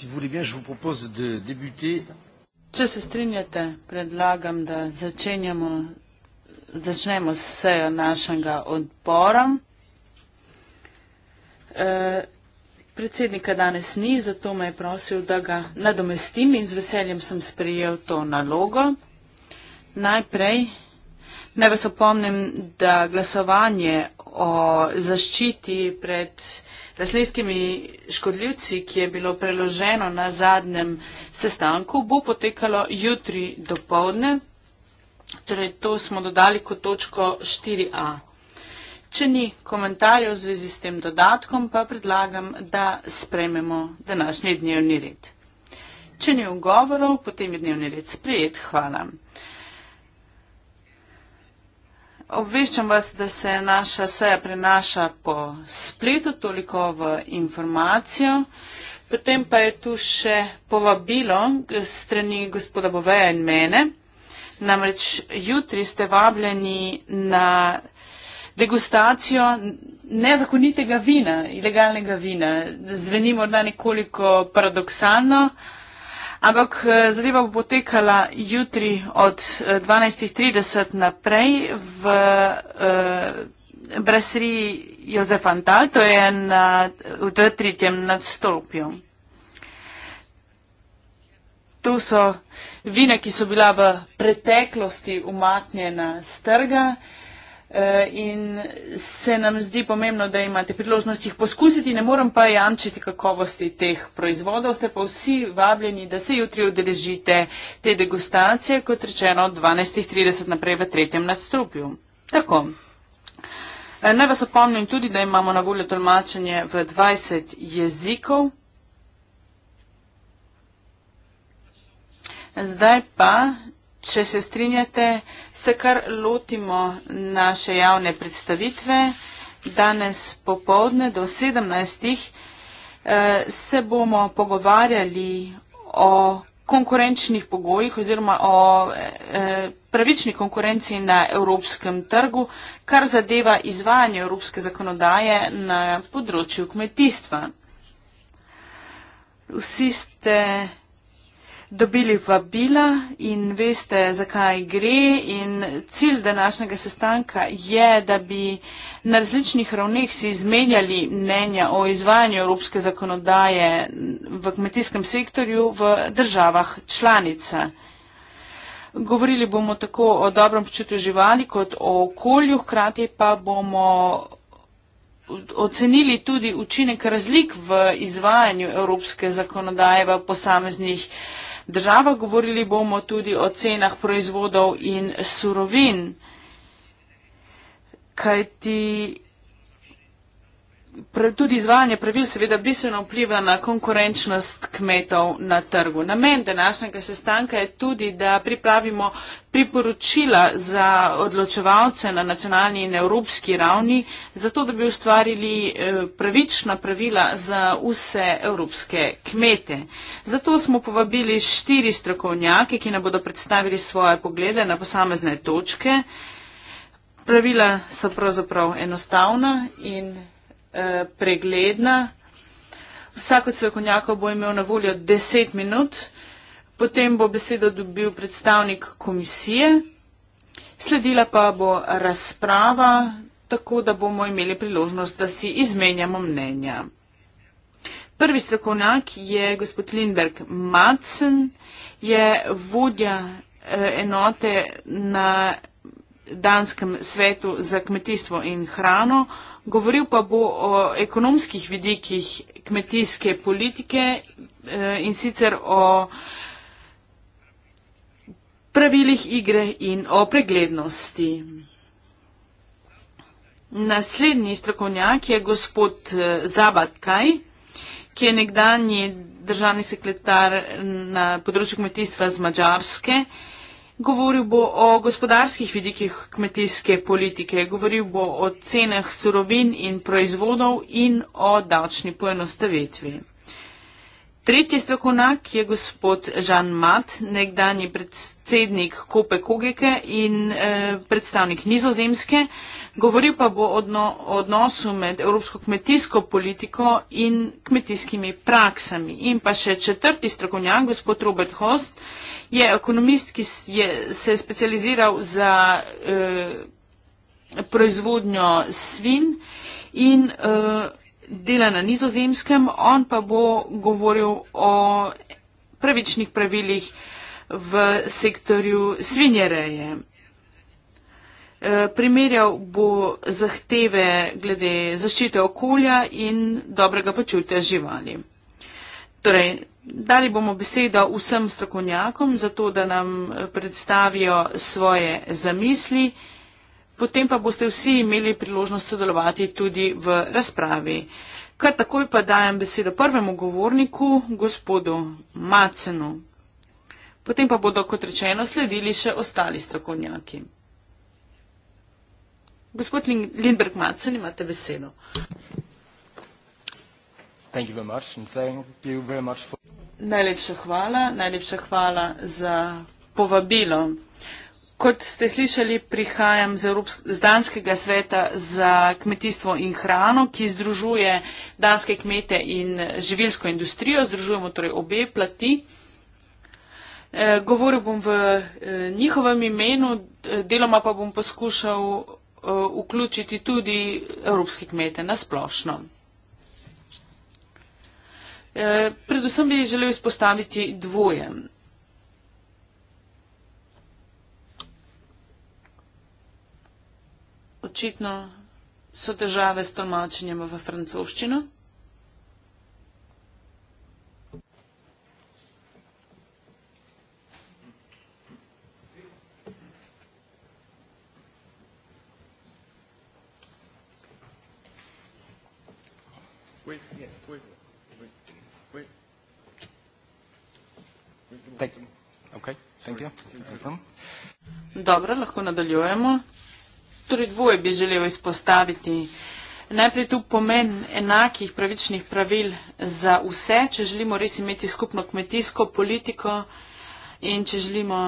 si vous voulez bien, je vous propose de débuter. Če se strinjate, predlagam, da začnemo s sejo našega odbora. E, predsednika danes ni, zato me je prosil, da ga nadomestim in z veseljem sem sprejel to nalogo. Najprej ne vas opomnim, da glasovanje o zaščiti pred rastlinskimi škodljivci, ki je bilo preloženo na zadnjem sestanku, bo potekalo jutri do povdne. Torej, to smo dodali kot točko 4a. Če ni komentarjev v zvezi s tem dodatkom, pa predlagam, da sprememo današnji dnevni red. Če ni ugovorov, potem je dnevni red sprejet. Hvala. Obveščam vas, da se naša seja prenaša po spletu, toliko v informacijo. Potem pa je tu še povabilo strani gospoda Boveja in mene. Namreč jutri ste vabljeni na degustacijo nezakonitega vina, ilegalnega vina. Zveni morda nekoliko paradoksalno, ampak eh, zadeva bo potekala jutri od 12.30 eh, naprej v uh, eh, brasri Jozef Antal, to je na, v tretjem nadstolpju. Tu so vina, ki so bila v preteklosti umaknjena strga. Eh, in se nam zdi pomembno, da imate priložnost jih poskusiti, ne morem pa jamčiti kakovosti teh proizvodov, ste pa vsi vabljeni, da se jutri odrežite te degustacije, kot rečeno od 12.30 naprej v tretjem nadstropju. Tako. Eh, naj vas opomnim tudi, da imamo na voljo tolmačenje v 20 jezikov. Zdaj pa Če se strinjate, se kar lotimo naše javne predstavitve. Danes popovdne do 17. Eh, se bomo pogovarjali o konkurenčnih pogojih oziroma o eh, pravični konkurenci na evropskem trgu, kar zadeva izvajanje evropske zakonodaje na področju kmetijstva. Vsi ste dobili vabila in veste, zakaj gre. In cilj današnjega sestanka je, da bi na različnih ravneh si izmenjali mnenja o izvajanju evropske zakonodaje v kmetijskem sektorju v državah članica. Govorili bomo tako o dobrem počutju živali kot o okolju, hkrati pa bomo ocenili tudi učinek razlik v izvajanju evropske zakonodaje v posameznih državah država. Govorili bomo tudi o cenah proizvodov in surovin, kajti tudi izvajanje pravil seveda bistveno vpliva na konkurenčnost kmetov na trgu. Namen današnjega sestanka je tudi, da pripravimo priporočila za odločevalce na nacionalni in evropski ravni, zato da bi ustvarili eh, pravična pravila za vse evropske kmete. Zato smo povabili štiri strokovnjake, ki nam bodo predstavili svoje poglede na posamezne točke. Pravila so pravzaprav enostavna in Eh, pregledna. Vsak od strokovnjakov bo imel na voljo 10 minut, potem bo besedo dobil predstavnik komisije, sledila pa bo razprava, tako da bomo imeli priložnost, da si izmenjamo mnenja. Prvi strokovnjak je gospod Lindberg Madsen, je vodja eh, enote na danskem svetu za kmetijstvo in hrano, govoril pa bo o ekonomskih vidikih kmetijske politike eh, in sicer o pravilih igre in o preglednosti. Naslednji strokovnjak je gospod eh, Zabatkaj, ki je nekdanji državni sekretar eh, na področju kmetijstva z Mačarske, Govoril bo o gospodarskih vidikih kmetijske politike, govoril bo o cenah surovin in proizvodov in o davčni poenostavitvi. Tretji strokovnjak je gospod Žan Mat, nekdani predsednik Kope Kogeke in eh, predstavnik Nizozemske. Eh, Govoril pa bo odno, o odnosu med evropsko kmetijsko politiko in kmetijskimi praksami. In pa še četrti strokovnjak, gospod Robert Host, je ekonomist, ki je, se je specializiral za eh, proizvodnjo svin in eh, dela na nizozemskem. On pa bo govoril o pravičnih pravilih v sektorju svinjereje. Eh, primerjal bo zahteve glede zaščite okolja in dobrega počutja živali. Torej, dali bomo besedo vsem strokovnjakom, zato da nam eh, predstavijo svoje zamisli, potem pa boste vsi imeli priložnost sodelovati tudi v razpravi. Kar takoj pa dajem besedo prvemu govorniku, gospodu Macenu. Potem pa bodo, kot rečeno, sledili še ostali strokovnjaki. Gospod Lindberg, Madsen, imate besedo. Najlepša hvala, najlepša hvala za povabilo. Kot ste slišali, prihajam z, Evrop, z Danskega sveta za kmetijstvo in hrano, ki združuje danske kmete in živilsko industrijo, združujemo torej obe plati. E, govoril bom v e, njihovem imenu, deloma pa bom poskušal Eh, vključiti tudi evropske kmete na splošno. Eh, predvsem bi želel izpostaviti dvoje. Očitno so težave s tolmačenjem v francoščino. Thank you. Dobro, lahko nadaljujemo. Torej dvoje bi želel izpostaviti. Najprej tu pomen enakih pravičnih pravil za vse, če želimo res imeti skupno kmetijsko politiko in če želimo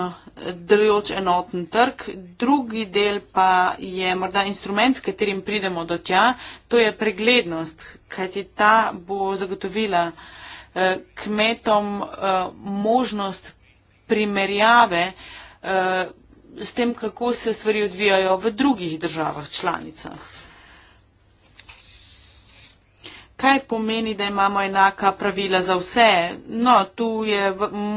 delujoč enoten trg. Drugi del pa je morda instrument, s katerim pridemo do tja, to je preglednost, kajti ta bo zagotovila eh, kmetom eh, možnost primerjave eh, s tem, kako se stvari odvijajo v drugih državah članicah. Kaj pomeni, da imamo enaka pravila za vse? No, tu je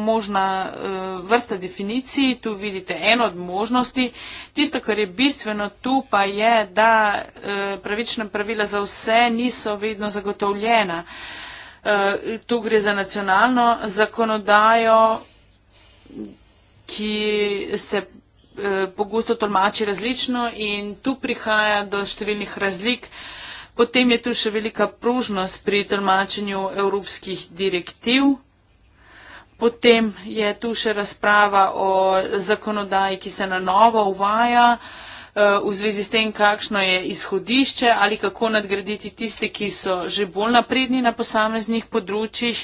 možna eh, vrsta definiciji, tu vidite eno od možnosti. Tisto, kar je bistveno tu, pa je, da eh, pravična pravila za vse niso vedno zagotovljena. Tu gre za nacionalno zakonodajo, ki se eh, pogosto tolmači različno in tu prihaja do številnih razlik. Potem je tu še velika pružnost pri tolmačenju evropskih direktiv. Potem je tu še razprava o zakonodaji, ki se na novo uvaja eh, v zvezi s tem, kakšno je izhodišče ali kako nadgraditi tiste, ki so že bolj napredni na posameznih področjih.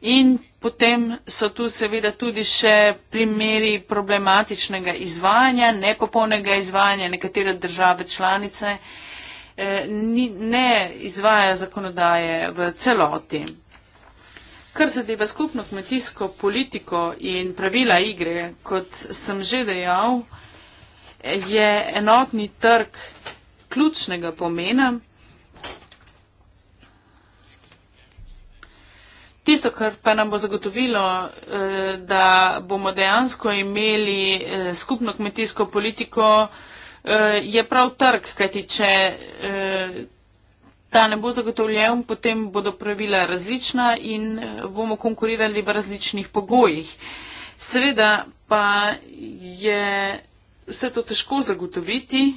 In Potem so tu seveda tudi še primeri problematičnega izvajanja, nepopolnega izvajanja. Nekatere države članice eh, ne izvajajo zakonodaje v celoti. Kar zadeva skupno kmetijsko politiko in pravila igre, kot sem že dejal, je enotni trg ključnega pomena. Tisto, kar pa nam bo zagotovilo, eh, da bomo dejansko imeli eh, skupno kmetijsko politiko, eh, je prav trg, kajti če ta ne bo zagotovljen, potem bodo pravila različna in bomo konkurirali v različnih pogojih. Seveda pa je vse to težko zagotoviti.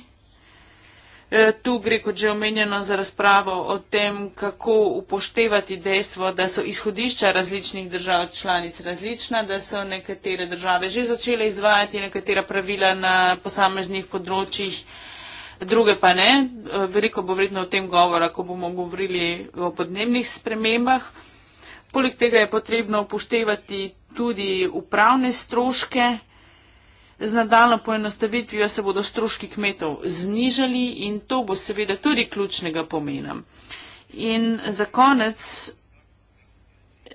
E, tu gre, kot že omenjeno, za razpravo o tem, kako upoštevati dejstvo, da so izhodišča različnih držav članic različna, da so nekatere države že začele izvajati nekatera pravila na posameznih področjih, druge pa ne. E, veliko bo vredno o tem govora, ko bomo govorili o podnebnih spremembah. Poleg tega je potrebno upoštevati tudi upravne stroške. Z nadaljno poenostavitvijo se bodo stroški kmetov znižali in to bo seveda tudi ključnega pomena. In za konec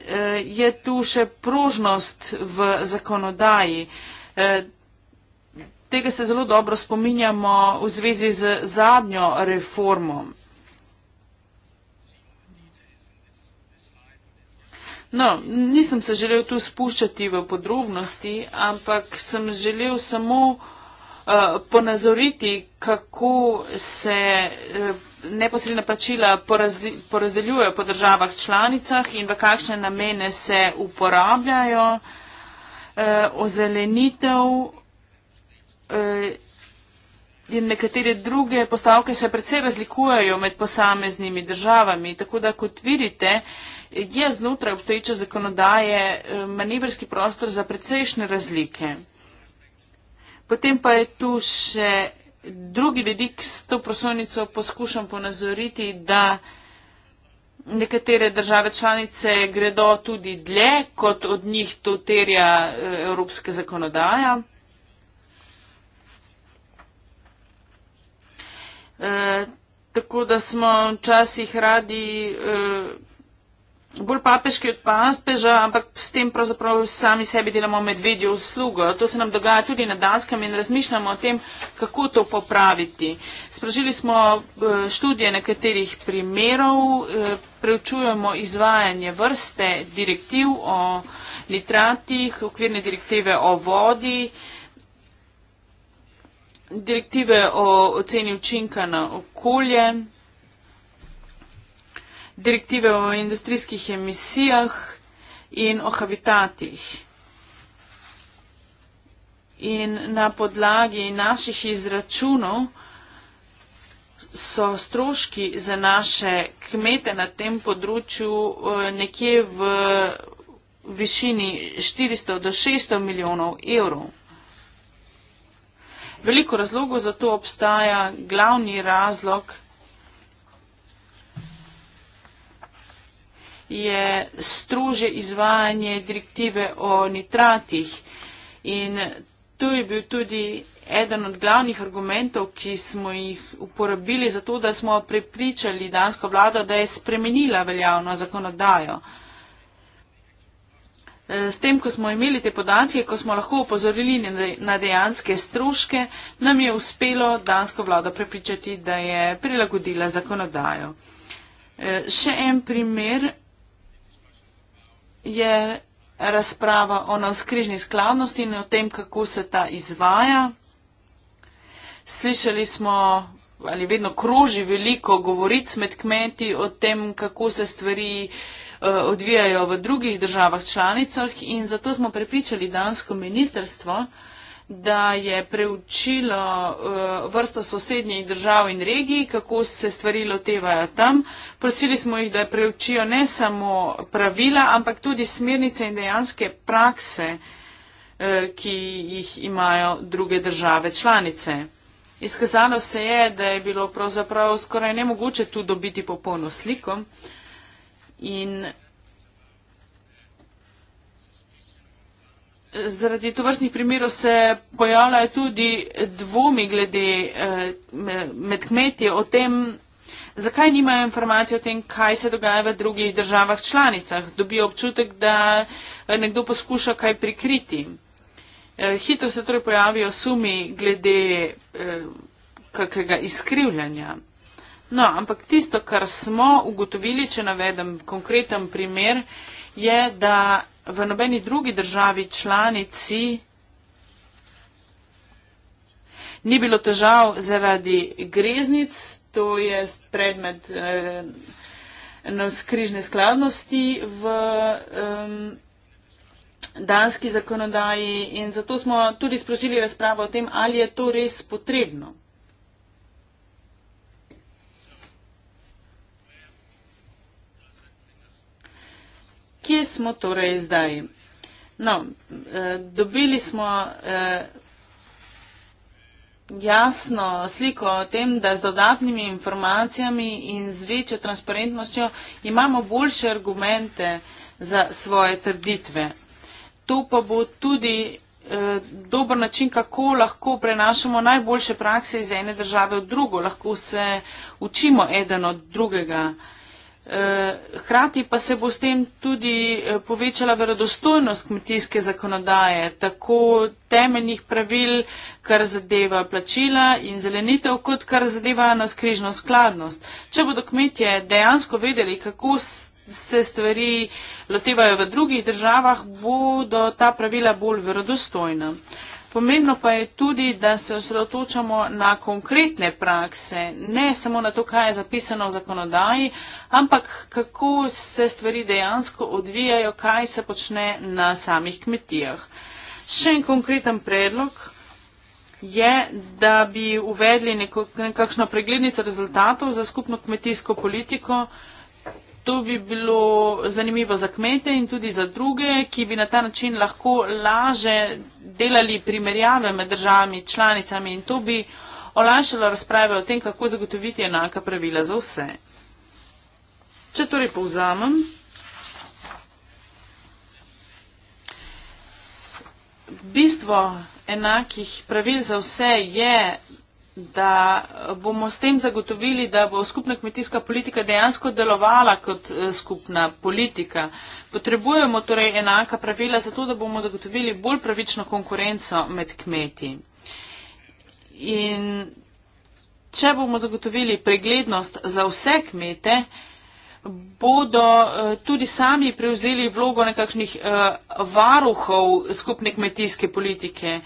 eh, je tu še prožnost v zakonodaji. Eh, tega se zelo dobro spominjamo v zvezi z zadnjo reformom. No, nisem se želel tu spuščati v podrobnosti, ampak sem želel samo uh, ponazoriti, kako se uh, neposredna plačila porazde, porazdeljujejo po državah članicah in v kakšne namene se uporabljajo. Uh, ozelenitev uh, in nekatere druge postavke se predvsej razlikujejo med posameznimi državami. Tako da, kot vidite, je znotraj obstoječe zakonodaje eh, manevrski prostor za precejšnje razlike. Potem pa je tu še drugi vidik s to prosojnico poskušam ponazoriti, da nekatere države članice gredo tudi dlje, kot od njih to terja eh, evropska zakonodaja. E, tako da smo včasih radi. E, bolj papeški od papeža, ampak s tem pravzaprav sami sebi delamo medvedjo uslugo. To se nam dogaja tudi na Danskem in razmišljamo o tem, kako to popraviti. Sprožili smo eh, študije nekaterih primerov, eh, preučujemo izvajanje vrste direktiv o nitratih, okvirne direktive o vodi, direktive o oceni učinka na okolje direktive o industrijskih emisijah in o habitatih. In na podlagi naših izračunov so stroški za naše kmete na tem področju eh, nekje v višini 400 do 600 milijonov evrov. Veliko razlogov za to obstaja glavni razlog – je strože izvajanje direktive o nitratih in to je bil tudi eden od glavnih argumentov, ki smo jih uporabili za to, da smo prepričali dansko vlado, da je spremenila veljavno zakonodajo. E, s tem, ko smo imeli te podatke, ko smo lahko upozorili na dejanske stroške, nam je uspelo dansko vlado prepričati, da je prilagodila zakonodajo. E, še en primer je razprava o navskrižni skladnosti in o tem, kako se ta izvaja. Slišali smo, ali vedno kroži veliko govoric med kmeti o tem, kako se stvari eh, odvijajo v drugih državah članicah in zato smo prepričali dansko ministrstvo, da je preučilo uh, vrsto sosednjih držav in regij, kako se stvari lotevajo tam. Prosili smo jih, da preučijo ne samo pravila, ampak tudi smernice in dejanske prakse, uh, ki jih imajo druge države članice. Izkazalo se je, da je bilo pravzaprav skoraj nemogoče tu dobiti popolno sliko. In zaradi tovrstnih primerov se pojavljajo tudi dvomi glede eh, med kmetje o tem, zakaj nimajo informacije o tem, kaj se dogaja v drugih državah članicah. Dobijo občutek, da eh, nekdo poskuša kaj prikriti. Eh, hitro se torej pojavijo sumi glede kakega izkrivljanja. No, ampak tisto, kar smo ugotovili, če navedem konkreten primer, je, da v nobeni drugi državi članici ni bilo težav zaradi greznic, to je predmet eh, no, skrižne skladnosti v eh, danski zakonodaji in zato smo tudi sprožili razpravo o tem, ali je to res potrebno. Kje smo torej zdaj? No, eh, dobili smo eh, jasno sliko o tem, da z dodatnimi informacijami in z večjo transparentnostjo imamo boljše argumente za svoje trditve. To pa bo tudi eh, dober način, kako lahko prenašamo najboljše prakse iz ene države v drugo, lahko se učimo eden od drugega. Eh, Hrati eh, pa se bo s tem tudi eh, povečala verodostojnost kmetijske zakonodaje, tako temeljnih pravil, kar zadeva plačila in zelenitev, kot kar zadeva naskrižno skladnost. Če bodo kmetje dejansko vedeli, kako se stvari lotevajo v drugih državah, bodo ta pravila bolj verodostojna. Pomembno pa je tudi, da se osredotočamo na konkretne prakse, ne samo na to, kaj je zapisano v zakonodaji, ampak kako se stvari dejansko odvijajo, kaj se počne na samih kmetijah. Še en konkreten predlog je, da bi uvedli neko, nekakšno preglednico rezultatov za skupno kmetijsko politiko, To bi bilo zanimivo za kmete in tudi za druge, ki bi na ta način lahko laže delali primerjave med državami, članicami in to bi olajšalo razprave o tem, kako zagotoviti enaka pravila za vse. Če torej povzamem, bistvo enakih pravil za vse je da bomo s tem zagotovili, da bo skupna kmetijska politika dejansko delovala kot eh, skupna politika. Potrebujemo torej enaka pravila za to, da bomo zagotovili bolj pravično konkurenco med kmeti. In če bomo zagotovili preglednost za vse kmete, bodo eh, tudi sami prevzeli vlogo nekakšnih eh, varuhov skupne kmetijske politike.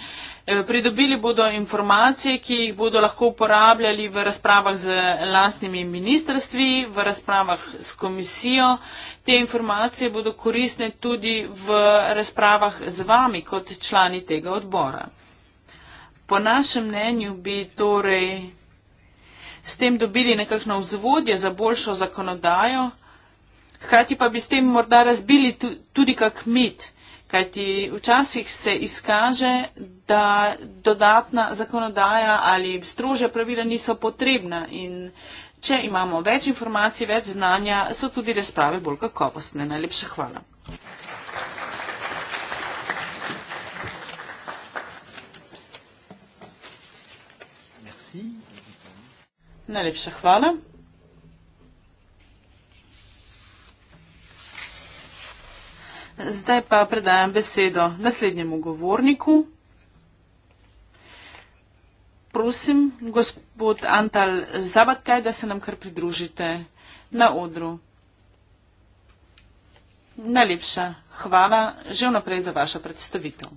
Eh, pridobili bodo informacije, ki jih bodo lahko uporabljali v razpravah z lastnimi ministrstvi, v razpravah s komisijo. Te informacije bodo koristne tudi v razpravah z vami kot člani tega odbora. Po našem mnenju bi torej s tem dobili nekakšno vzvodje za boljšo zakonodajo, hkrati pa bi s tem morda razbili tudi kak mit, kajti včasih se izkaže, da dodatna zakonodaja ali strože pravila niso potrebna in če imamo več informacij, več znanja, so tudi razprave bolj kakovostne. Najlepša hvala. Najlepša hvala. Zdaj pa predajam besedo naslednjemu govorniku. Prosim, gospod Antal Zabatkaj, da se nam kar pridružite na odru. Najlepša hvala že vnaprej za vašo predstavitev.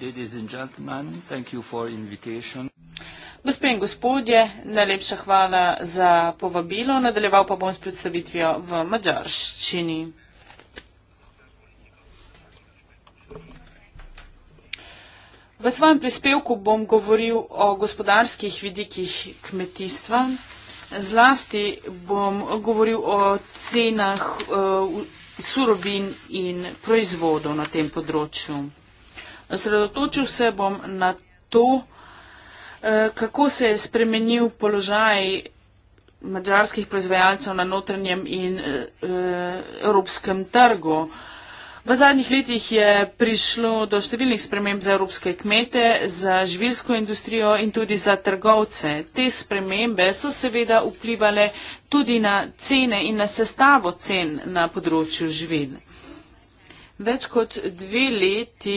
Ladies and gentlemen, thank you for invitation. Gospe in gospodje, najlepša hvala za povabilo. Nadaljeval pa bom s predstavitvijo v mađarščini. V svojem prispevku bom govoril o gospodarskih vidikih kmetijstva. Zlasti bom govoril o cenah eh, surovin in proizvodov na tem področju. Osredotočil se bom na to, eh, kako se je spremenil položaj mađarskih proizvajalcev na notranjem in eh, evropskem trgu. V zadnjih letih je prišlo do številnih sprememb za evropske kmete, za živilsko industrijo in tudi za trgovce. Te spremembe so seveda vplivale tudi na cene in na sestavo cen na področju živil. Več kot dve leti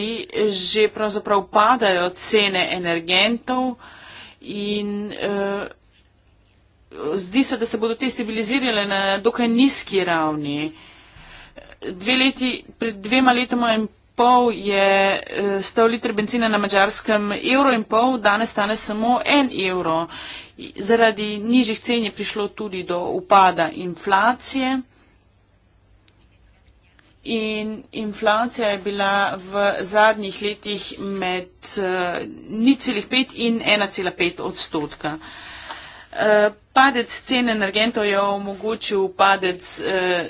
že pravzaprav padajo cene energentov in uh, zdi se, da se bodo te stabilizirale na dokaj nizki ravni. Dve leti, pred dvema letoma in pol je uh, stal liter benzina na mačarskem evro in pol, danes stane samo en evro. Zaradi nižjih cen je prišlo tudi do upada inflacije. In inflacija je bila v zadnjih letih med 0,5 eh, in 1,5 odstotka. Eh, padec cen energentov je omogočil padec eh,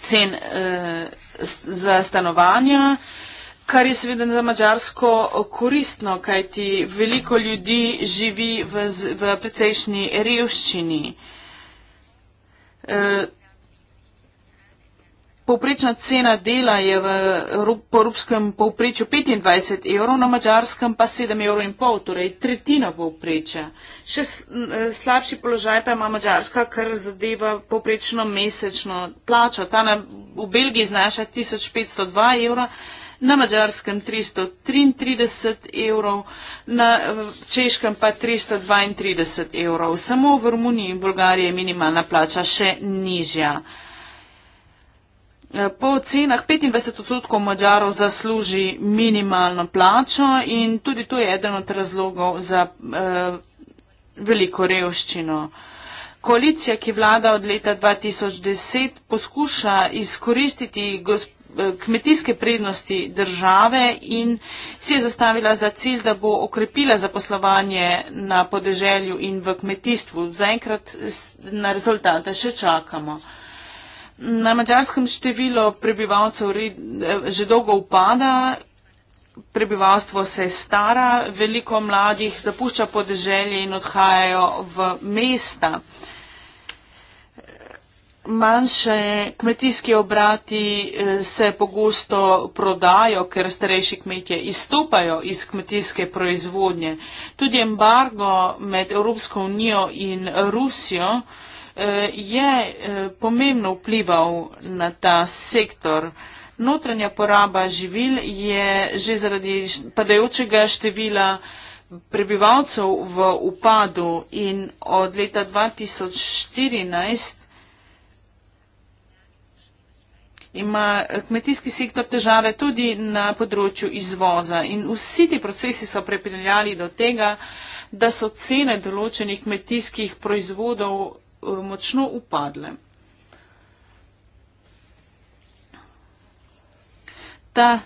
cen za stanovanja, kar je seveda za Mačarsko koristno, kajti veliko ljudi živi v precejšnji revščini. Povprečna cena dela je v evropskem povprečju 25 evrov, na mačarskem pa 7,5 evrov, torej tretjina povprečja. Še eh, slabši položaj pa ima mačarska, kar zadeva povprečno mesečno plačo. Ta na, v Belgiji znaša 1502 evra, na mačarskem 333 evrov, na češkem pa 332 evrov. Samo v Romuniji in Bolgariji je minimalna plača še nižja. Eh, po ocenah 25 odstotkov Mačarov zasluži minimalno plačo in tudi to je eden od razlogov za eh, veliko revščino. Koalicija, ki vlada od leta 2010, poskuša izkoristiti eh, kmetijske prednosti države in si je zastavila za cilj, da bo okrepila zaposlovanje na podeželju in v kmetijstvu. Zaenkrat na rezultate še čakamo. Na mačarskem število prebivalcev eh, že dolgo upada, prebivalstvo se stara, veliko mladih zapušča podeželje in odhajajo v mesta. Manjše kmetijski obrati eh, se pogosto prodajo, ker starejši kmetje izstopajo iz kmetijske proizvodnje. Tudi embargo med Evropsko unijo in Rusijo je eh, pomembno vplival na ta sektor. Notranja poraba živil je že zaradi padajočega števila prebivalcev v upadu in od leta 2014 ima eh, kmetijski sektor težave tudi na področju izvoza in vsi ti procesi so prepeljali do tega, da so cene določenih kmetijskih proizvodov Eh, močno upadle. Ta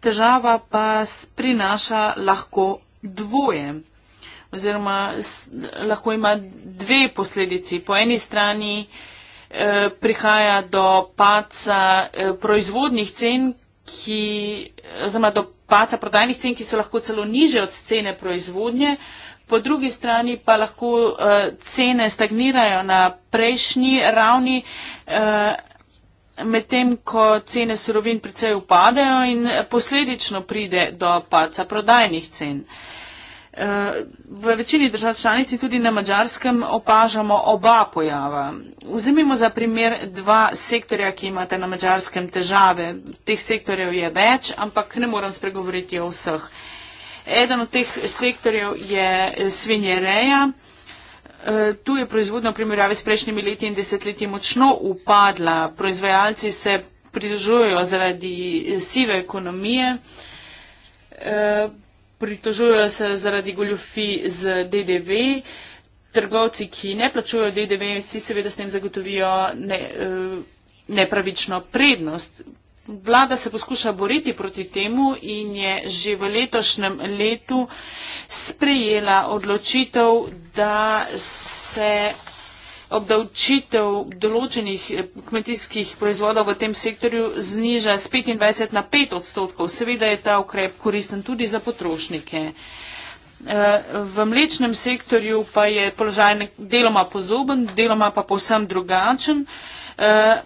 težava pa prinaša lahko dvoje oziroma lahko ima dve posledici. Po eni strani eh, prihaja do paca eh, proizvodnih cen, ki, oziroma do paca prodajnih cen, ki so lahko celo niže od cene proizvodnje, po drugi strani pa lahko uh, cene stagnirajo na prejšnji ravni, uh, medtem ko cene surovin precej upadajo in posledično pride do paca prodajnih cen. Eh, v večini držav članici tudi na Mačarskem opažamo oba pojava. Vzemimo za primer dva sektorja, ki imate na Mačarskem težave. Teh sektorjev je več, ampak ne moram spregovoriti o vseh. Uh, Eden od teh sektorjev je eh, svinjereja. Eh, tu je proizvodnja v primerjavi s prejšnjimi leti in desetletji močno upadla. Proizvajalci se pridružujejo zaradi eh, sive ekonomije, pridružujejo se zaradi goljufi z DDV. Trgovci, ki ne plačujejo DDV, si seveda s tem zagotovijo ne, nepravično prednost. Vlada se poskuša boriti proti temu in je že v letošnjem letu sprejela odločitev, da se obdavčitev določenih kmetijskih proizvodov v tem sektorju zniža z 25 na 5 odstotkov. Seveda je ta ukrep koristen tudi za potrošnike. Eh, v mlečnem sektorju pa je položaj deloma pozoben, deloma pa povsem drugačen. Eh,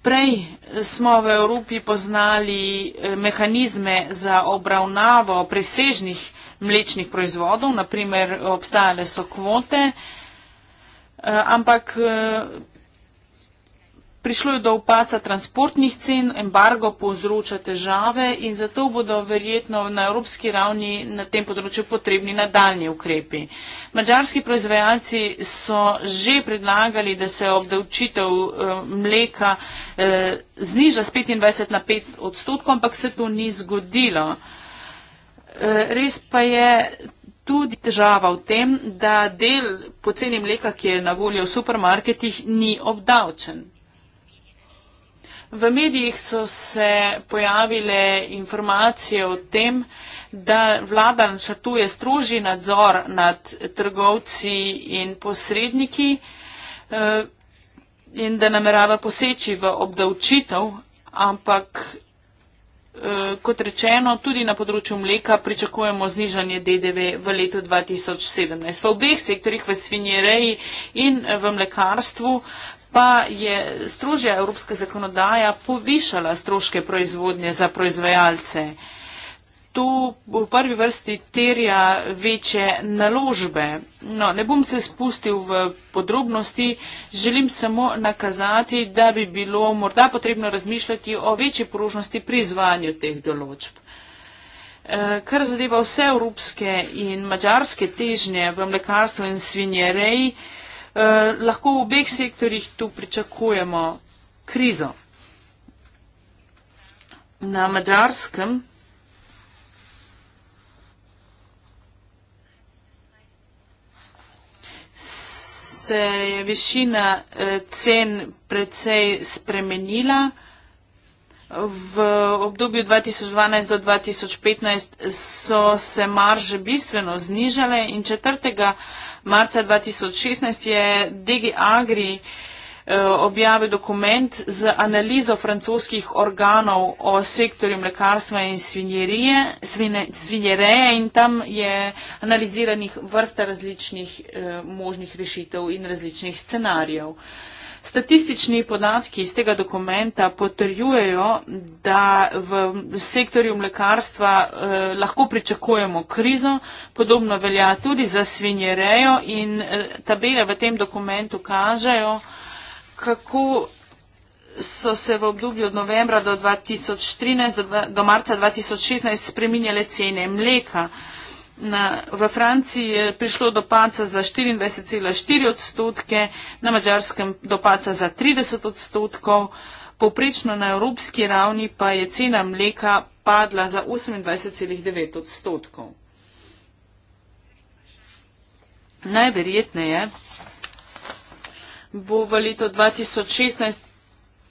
Prej smo v Evropi poznali eh, mehanizme za obravnavo presežnih mlečnih proizvodov, naprimer obstajale so kvote, eh, ampak eh, prišlo je do upaca transportnih cen, embargo povzroča težave in zato bodo verjetno na evropski ravni na tem področju potrebni nadaljni ukrepi. Mačarski proizvajalci so že predlagali, da se obdavčitev eh, mleka eh, zniža z 25 na 5 odstotkov, ampak se to ni zgodilo. Eh, res pa je tudi težava v tem, da del poceni mleka, ki je na voljo v supermarketih, ni obdavčen. V medijih so se pojavile informacije o tem, da vlada načrtuje stroži nadzor nad trgovci in posredniki eh, in da namerava poseči v obdavčitev, ampak eh, kot rečeno, tudi na področju mleka pričakujemo znižanje DDV v letu 2017. V obeh sektorjih, v svinjereji in v mlekarstvu, pa je strožja evropska zakonodaja povišala stroške proizvodnje za proizvajalce. To v prvi vrsti terja večje naložbe. No, ne bom se spustil v podrobnosti, želim samo nakazati, da bi bilo morda potrebno razmišljati o večji porožnosti pri izvajanju teh določb. Eh, kar zadeva vse evropske in mačarske težnje v mlekarstvu in svinjereji, Eh, lahko v obeh sektorjih tu pričakujemo krizo. Na mađarskem se je višina eh, cen precej spremenila. V obdobju 2012 do 2015 so se marže bistveno znižale in 4 marca 2016 je Digi Agri eh, objavil dokument z analizo francoskih organov o sektorju mlekarstva in svinjerije, svine, svinjereje in tam je analiziranih vrsta različnih eh, možnih rešitev in različnih scenarijev. Eh, Statistični podatki iz tega dokumenta potrjujejo, da v sektorju mlekarstva eh, lahko pričakujemo krizo, podobno velja tudi za svinjerejo in eh, tabele v tem dokumentu kažejo, kako so se v obdobju od novembra do, 2013, do, do marca 2016 spreminjale cene mleka. Eh, Na, v Franciji je prišlo do paca za 24,4 odstotke, na Mačarskem do paca za 30 odstotkov, poprečno na evropski ravni pa je cena mleka padla za 28,9 odstotkov. Najverjetneje bo v letu 2016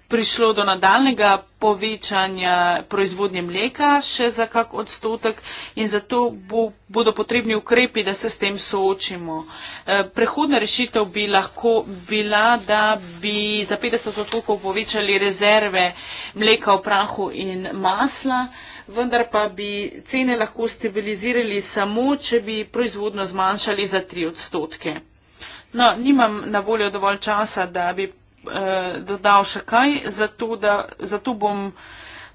prišlo do nadaljnega povečanja proizvodnje mleka še za kak odstotek in zato bo, bodo potrebni ukrepi, da se s tem soočimo. E, prehodna rešitev bi lahko bila, da bi za 50 odstotkov povečali rezerve mleka v prahu in masla, vendar pa bi cene lahko stabilizirali samo, če bi proizvodno zmanjšali za 3 odstotke. No, nimam na voljo dovolj časa, da bi eh, dodal še kaj, zato, da, zato bom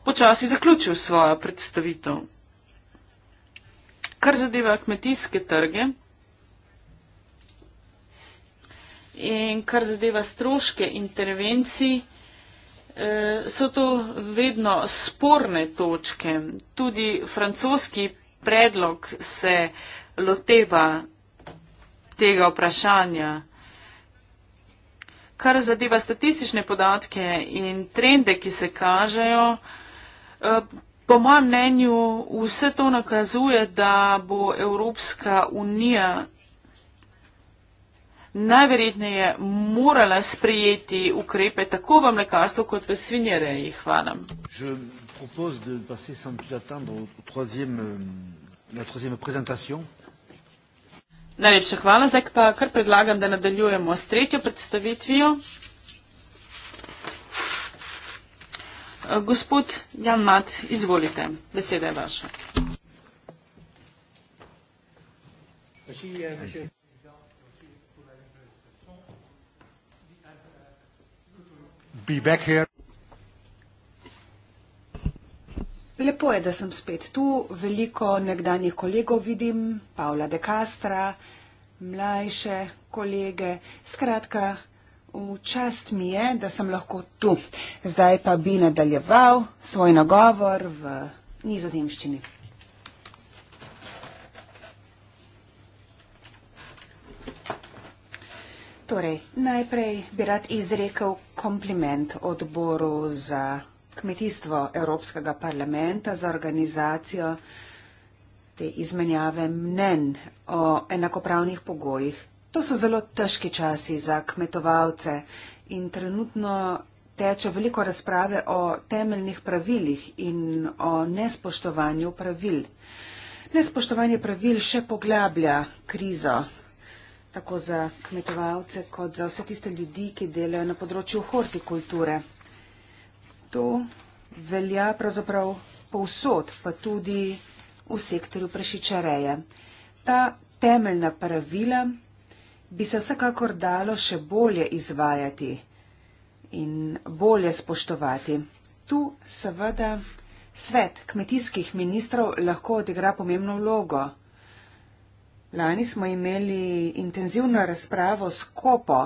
počasi zaključil svojo predstavitev. Kar zadeva kmetijske trge in kar zadeva stroške intervencij, eh, so to vedno sporne točke. Tudi francoski predlog se loteva tega vprašanja kar zadeva statistične podatke in trende, ki se kažejo, eh, po mojem mnenju vse to nakazuje, da bo Evropska unija najverjetneje morala sprejeti ukrepe tako v mlekarstvu kot v svinjereji. Hvala. Propose de passer sans plus attendre au troisième, euh, la troisième présentation. Najlepša hvala. Zdaj pa kar predlagam, da nadaljujemo s tretjo predstavitvijo. Eh, gospod Jan Mat, izvolite. Beseda je vaša. Be back here. Lepo je, da sem spet tu. Veliko nekdanjih kolegov vidim, Pavla De Castra, mlajše kolege. Skratka, včast mi je, da sem lahko tu. Zdaj pa bi nadaljeval svoj nagovor v nizozemščini. Torej, najprej bi rad izrekel kompliment odboru za kmetijstvo Evropskega parlamenta za organizacijo te izmenjave mnen o enakopravnih pogojih. To so zelo težki časi za kmetovalce in trenutno teče veliko razprave o temeljnih pravilih in o nespoštovanju pravil. Nespoštovanje pravil še poglablja krizo tako za kmetovalce kot za vse tiste ljudi, ki delajo na področju hortikulture to velja pravzaprav povsod, pa tudi v sektorju prešičareje. Ta temeljna pravila bi se vsekakor dalo še bolje izvajati in bolje spoštovati. Tu seveda svet kmetijskih ministrov lahko odigra pomembno vlogo. Lani smo imeli intenzivno razpravo s Kopo,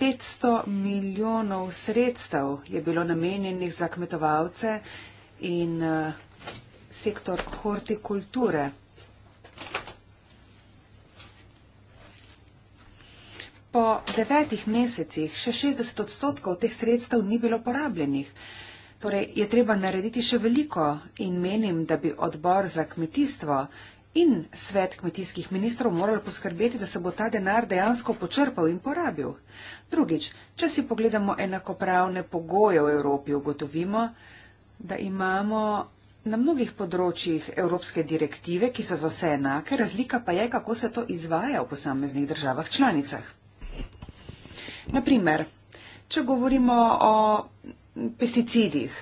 500 milijonov sredstev je bilo namenjenih za kmetovalce in eh, sektor hortikulture. Po devetih mesecih še 60 odstotkov teh sredstev ni bilo porabljenih. Torej, je treba narediti še veliko in menim, da bi odbor za kmetijstvo in svet kmetijskih ministrov morali poskrbeti, da se bo ta denar dejansko počrpal in porabil. Drugič, če si pogledamo enakopravne pogoje v Evropi, ugotovimo, da imamo na mnogih področjih evropske direktive, ki so za vse enake, razlika pa je, kako se to izvaja v posameznih državah članicah. Naprimer, če govorimo o pesticidih,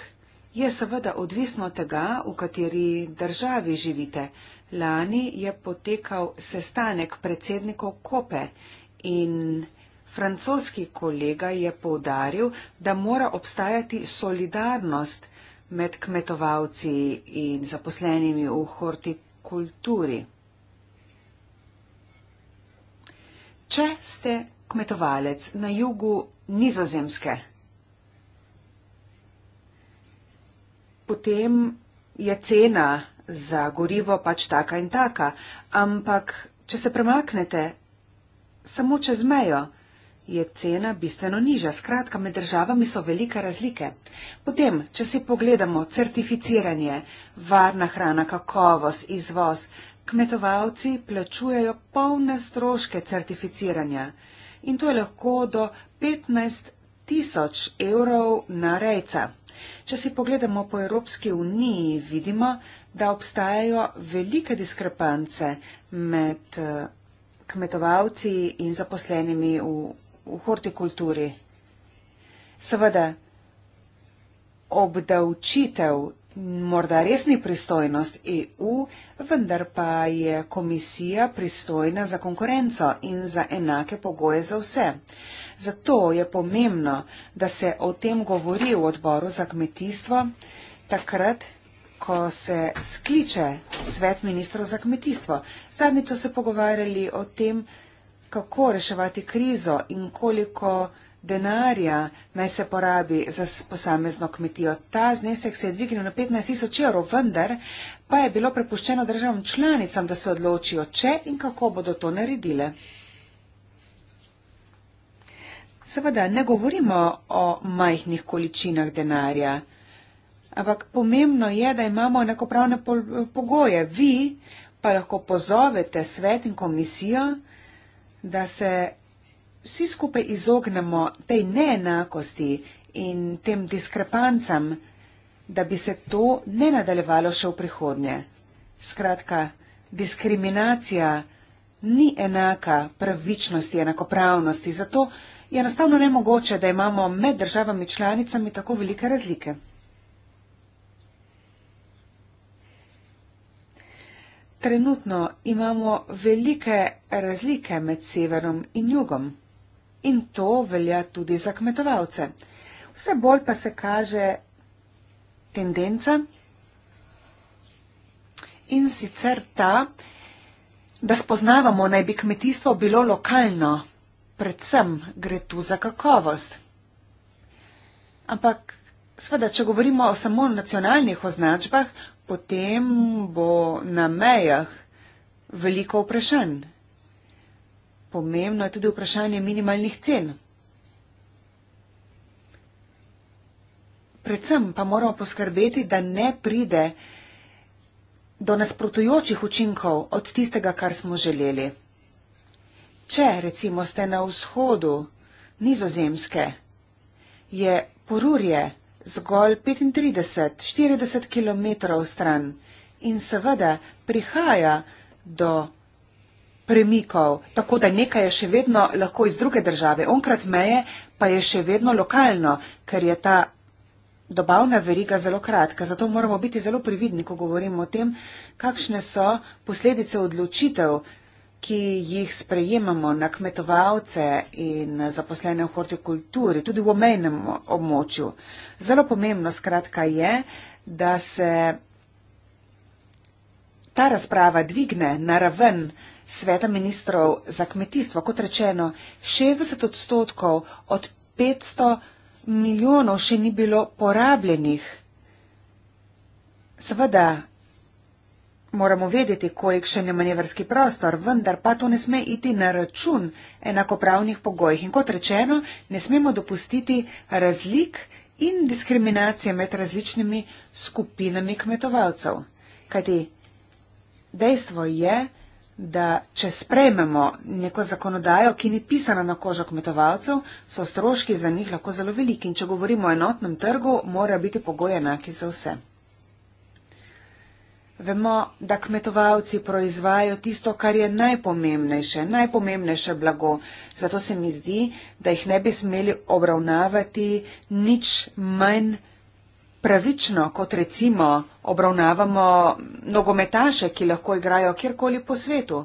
je seveda odvisno od tega, v kateri državi živite. Lani je potekal sestanek predsednikov Kope in francoski kolega je povdaril, da mora obstajati solidarnost med kmetovalci in zaposlenimi v hortikulturi. Če ste kmetovalec na jugu nizozemske, potem je cena za gorivo pač taka in taka, ampak če se premaknete samo čez mejo, je cena bistveno nižja. Skratka, med državami so velike razlike. Potem, če si pogledamo certificiranje, varna hrana, kakovost, izvoz, kmetovalci plačujejo polne stroške certificiranja in to je lahko do 15 tisoč evrov na rejca. Če si pogledamo po Evropski uniji, vidimo, da obstajajo velike diskrepance med eh, kmetovalci in zaposlenimi v, v hortikulturi. Seveda, obdavčitev morda res ni pristojnost EU, vendar pa je komisija pristojna za konkurenco in za enake pogoje za vse. Zato je pomembno, da se o tem govori v odboru za kmetijstvo takrat, ko se skliče svet ministrov za kmetijstvo. Zadnjič so se pogovarjali o tem, kako reševati krizo in koliko denarja naj se porabi za posamezno kmetijo. Ta znesek se je dvignil na 15 tisoč evrov, vendar pa je bilo prepuščeno državam članicam, da se odločijo, če in kako bodo to naredile. Seveda ne govorimo o majhnih količinah denarja, ampak pomembno je, da imamo enakopravne pogoje. Vi pa lahko pozovete svet in komisijo, da se vsi skupaj izognemo tej neenakosti in tem diskrepancam, da bi se to ne nadaljevalo še v prihodnje. Skratka, diskriminacija ni enaka pravičnosti, enakopravnosti, zato je enostavno nemogoče, da imamo med državami članicami tako velike razlike. Trenutno imamo velike razlike med severom in jugom in to velja tudi za kmetovalce. Vse bolj pa se kaže tendenca in sicer ta, da spoznavamo, naj bi kmetijstvo bilo lokalno, predvsem gre tu za kakovost. Ampak sveda, če govorimo o samo nacionalnih označbah, potem bo na mejah veliko vprašanj. Pomembno je tudi vprašanje minimalnih cen. Predvsem pa moramo poskrbeti, da ne pride do nasprotujočih učinkov od tistega, kar smo želeli. Če recimo ste na vzhodu nizozemske, je porurje zgolj 35-40 km stran in seveda prihaja do premikal, tako da nekaj je še vedno lahko iz druge države. Onkrat meje pa je še vedno lokalno, ker je ta dobavna veriga zelo kratka. Zato moramo biti zelo prividni, ko govorimo o tem, kakšne so posledice odločitev, ki jih sprejemamo na kmetovalce in zaposlene v hortikulturi, tudi v omejnem območju. Zelo pomembno skratka je, da se ta razprava dvigne na raven, sveta ministrov za kmetijstvo. Kot rečeno, 60 odstotkov od 500 milijonov še ni bilo porabljenih. Seveda moramo vedeti, kolikšen je manevrski prostor, vendar pa to ne sme iti na račun enakopravnih pogojih. In kot rečeno, ne smemo dopustiti razlik in diskriminacije med različnimi skupinami kmetovalcev. Kajti dejstvo je, da če sprejmemo neko zakonodajo, ki ni pisana na kožo kmetovalcev, so stroški za njih lahko zelo veliki. In če govorimo o enotnem trgu, morajo biti pogoje enaki za vse. Vemo, da kmetovalci proizvajajo tisto, kar je najpomembnejše, najpomembnejše blago. Zato se mi zdi, da jih ne bi smeli obravnavati nič manj pravično kot recimo obravnavamo nogometaše, ki lahko igrajo kjerkoli po svetu.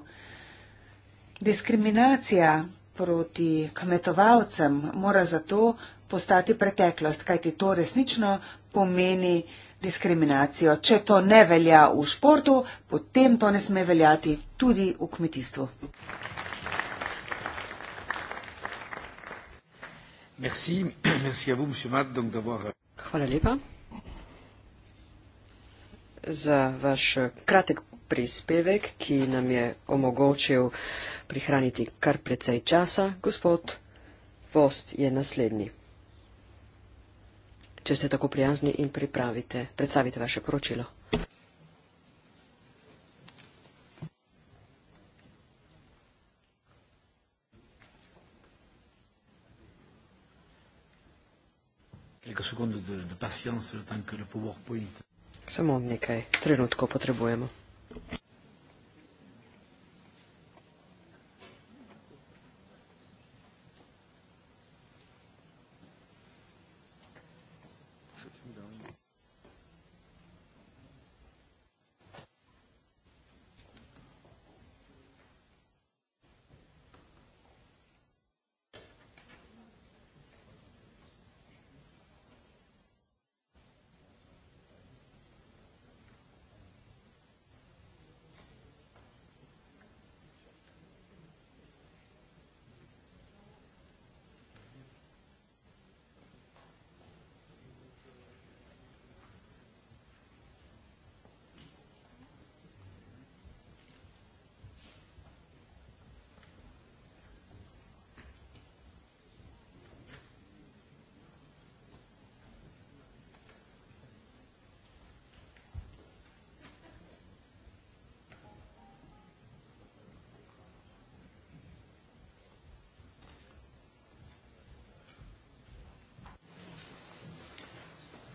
Diskriminacija proti kmetovalcem mora zato postati preteklost, kajti to resnično pomeni diskriminacijo. Če to ne velja v športu, potem to ne sme veljati tudi v kmetijstvu. Merci, merci vous, Matt, donc euh, Hvala lepa za vaš kratek prispevek, ki nam je omogočil prihraniti kar precej časa. Gospod Vost je naslednji. Če ste tako prijazni in pripravite, predstavite vaše poročilo. quelques secondes de, de patience le temps que le PowerPoint Samo nekaj trenutkov potrebujemo.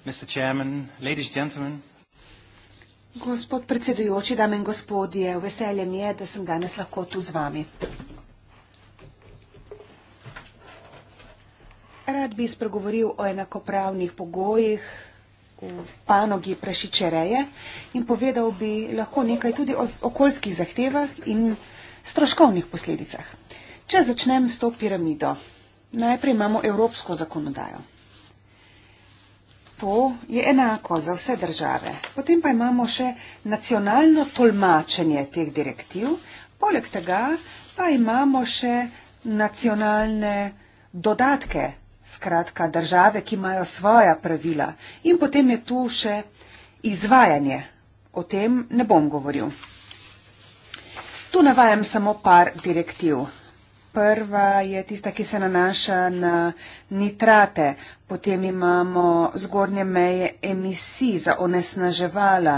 Mr. Chairman, ladies and gentlemen. Gospod predsedujoči, dame in gospodje, veselje mi je, da sem danes lahko tu z vami. Rad bi spregovoril o enakopravnih pogojih v panogi prašičereje in povedal bi lahko nekaj tudi o okoljskih zahtevah in stroškovnih posledicah. Če začnem s to piramido, najprej imamo evropsko zakonodajo to je enako za vse države. Potem pa imamo še nacionalno tolmačenje teh direktiv, poleg tega pa imamo še nacionalne dodatke, skratka države, ki imajo svoja pravila. In potem je tu še izvajanje. O tem ne bom govoril. Tu navajam samo par direktiv. Prva je tista, ki se nanaša na nitrate, potem imamo zgornje meje emisij za onesnaževala,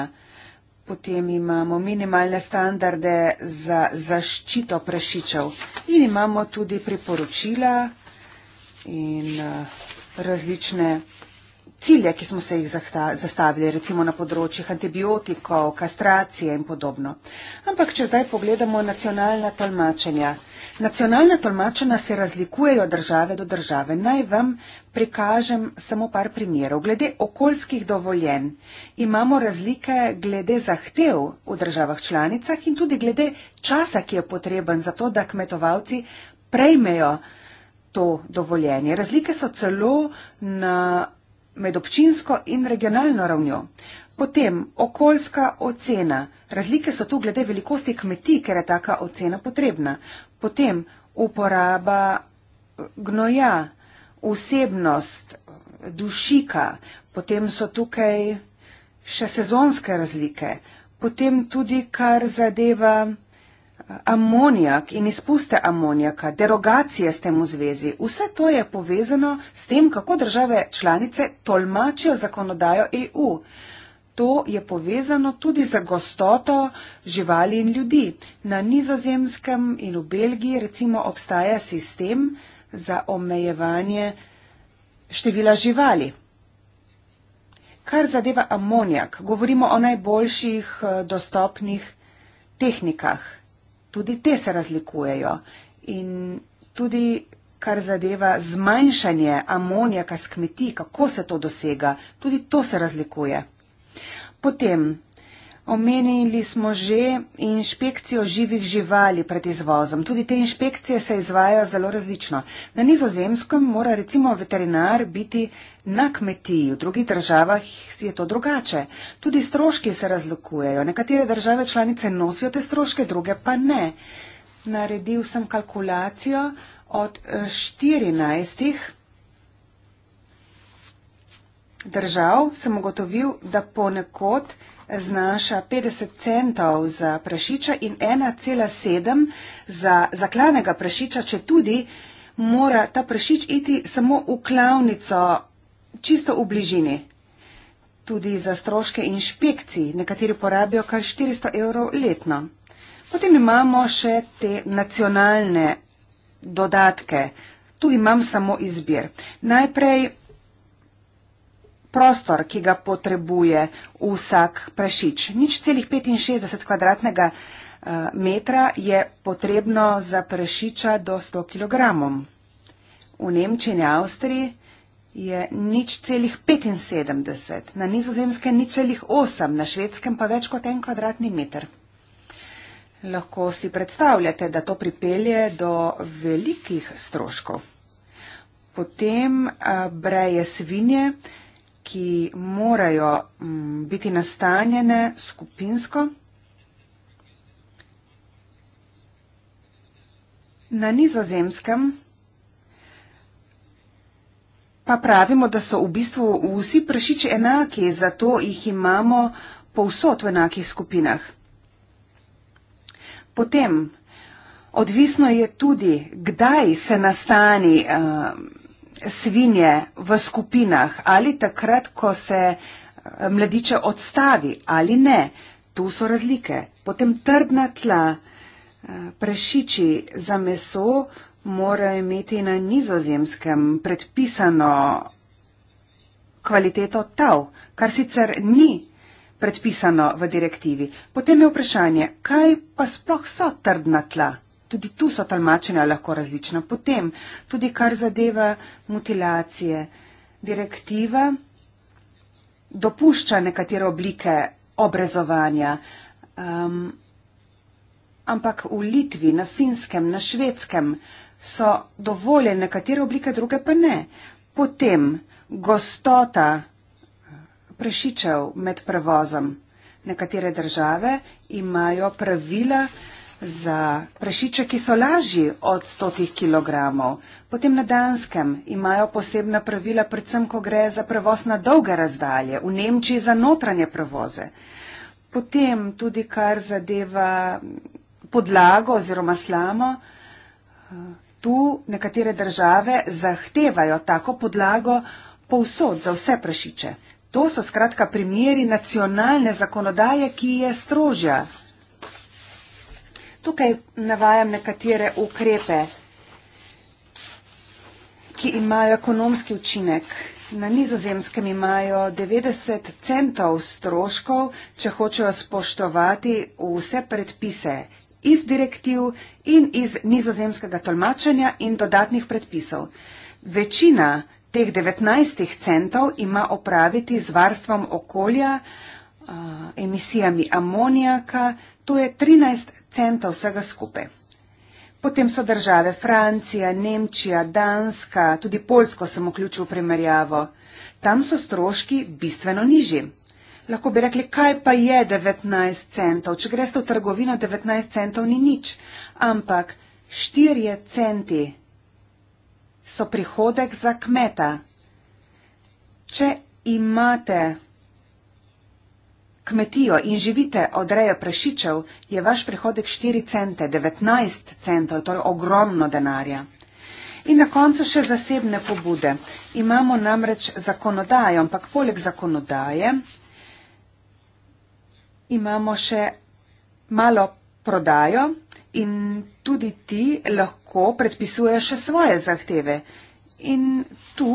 potem imamo minimalne standarde za zaščito prešičev in imamo tudi priporočila in eh, različne cilje, ki smo se jih zastavili, recimo na področjih antibiotikov, kastracije in podobno. Ampak, če zdaj pogledamo nacionalna tolmačenja, Nacionalna tolmačena se razlikujejo države do države. Naj vam prikažem samo par primerov. Glede okoljskih dovoljen imamo razlike glede zahtev v državah članicah in tudi glede časa, ki je potreben za to, da kmetovalci prejmejo to dovoljenje. Razlike so celo na medobčinsko in regionalno ravnjo. Potem okoljska ocena. Razlike so tu glede velikosti kmetij, ker je taka ocena potrebna. Potem uporaba gnoja, vsebnost, dušika, potem so tukaj še sezonske razlike, potem tudi kar zadeva eh, amonijak in izpuste amonijaka, derogacije s tem v zvezi. Vse to je povezano s tem, kako države članice tolmačijo zakonodajo EU. To je povezano tudi za gostoto živali in ljudi. Na nizozemskem in v Belgiji recimo obstaja sistem za omejevanje števila živali. Kar zadeva amonjak, govorimo o najboljših eh, dostopnih tehnikah. Tudi te se razlikujejo. In tudi kar zadeva zmanjšanje amonjaka s kmetij, kako se to dosega, tudi to se razlikuje. Potem, omenili smo že inšpekcijo živih živali pred izvozom. Tudi te inšpekcije se izvajajo zelo različno. Na nizozemskem mora recimo veterinar biti na kmetiji, v drugih državah je to drugače. Tudi stroški se razlikujejo. Nekatere države članice nosijo te stroške, druge pa ne. Naredil sem kalkulacijo od 14 držav sem ugotovil, da ponekod znaša 50 centov za prašiča in 1,7 za zaklanega prašiča, če tudi mora ta prašič iti samo v klavnico, čisto v bližini. Tudi za stroške inšpekcij, nekateri porabijo kar 400 evrov letno. Potem imamo še te nacionalne dodatke. Tu imam samo izbir. Najprej prostor, ki ga potrebuje vsak prašič. Nič celih 65 kvadratnega eh, metra je potrebno za prašiča do 100 kg. V Nemčiji in Avstriji je nič celih 75, na nizozemske nič celih 8, na švedskem pa več kot en kvadratni meter. Lahko si predstavljate, da to pripelje do velikih stroškov. Potem eh, breje svinje, ki morajo m, mm, biti nastanjene skupinsko. Na nizozemskem pa pravimo, da so v bistvu vsi prašiči enaki, zato jih imamo povsod v enakih skupinah. Potem, odvisno je tudi, kdaj se nastani. Uh, svinje v skupinah ali takrat, ko se eh, mladiče odstavi ali ne. Tu so razlike. Potem trdna tla, eh, prešiči za meso morajo imeti na nizozemskem predpisano kvaliteto tav, kar sicer ni predpisano v direktivi. Potem je vprašanje, kaj pa sploh so trdna tla? tudi tu so tolmačenja lahko različna. Potem, tudi kar zadeva mutilacije, direktiva dopušča nekatere oblike obrezovanja, um, ampak v Litvi, na Finskem, na Švedskem so dovoljene nekatere oblike, druge pa ne. Potem, gostota prešičev med prevozom. Nekatere države imajo pravila, za prašiče, ki so lažji od 100 kg. Potem na Danskem imajo posebna pravila, predvsem, ko gre za prevoz na dolge razdalje, v Nemčiji za notranje prevoze. Potem tudi, kar zadeva podlago oziroma slamo, tu nekatere države zahtevajo tako podlago povsod za vse prašiče. To so skratka primeri nacionalne zakonodaje, ki je strožja Tukaj navajam nekatere ukrepe, ki imajo ekonomski učinek. Na nizozemskem imajo 90 centov stroškov, če hočejo spoštovati vse predpise iz direktiv in iz nizozemskega tolmačenja in dodatnih predpisov. Večina teh 19 centov ima opraviti z varstvom okolja, emisijami amonijaka, to je 13 centa vsega skupaj. Potem so države Francija, Nemčija, Danska, tudi Poljsko sem vključil v primerjavo. Tam so stroški bistveno nižji. Lahko bi rekli, kaj pa je 19 centov. Če greste v trgovino, 19 centov ni nič, ampak 4 centi so prihodek za kmeta. Če imate kmetijo in živite od reje prašičev, je vaš prihodek 4 cente, 19 centov, to je ogromno denarja. In na koncu še zasebne pobude. Imamo namreč zakonodajo, ampak poleg zakonodaje imamo še malo prodajo in tudi ti lahko predpisuješ še svoje zahteve. In tu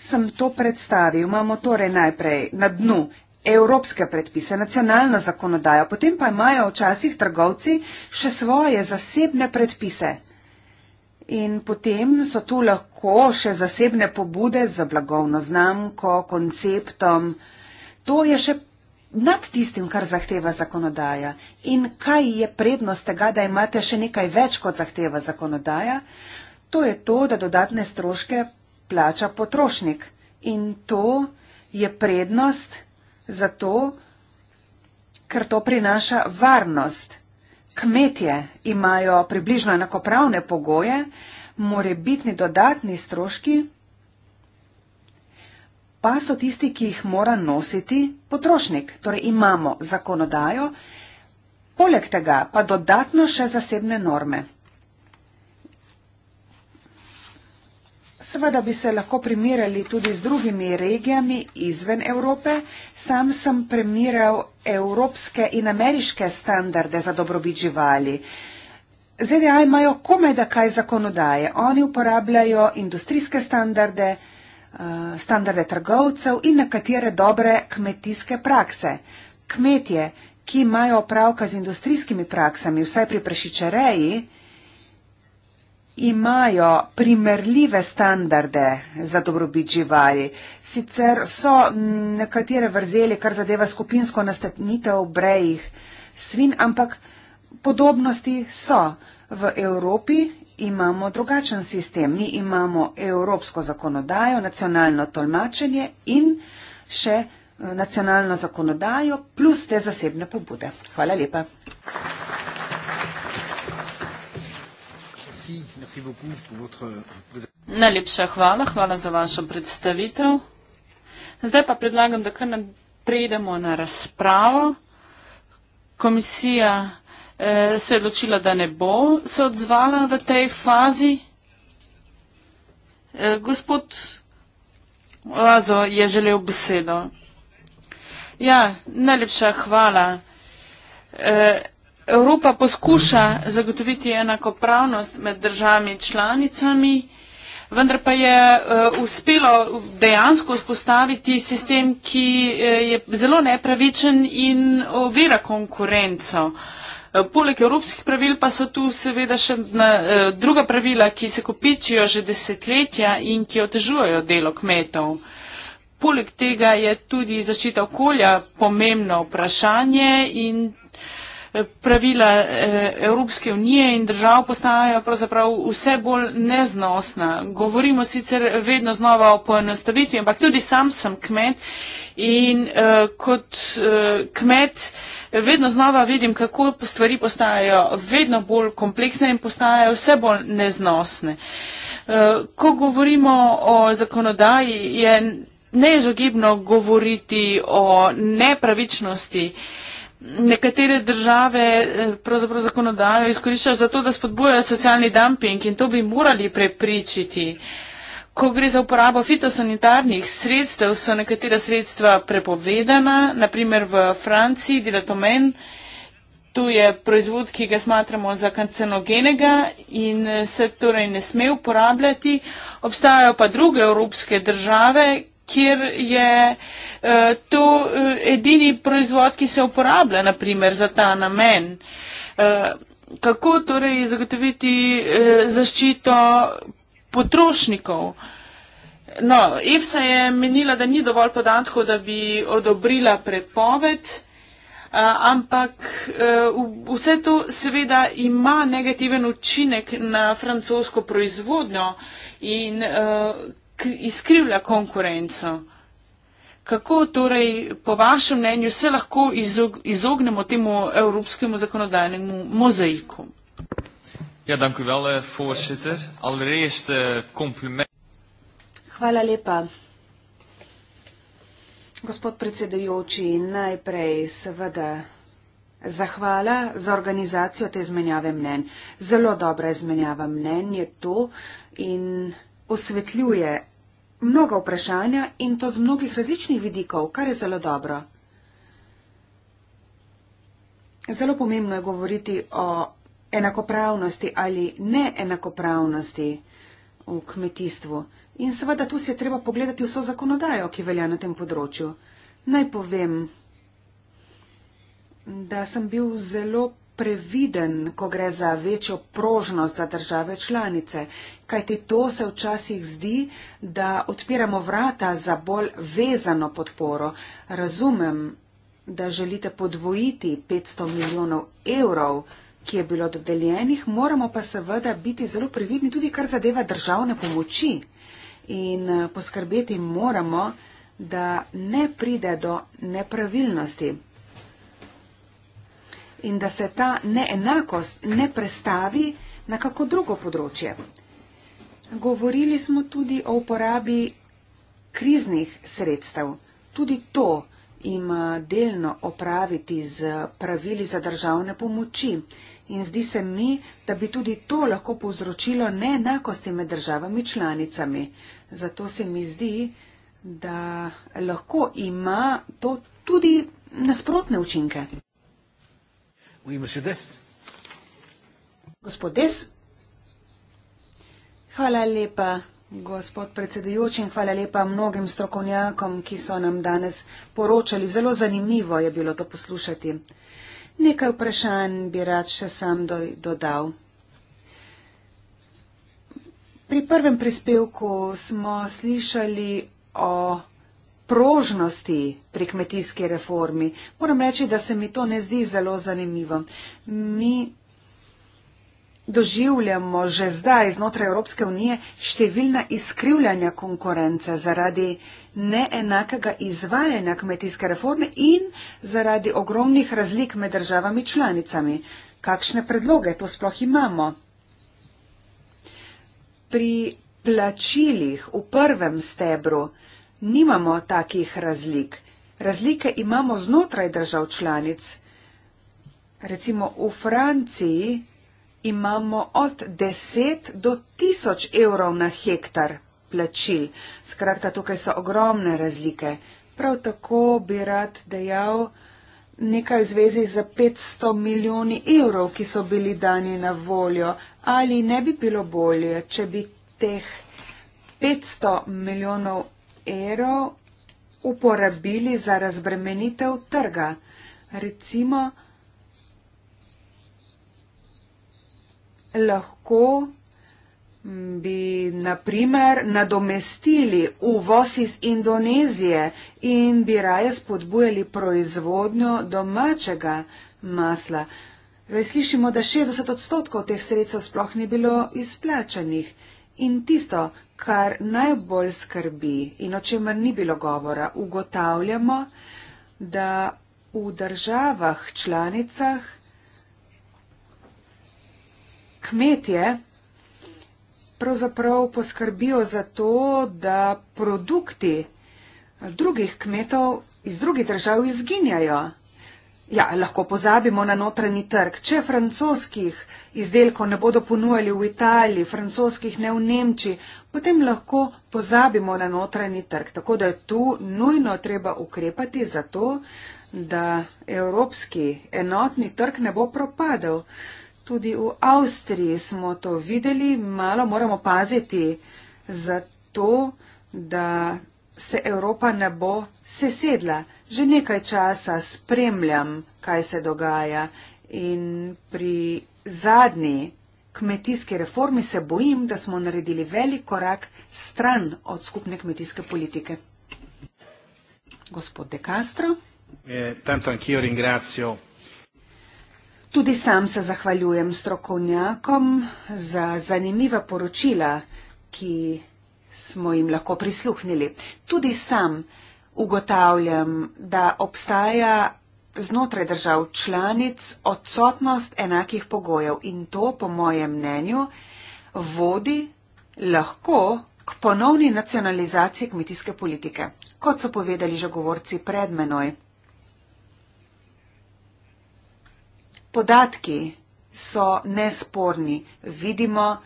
sem to predstavil. Imamo torej najprej na dnu evropske predpise, nacionalno zakonodajo, potem pa imajo včasih trgovci še svoje zasebne predpise. In potem so tu lahko še zasebne pobude za blagovno znamko, konceptom. To je še nad tistim, kar zahteva zakonodaja. In kaj je prednost tega, da imate še nekaj več kot zahteva zakonodaja? To je to, da dodatne stroške plača potrošnik. In to je prednost, zato, ker to prinaša varnost. Kmetje imajo približno enakopravne pogoje, more biti dodatni stroški, pa so tisti, ki jih mora nositi potrošnik. Torej imamo zakonodajo, poleg tega pa dodatno še zasebne norme. Seveda bi se lahko primerjali tudi z drugimi regijami izven Evrope. Sam sem primerjal evropske in ameriške standarde za dobrobit živali. ZDA imajo komaj da kaj zakonodaje. Oni uporabljajo industrijske standarde, eh, standarde trgovcev in nekatere dobre kmetijske prakse. Kmetje, ki imajo opravka z industrijskimi praksami, vsaj pri prešičereji, imajo primerljive standarde za dobrobit živali. Sicer so nekatere vrzeli, kar zadeva skupinsko nastanitev brejih svin, ampak podobnosti so. V Evropi imamo drugačen sistem. Mi imamo evropsko zakonodajo, nacionalno tolmačenje in še eh, nacionalno zakonodajo plus te zasebne pobude. Hvala lepa. Najlepša hvala, hvala za vašo predstavitev. Zdaj pa predlagam, da kar prejdemo na razpravo. Komisija eh, se je odločila, da ne bo se odzvala v tej fazi. Eh, gospod Oazo je želel besedo. Ja, najlepša hvala. Eh, Evropa poskuša zagotoviti enakopravnost med državami članicami, vendar pa je uh, uspelo dejansko vzpostaviti sistem, ki uh, je zelo nepravičen in ovira konkurenco. Eh, poleg evropskih pravil pa so tu seveda še na, eh, druga pravila, ki se kopičijo že desetletja in ki otežujejo delo kmetov. Poleg tega je tudi zaščita okolja pomembno vprašanje in pravila eh, Evropske unije in držav postajajo pravzaprav vse bolj neznosna. Govorimo sicer vedno znova o poenostavitvi, ampak tudi sam sem kmet in uh, kot uh, kmet vedno znova vidim, kako stvari postajajo vedno bolj kompleksne in postajajo vse bolj neznosne. Uh, ko govorimo o zakonodaji, je neizogibno govoriti o nepravičnosti uh, nekatere države eh, pravzaprav zakonodajo izkoriščajo za to, da spodbujajo socialni dumping in to bi morali prepričiti. Ko gre za uporabo fitosanitarnih sredstev, so nekatera sredstva prepovedana, naprimer v Franciji, dilatomen, tu je proizvod, ki ga smatramo za kancenogenega in eh, se torej ne sme uporabljati. Obstajajo pa druge evropske države, kjer je eh, to eh, edini proizvod, ki se uporablja, naprimer, za ta namen. Eh, kako torej zagotoviti zaščito potrošnikov? No, EFSA je menila, da ni dovolj podatkov, da bi odobrila prepoved, ampak vse to seveda ima negativen učinek na francosko proizvodnjo in izkrivlja konkurenco. Kako torej, po vašem mnenju, se lahko izog, izognemo temu evropskemu zakonodajnemu mozaiku? Ja, danke wel, eh, voorzitter. Allereerst uh, compliment. Hvala lepa. Gospod predsedujoči, najprej seveda zahvala za organizacijo te izmenjave mnen. Zelo dobra izmenjava mnen je to in osvetljuje mnoga vprašanja in to z mnogih različnih vidikov, kar je zelo dobro. Zelo pomembno je govoriti o enakopravnosti ali neenakopravnosti v kmetijstvu. In seveda tu se je treba pogledati vso zakonodajo, ki velja na tem področju. Naj povem, da sem bil zelo previden, ko gre za večjo prožnost za države članice, kajti to se včasih zdi, da odpiramo vrata za bolj vezano podporo. Razumem, da želite podvojiti 500 milijonov evrov, ki je bilo dodeljenih, moramo pa seveda biti zelo previdni tudi, kar zadeva državne pomoči. In eh, poskrbeti moramo, da ne pride do nepravilnosti in da se ta neenakost ne prestavi na kako drugo področje. Govorili smo tudi o uporabi kriznih sredstev. Tudi to ima delno opraviti z pravili za državne pomoči. In zdi se mi, da bi tudi to lahko povzročilo neenakosti med državami članicami. Zato se mi zdi, da lahko ima to tudi nasprotne učinke. Oui, monsieur Dess. Gospod Dess. Hvala lepa, gospod predsedujoči, in hvala lepa mnogim strokovnjakom, ki so nam danes poročali. Zelo zanimivo je bilo to poslušati. Nekaj vprašanj bi rad še sam do, dodal. Pri prvem prispevku smo slišali o prožnosti pri kmetijski reformi. Moram reči, da se mi to ne zdi zelo zanimivo. Mi doživljamo že zdaj znotraj Evropske unije številna izkrivljanja konkurence zaradi neenakega izvajanja kmetijske reforme in zaradi ogromnih razlik med državami članicami. Kakšne predloge to sploh imamo? Pri plačilih v prvem stebru nimamo takih razlik. Razlike imamo znotraj držav članic. Recimo v Franciji imamo od 10 do 1000 evrov na hektar plačil. Skratka, tukaj so ogromne razlike. Prav tako bi rad dejal nekaj v zvezi z 500 milijoni evrov, ki so bili dani na voljo. Ali ne bi bilo bolje, če bi teh 500 milijonov evro uporabili za razbremenitev trga. Recimo, lahko bi naprimer nadomestili uvoz iz Indonezije in bi raje spodbujali proizvodnjo domačega masla. Zdaj slišimo, da 60 odstotkov teh sredstev sploh ni bilo izplačanih. In tisto, kar najbolj skrbi in o čemer ni bilo govora, ugotavljamo, da v državah članicah kmetje pravzaprav poskrbijo za to, da produkti drugih kmetov iz drugih držav izginjajo. Ja, lahko pozabimo na notranji trg. Če francoskih izdelkov ne bodo ponujali v Italiji, francoskih ne v Nemčiji, potem lahko pozabimo na notranji trg. Tako da je tu nujno treba ukrepati za to, da evropski enotni trg ne bo propadel. Tudi v Avstriji smo to videli, malo moramo paziti za to, da se Evropa ne bo sesedla. Že nekaj časa spremljam, kaj se dogaja in pri zadnji kmetijski reformi se bojim, da smo naredili velik korak stran od skupne kmetijske politike. Gospod De Castro. E, Tudi sam se zahvaljujem strokovnjakom za zanimiva poročila, ki smo jim lahko prisluhnili. Tudi sam ugotavljam, da obstaja znotraj držav članic odsotnost enakih pogojev in to, po mojem mnenju, vodi lahko k ponovni nacionalizaciji kmetijske politike, kot so povedali že govorci pred menoj. Podatki so nesporni. Vidimo,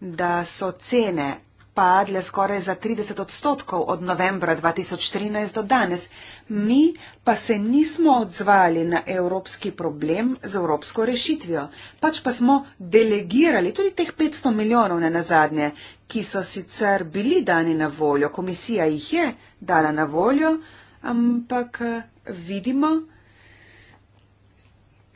da so cene padle skoraj za 30 odstotkov od novembra 2013 do danes. Mi pa se nismo odzvali na evropski problem z evropsko rešitvijo, pač pa smo delegirali tudi teh 500 milijonov ne nazadnje, ki so sicer bili dani na voljo, komisija jih je dala na voljo, ampak vidimo,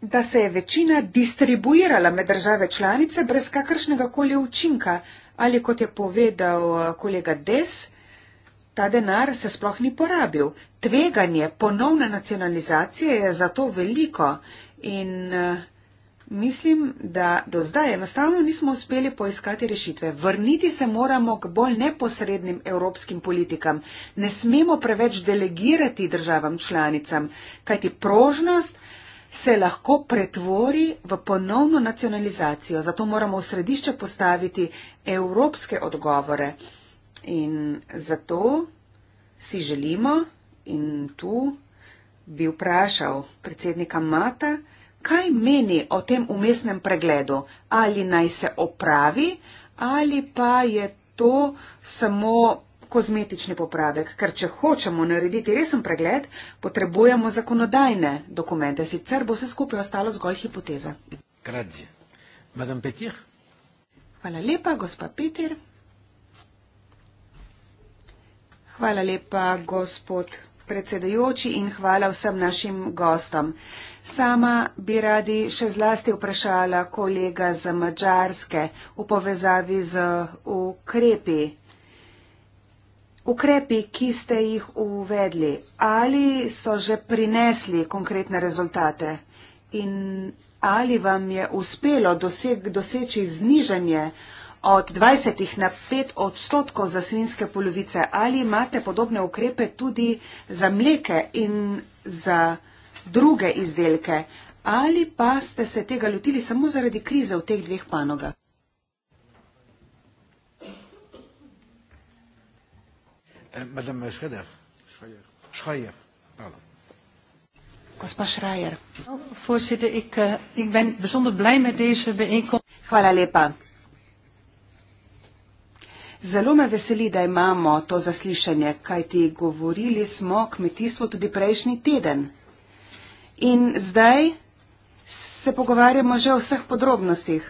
da se je večina distribuirala med države članice brez kakršnega koli učinka ali kot je povedal eh, kolega Des, ta denar se sploh ni porabil. Tveganje ponovne nacionalizacije je zato veliko in eh, mislim, da do zdaj enostavno nismo uspeli poiskati rešitve. Vrniti se moramo k bolj neposrednim evropskim politikam. Ne smemo preveč delegirati državam članicam, kajti prožnost se lahko pretvori v ponovno nacionalizacijo. Zato moramo v središče postaviti evropske odgovore. In zato si želimo, in tu bi vprašal predsednika Mata, kaj meni o tem umestnem pregledu, ali naj se opravi, ali pa je to samo kozmetične popravek, ker če hočemo narediti resen pregled, potrebujemo zakonodajne dokumente, sicer bo vse skupaj ostalo zgolj hipoteza. Hvala lepa, gospa Peter. Hvala lepa, gospod predsedajoči in hvala vsem našim gostom. Sama bi radi še zlasti vprašala kolega z Mačarske v povezavi z ukrepi. Ukrepi, ki ste jih uvedli, ali so že prinesli konkretne rezultate in ali vam je uspelo doseg, doseči znižanje od 20 na 5 odstotkov za svinske polovice, ali imate podobne ukrepe tudi za mleke in za druge izdelke, ali pa ste se tega lotili samo zaradi krize v teh dveh panogah. Eh, Madame Schreder. Schreier. Schreier. Pardon. Gospa Schreier. Voorzitter, ik, uh, ik ben bijzonder blij met deze bijeenkomst. Hvala lepa. Zelo me veseli, da imamo to zaslišanje, kajti govorili smo o kmetijstvu tudi prejšnji teden. In zdaj se pogovarjamo že o vseh podrobnostih.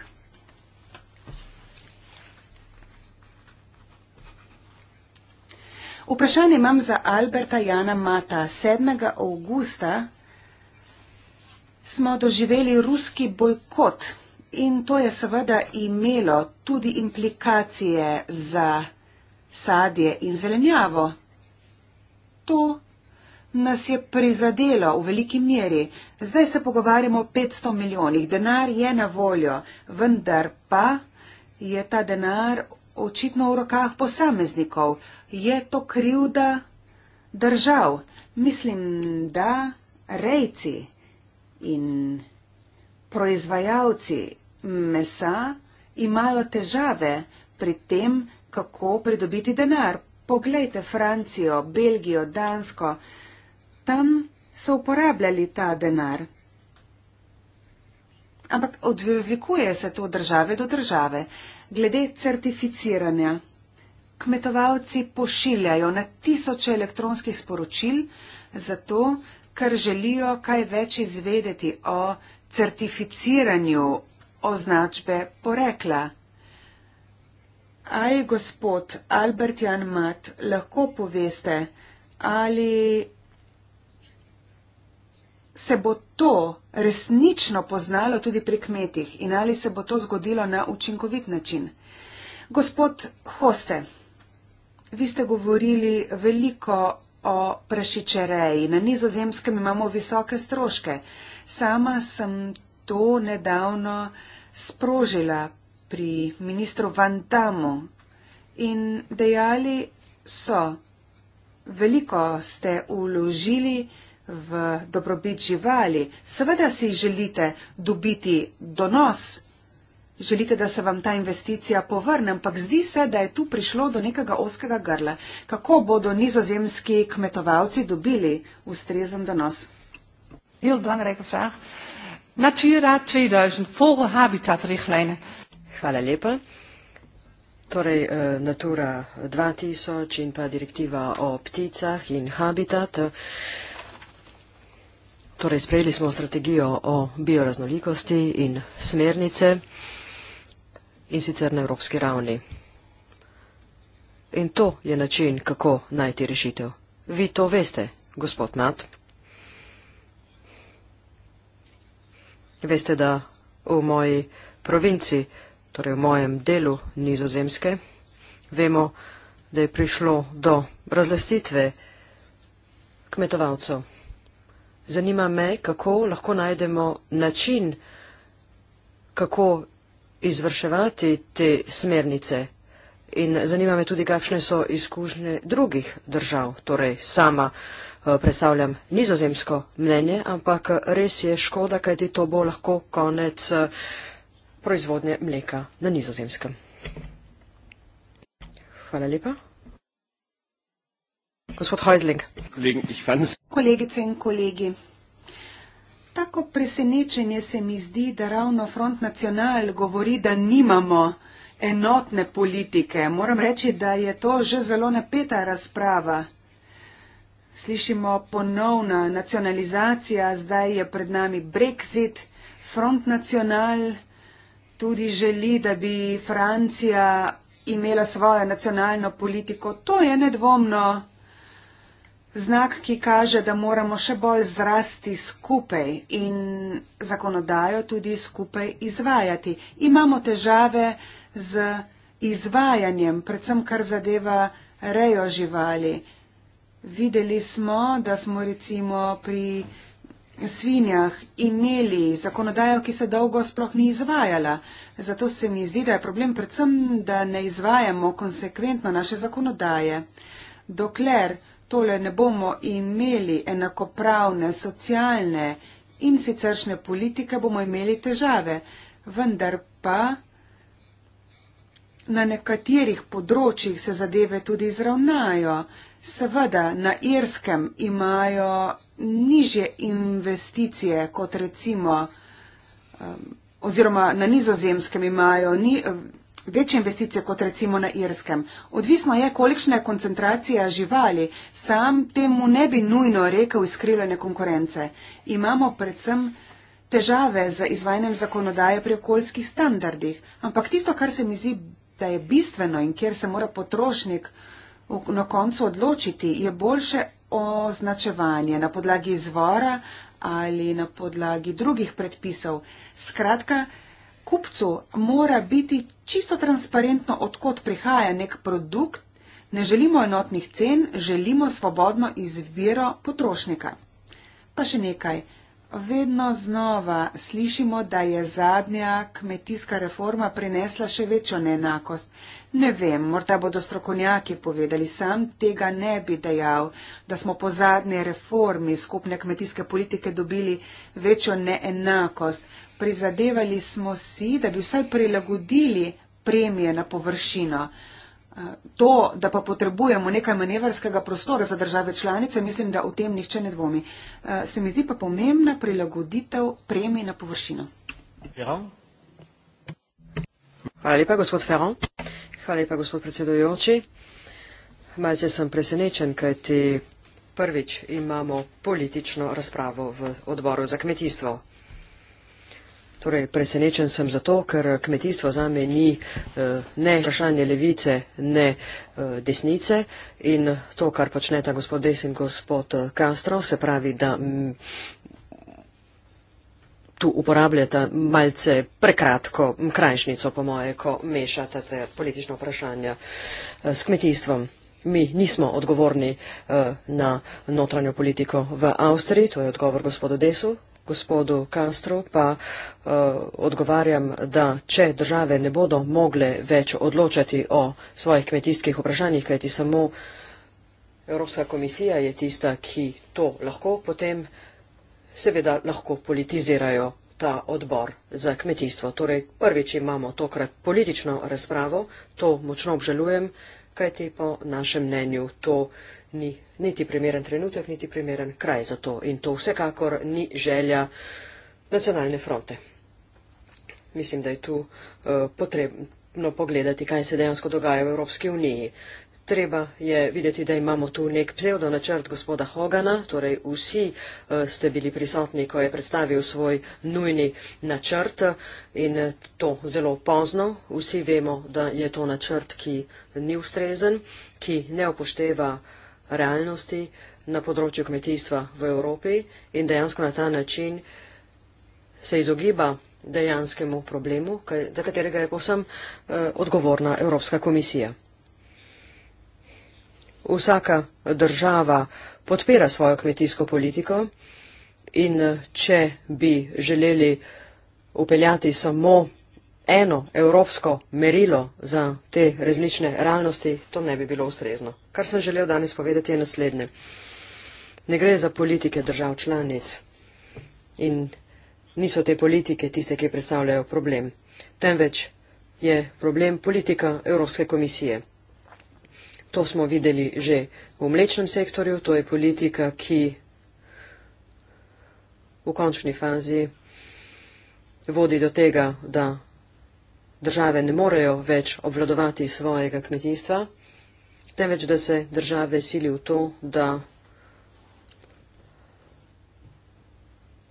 Vprašanje imam za Alberta Jana Mata. 7. augusta smo doživeli ruski bojkot in to je seveda imelo tudi implikacije za sadje in zelenjavo. To nas je prizadelo v veliki meri. Zdaj se pogovarjamo o 500 milijonih. Denar je na voljo, vendar pa je ta denar očitno v rokah posameznikov je to krivda držav. Mislim, da rejci in proizvajalci mesa imajo težave pri tem, kako pridobiti denar. Poglejte Francijo, Belgijo, Dansko. Tam so uporabljali ta denar. Ampak odvezikuje se to države do države. Glede certificiranja kmetovalci pošiljajo na tisoče elektronskih sporočil, zato ker želijo kaj več izvedeti o certificiranju označbe porekla. Ali gospod Albert Jan Mat lahko poveste, ali se bo to resnično poznalo tudi pri kmetih in ali se bo to zgodilo na učinkovit način? Gospod Hoste vi ste govorili veliko o prašičereji. Na nizozemskem imamo visoke stroške. Sama sem to nedavno sprožila pri ministru Van Damu in dejali so, veliko ste uložili v dobrobit živali. Seveda si želite dobiti donos Želite, da se vam ta investicija povrne, ampak zdi se, da je tu prišlo do nekega oskega grla. Kako bodo nizozemski kmetovalci dobili ustrezen donos? Natura 2000, Vogel Habitat Richtlijn. Hvala lepa. Torej, eh, Natura 2000 in pa direktiva o pticah in habitat. Torej, sprejeli smo strategijo o bioraznolikosti in smernice in sicer na evropski ravni. In to je način, kako najti rešitev. Vi to veste, gospod Mat. Veste, da v moji provinci, torej v mojem delu nizozemske, vemo, da je prišlo do razlastitve kmetovalcev. Zanima me, kako lahko najdemo način, kako izvrševati te smernice. In zanima me tudi, kakšne so izkušnje drugih držav. Torej, sama eh, predstavljam nizozemsko mnenje, ampak res je škoda, kajti to bo lahko konec eh, proizvodnje mleka na nizozemskem. Hvala lepa. Gospod Heusling. Kolegice in kolegi tako presenečenje se mi zdi, da ravno Front National govori, da nimamo enotne politike. Moram reči, da je to že zelo napeta razprava. Slišimo ponovna nacionalizacija, zdaj je pred nami Brexit. Front National tudi želi, da bi Francija imela svojo nacionalno politiko. To je nedvomno Znak, ki kaže, da moramo še bolj zrasti skupaj in zakonodajo tudi skupaj izvajati. Imamo težave z izvajanjem, predvsem kar zadeva rejo živali. Videli smo, da smo recimo pri svinjah imeli zakonodajo, ki se dolgo sploh ni izvajala. Zato se mi zdi, da je problem predvsem, da ne izvajamo konsekventno naše zakonodaje. Dokler tole ne bomo imeli enakopravne socialne in siceršne politike, bomo imeli težave. Vendar pa na nekaterih področjih se zadeve tudi izravnajo. Seveda na Irskem imajo nižje investicije kot recimo um, oziroma na nizozemskem imajo ni, večje investicije kot recimo na Irskem. Odvisno je, kolikšna je koncentracija živali. Sam temu ne bi nujno rekel izkrivljene konkurence. Imamo predvsem težave z izvajanjem zakonodaje pri okoljskih standardih. Ampak tisto, kar se mi zdi, da je bistveno in kjer se mora potrošnik na koncu odločiti, je boljše označevanje na podlagi izvora ali na podlagi drugih predpisov. Skratka, kupcu mora biti čisto transparentno, odkot prihaja nek produkt, ne želimo enotnih cen, želimo svobodno izbiro potrošnika. Pa še nekaj. Vedno znova slišimo, da je zadnja kmetijska reforma prinesla še večjo neenakost. Ne vem, morda bodo strokovnjaki povedali, sam tega ne bi dejal, da smo po zadnji reformi skupne kmetijske politike dobili večjo neenakost prizadevali smo si, da bi vsaj prilagodili premije na površino. Eh, to, da pa potrebujemo nekaj manevrskega prostora za države članice, mislim, da o tem nihče ne dvomi. Eh, se mi zdi pa pomembna prilagoditev premij na površino. Hvala lepa, gospod Ferron. Hvala lepa, gospod predsedujoči. Malce sem presenečen, kaj ti prvič imamo politično razpravo v odboru za kmetijstvo. Torej, presenečen sem zato, ker kmetijstvo za me ni eh, ne vprašanje levice, ne eh, desnice in to, kar počneta gospod Des in gospod eh, Castro, se pravi, da mm, tu uporabljate malce prekratko krajšnico, po moje, ko mešate te politične vprašanja s kmetijstvom. Mi nismo odgovorni na notranjo politiko v Avstriji, to je odgovor gospodu Desu gospodu Kastru pa uh, odgovarjam, da če države ne bodo mogle več odločati o svojih kmetijskih vprašanjih, kajti samo Evropska komisija je tista, ki to lahko, potem seveda lahko politizirajo ta odbor za kmetijstvo. Torej, prvič imamo tokrat politično razpravo, to močno obžalujem, kajti po našem mnenju to ni niti primeren trenutek, niti primeren kraj za to. In to vsekakor ni želja nacionalne fronte. Mislim, da je tu uh, potrebno pogledati, kaj se dejansko dogaja v Evropski uniji. Treba je videti, da imamo tu nek pseudo načrt gospoda Hogana, torej vsi eh, ste bili prisotni, ko je predstavil svoj nujni načrt eh, in to zelo pozno. Vsi vemo, da je to načrt, ki ni ustrezen, ki ne upošteva realnosti na področju kmetijstva v Evropi in dejansko na ta način se izogiba dejanskemu problemu, za katerega je posem eh, odgovorna Evropska komisija. Vsaka država podpira svojo kmetijsko politiko in eh, če bi želeli upeljati samo eno evropsko merilo za te različne realnosti, to ne bi bilo ustrezno. Kar sem želel danes povedati je naslednje. Ne gre za politike držav članic in niso te politike tiste, ki predstavljajo problem, temveč je problem politika Evropske komisije. To smo videli že v mlečnem sektorju, to je politika, ki v končni fazi vodi do tega, da države ne morejo več obvladovati svojega kmetijstva, temveč da se države sili v to, da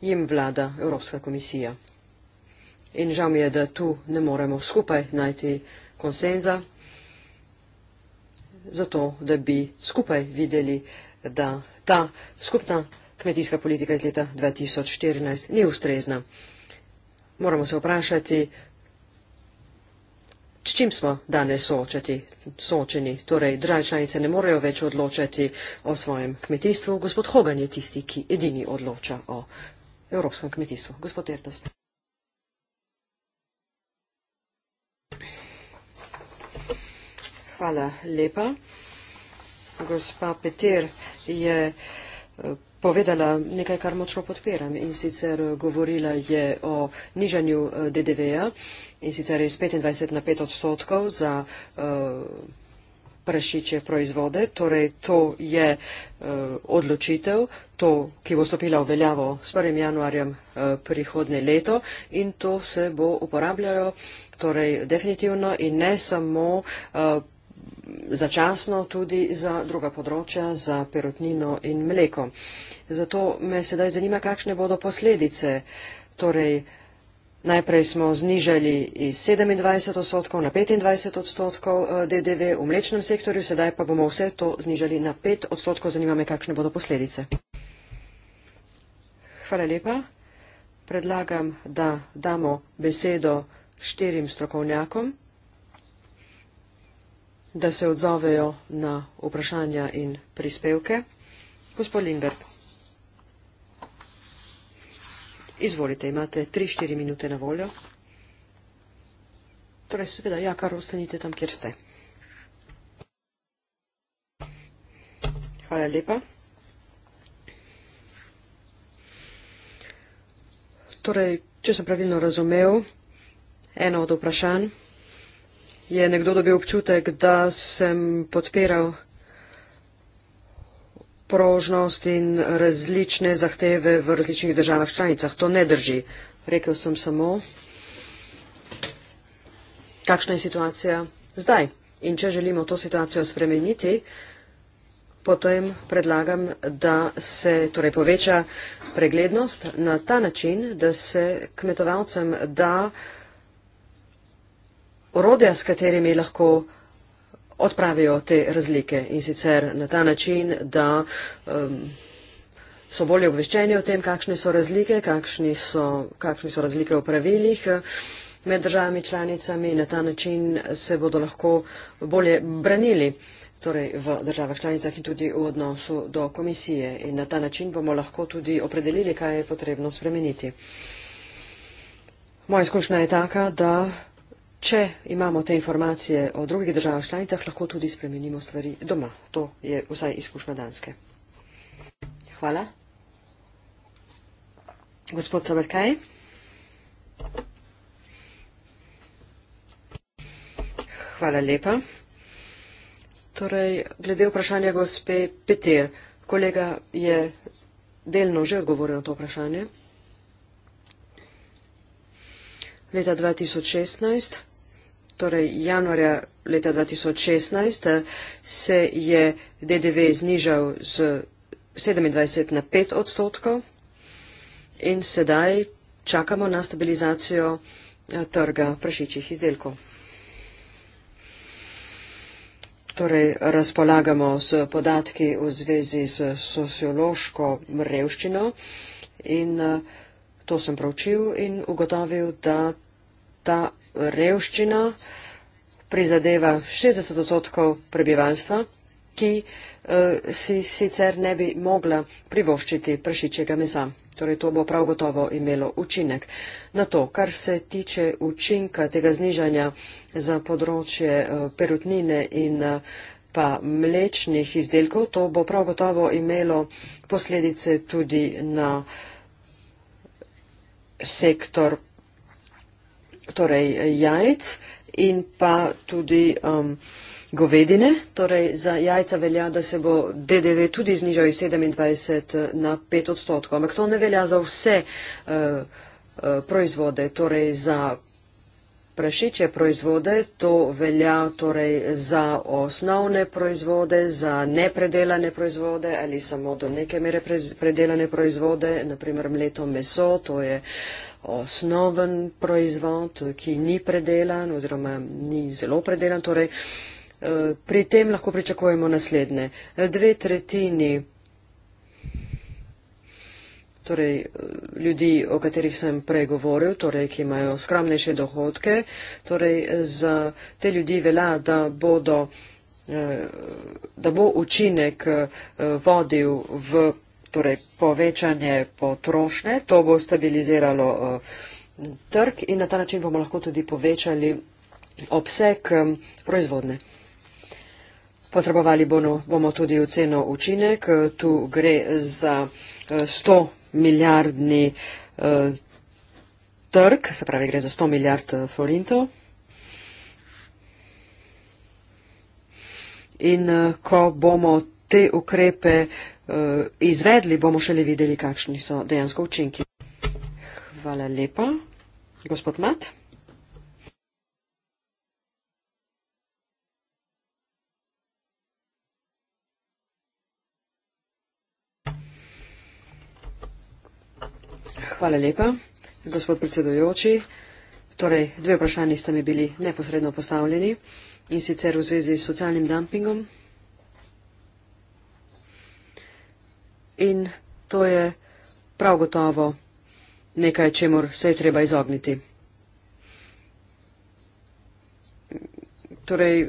jim vlada Evropska komisija. In žal mi je, da tu ne moremo skupaj najti konsenza, zato da bi skupaj videli, da ta skupna kmetijska politika iz leta 2014 ni ustrezna. Moramo se vprašati, S čim smo danes soočeti, soočeni? Torej, države članice ne morejo več odločati o svojem kmetijstvu. Gospod Hogan je tisti, ki edini odloča o evropskem kmetijstvu. Gospod Ertas. Hvala lepa. Gospa Peter je eh, povedala nekaj, kar močno podpiram. In sicer eh, govorila je o nižanju eh, DDV-ja in sicer iz 25 na 5 odstotkov za eh, prašiče proizvode. Torej, to je odločitev, to, ki bo stopila v veljavo s 1. januarjem prihodne leto in to se bo uporabljalo torej, definitivno in ne samo začasno tudi za druga področja, za perutnino in mleko. Zato me sedaj zanima, kakšne bodo posledice. Torej, najprej smo znižali iz 27 odstotkov na 25 odstotkov eh, DDV v mlečnem sektorju, sedaj pa bomo vse to znižali na 5 odstotkov. Zanima me, kakšne bodo posledice. Hvala lepa. Predlagam, da damo besedo štirim strokovnjakom da se odzovejo na vprašanja in prispevke. Gospod Lindberg, izvolite, imate 3-4 minute na voljo. Torej, seveda, ja, kar ostanite tam, kjer ste. Hvala lepa. Torej, če sem pravilno razumel, eno od vprašanj je nekdo dobil občutek, da sem podpiral prožnost in različne zahteve v različnih državah članicah. To ne drži. Rekel sem samo, kakšna je situacija zdaj. In če želimo to situacijo spremeniti, potem predlagam, da se torej poveča preglednost na ta način, da se kmetovalcem da orodja, s katerimi lahko odpravijo te razlike in sicer na ta način, da um, so bolje obveščeni o tem, kakšne so razlike, kakšne so, kakšne so razlike v pravilih eh, med državami članicami in na ta način se bodo lahko bolje branili torej v državah članicah in tudi v odnosu do komisije. In na ta način bomo lahko tudi opredelili, kaj je potrebno spremeniti. Moja izkušnja je taka, da če imamo te informacije o drugih državah članicah, lahko tudi spremenimo stvari doma. To je vsaj izkušnja Danske. Hvala. Gospod Saberkaj. Hvala lepa. Torej, glede vprašanja gospe Peter, kolega je delno že odgovoril na to vprašanje. Leta 2016 torej januarja leta 2016, eh, se je DDV znižal z 27 na 5 odstotkov in sedaj čakamo na stabilizacijo eh, trga prašičjih izdelkov. Torej, razpolagamo s podatki v zvezi s sociološko revščino in eh, to sem pravčil in ugotovil, da ta revščina prizadeva 60 odstotkov prebivalstva, ki uh, si sicer ne bi mogla privoščiti prašičjega mesa. Torej, to bo prav gotovo imelo učinek. Na to, kar se tiče učinka tega znižanja za področje uh, perutnine in uh, pa mlečnih izdelkov, to bo prav gotovo imelo posledice tudi na sektor torej jajc in pa tudi um, govedine. Torej za jajca velja, da se bo DDV tudi znižal iz 27 na 5 odstotkov, ampak to ne velja za vse uh, uh, proizvode, torej za. Prašiče proizvode, to velja torej za osnovne proizvode, za nepredelane proizvode ali samo do neke mere predelane proizvode, naprimer mleto meso, to je uh, osnoven proizvod, ki ni predelan oziroma ni zelo predelan. Torej, eh, pri tem lahko pričakujemo naslednje. Dve tretjini torej, eh, ljudi, o katerih sem prej govoril, torej, ki imajo skromnejše dohodke, torej, za te ljudi velja, da bodo eh, da bo učinek vodil v torej povečanje potrošnje, to bo stabiliziralo eh, trg in na ta način bomo lahko tudi povečali obseg eh, proizvodne. Potrebovali bomo tudi oceno učinek, eh, tu gre za 100 milijardni trg, se pravi gre za 100 milijard forintov. In ko bomo te ukrepe uh, uh, izvedli, bomo šele videli, kakšni so dejansko učinki. Hvala lepa. Gospod Mat. Hvala lepa, gospod predsedujoči. Torej, dve vprašanji ste mi bili neposredno postavljeni in sicer v zvezi s socialnim dumpingom in to je prav gotovo nekaj, čemu se je treba izogniti. Torej,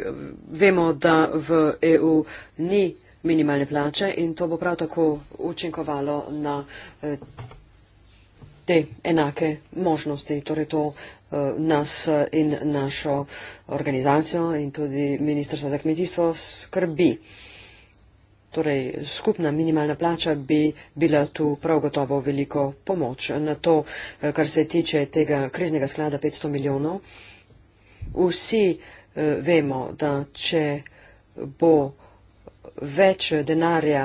vemo, da v EU ni minimalne plače in to bo prav tako učinkovalo na eh, te enake možnosti. Torej, to eh, nas eh, in našo organizacijo in tudi Ministrstvo za kmetijstvo skrbi. Torej, skupna minimalna plača bi bila tu prav gotovo veliko pomoč. Na to, eh, kar se tiče tega kriznega sklada 500 milijonov, vsi eh, vemo, da če bo več denarja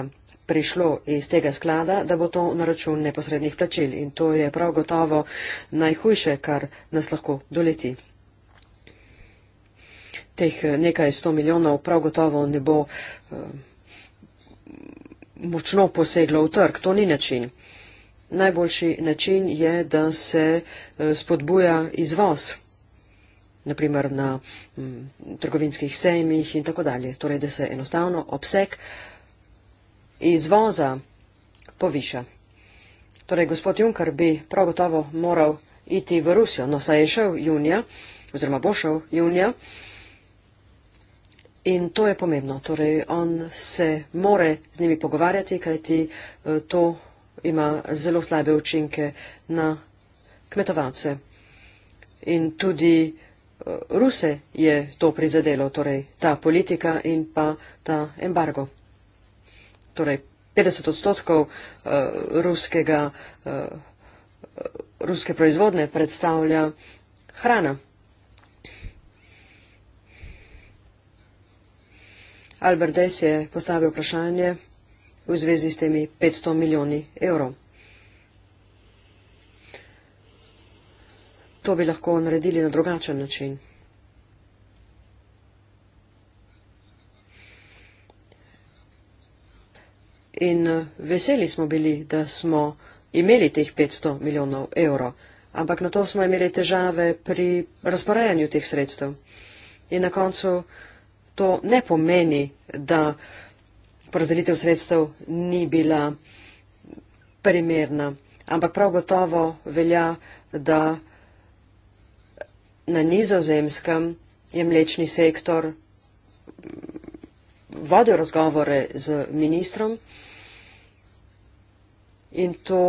prišlo iz tega sklada, da bo to na račun neposrednih plačil. In to je prav gotovo najhujše, kar nas lahko doleti. Teh eh, nekaj 100 milijonov prav gotovo ne bo močno poseglo v trg. To ni način. Najboljši način je, da se eh, spodbuja izvoz, naprimer na mm, trgovinskih sejmih in tako dalje. Torej, da se enostavno obseg izvoza poviša. Torej, gospod Junker bi prav gotovo moral iti v Rusijo, no saj je šel junija oziroma bo šel junija. In to je pomembno. Torej, on se more z njimi pogovarjati, kajti eh, to ima zelo slabe učinke na kmetovance. In tudi eh, Ruse je to prizadelo, torej ta politika in pa ta embargo. Torej, 50 odstotkov uh, ruskega, uh, ruske proizvodne predstavlja hrana. Albert Des je postavil vprašanje v zvezi s temi 500 milijoni evrov. To bi lahko naredili na drugačen način. In eh, veseli smo bili, da smo imeli teh 500 milijonov evrov, ampak na to smo imeli težave pri razporejanju teh sredstev. In na koncu To ne pomeni, da porazdelitev sredstev ni bila primerna, ampak prav gotovo velja, da na nizozemskem je mlečni sektor vodil razgovore z ministrom in to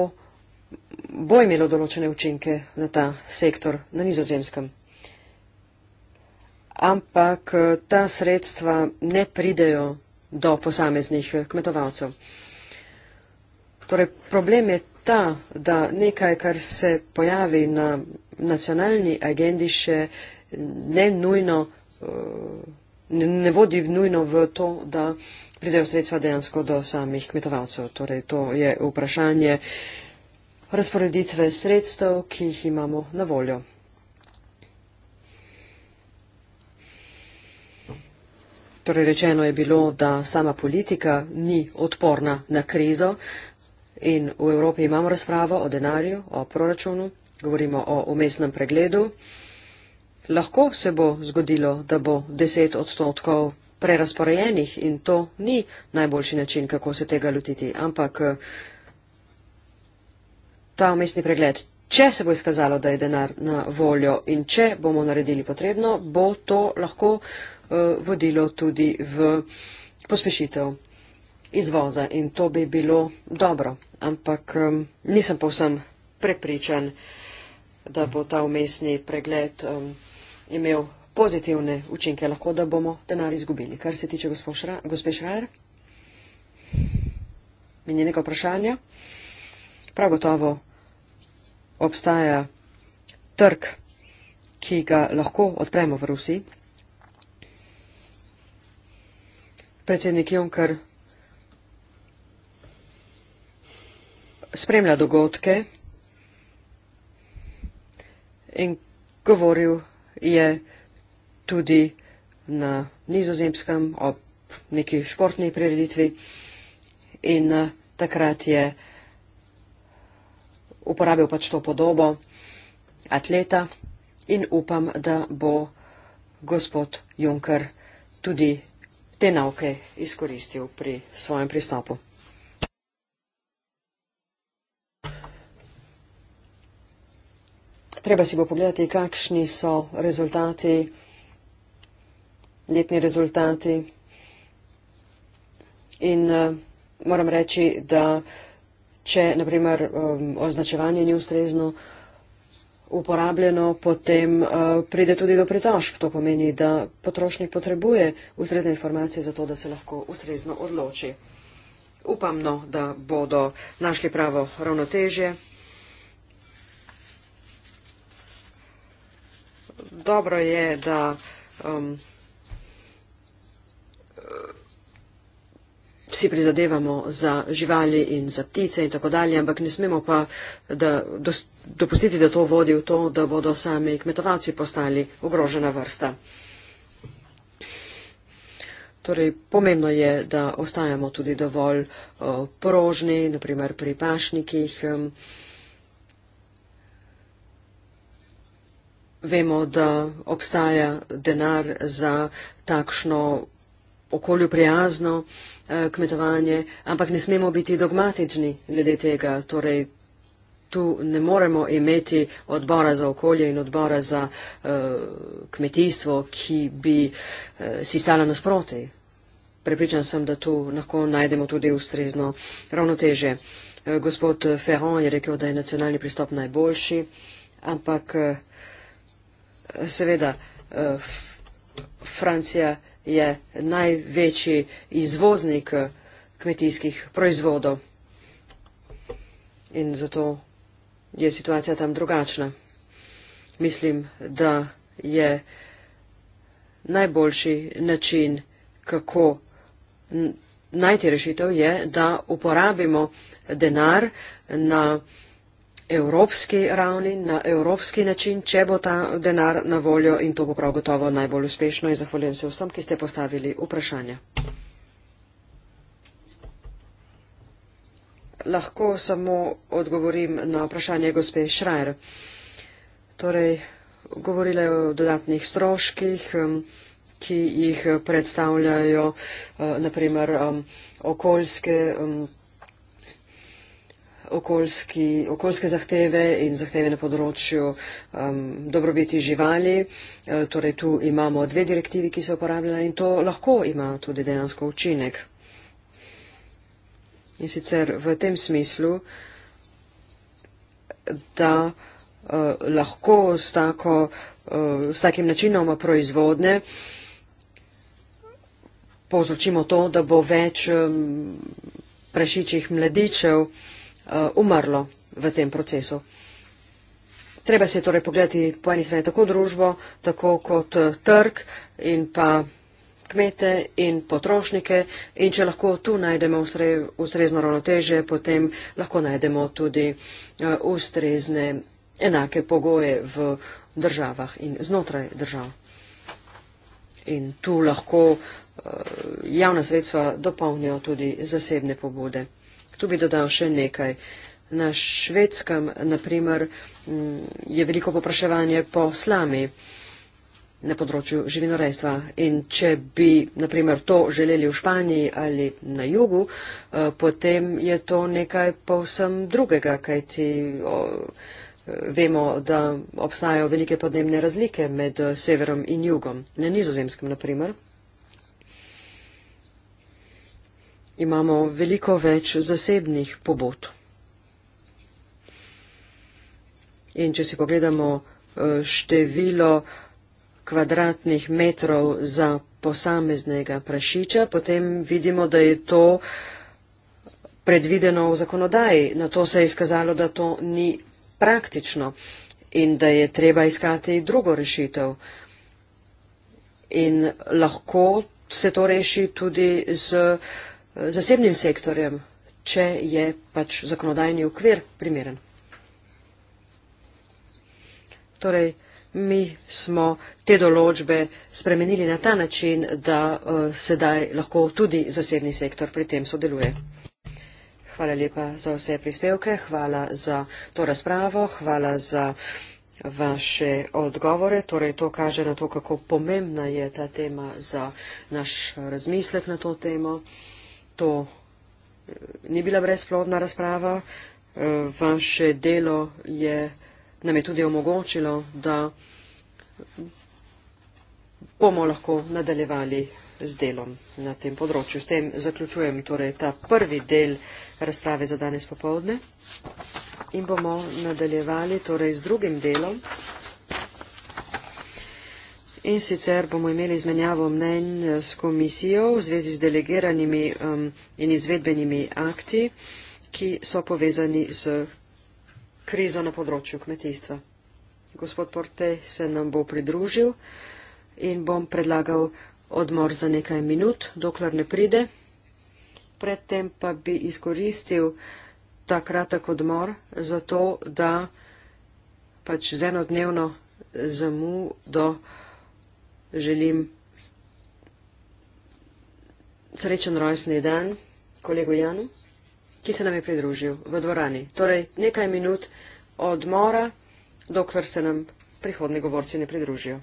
bo imelo določene učinke na ta sektor na nizozemskem ampak eh, ta sredstva ne pridejo do posameznih eh, kmetovalcev. Torej, problem je ta, da nekaj, kar se pojavi na nacionalni agendi, še ne nujno, eh, ne vodi v nujno v to, da pridejo sredstva dejansko do samih kmetovalcev. Torej, to je vprašanje razporeditve sredstev, ki jih imamo na voljo. Torej rečeno je bilo, da sama politika ni odporna na krizo in v Evropi imamo razpravo o denarju, o proračunu, govorimo o umestnem pregledu. Lahko se bo zgodilo, da bo 10 odstotkov prerasporejenih in to ni najboljši način, kako se tega lotiti, ampak eh, ta umestni pregled. Če se bo izkazalo, da je denar na voljo in če bomo naredili potrebno, bo to lahko Eh, vodilo tudi v pospešitev izvoza in to bi bilo dobro, ampak um, nisem povsem prepričan, da bo ta umestni pregled um, imel pozitivne učinke, lahko da bomo denar izgubili. Kar se tiče gospe Šrajer, mi je nekaj vprašanja. Prav gotovo obstaja trg, ki ga lahko odpremo v Rusiji. Predsednik Jonkar spremlja dogodke in govoril je tudi na nizozemskem ob neki športni prireditvi in eh, takrat je uporabil pač to podobo atleta in upam, da bo gospod Juncker tudi te nauke izkoristil pri svojem pristopu. Treba si bo pogledati, kakšni so rezultati, letni rezultati. In uh, moram reči, da če, naprimer, um, eh, označevanje ni ustrezno, uh, uporabljeno, potem uh, pride tudi do pritožb. To pomeni, da potrošnik potrebuje ustrezne informacije za to, da se lahko ustrezno odloči. Upam, no, da bodo našli pravo ravnotežje. Dobro je, da um, vsi prizadevamo za živali in za ptice in tako dalje, ampak ne smemo pa da, dopustiti, da to vodi v to, da bodo sami kmetovalci postali ogrožena vrsta. Torej, pomembno je, da ostajamo tudi dovolj o, porožni, naprimer pri pašnikih. Vemo, da obstaja denar za takšno okolju prijazno. Eh, kmetovanje, ampak ne smemo biti dogmatični glede tega. Torej, tu ne moremo imeti odbora za okolje in odbora za uh, kmetijstvo, ki bi uh, si stala nasproti. Prepričan sem, da tu lahko najdemo tudi ustrezno ravnoteže. Gospod Ferron je rekel, da je nacionalni pristop najboljši, ampak seveda Francija je največji izvoznik eh, kmetijskih proizvodov. In zato je situacija tam drugačna. Mislim, da je najboljši način, kako najti rešitev, je, da uporabimo denar na evropski ravni, na evropski način, če bo ta denar na voljo in to bo prav gotovo najbolj uspešno. In zahvaljujem se vsem, ki ste postavili vprašanja. Lahko samo odgovorim na vprašanje gospe Šrajer. Torej, govorila je o dodatnih stroških, um, ki jih predstavljajo, uh, naprimer, um, okoljske. Um, okoljski, okoljske zahteve in zahteve na področju um, dobrobiti živali. E, torej tu imamo dve direktivi, ki se uporabljajo in to lahko ima tudi dejansko učinek. In sicer v tem smislu, da uh, lahko s, tako, uh, s takim načinom proizvodne povzročimo to, da bo več um, prašičjih mladičev uh, Eh, umrlo v tem procesu. Treba se je torej pogledati po eni strani tako družbo, tako kot eh, trg in pa kmete in potrošnike in če lahko tu najdemo ustrezno ravnoteže, potem lahko najdemo tudi eh, ustrezne enake pogoje v državah in znotraj držav. In tu lahko javna sredstva dopolnijo tudi zasebne pobude. Tu bi dodal še nekaj. Na švedskem, naprimer, je veliko popraševanje po slami na področju živinorejstva. In če bi, naprimer, to želeli v Španiji ali na jugu, eh, potem je to nekaj povsem drugega, kajti vemo, da obstajajo velike podnebne razlike med severom in jugom. Na nizozemskem, naprimer. imamo veliko več zasebnih pobot. In če si pogledamo eh, število kvadratnih metrov za posameznega prašiča, potem vidimo, da je to predvideno v zakonodaji. Na to se je izkazalo, da to ni praktično in da je treba iskati drugo rešitev. In lahko se to reši tudi z uh, zasebnim sektorjem, če je pač zakonodajni okvir primeren. Torej, mi smo te določbe spremenili na ta način, da uh, sedaj lahko tudi zasebni sektor pri tem sodeluje. Hvala lepa za vse prispevke, hvala za to razpravo, hvala za vaše odgovore. Torej, to kaže na to, kako pomembna je ta tema za naš razmislek na to temo to eh, ni bila brezplodna razprava. Eh, vaše delo je, nam je tudi omogočilo, da bomo lahko nadaljevali z delom na tem področju. S tem zaključujem torej ta prvi del razprave za danes popovdne in bomo nadaljevali torej z drugim delom in sicer bomo imeli izmenjavo mnenj eh, s komisijo v zvezi z delegiranimi um, in izvedbenimi akti, ki so povezani z krizo na področju kmetijstva. Gospod Porte se nam bo pridružil in bom predlagal odmor za nekaj minut, dokler ne pride. Predtem pa bi izkoristil ta kratek odmor za to, da pač z enodnevno zamudo želim srečen rojstni dan kolegu Janu, ki se nam je pridružil v dvorani. Torej, nekaj minut odmora, dokler se nam prihodni govorci ne pridružijo.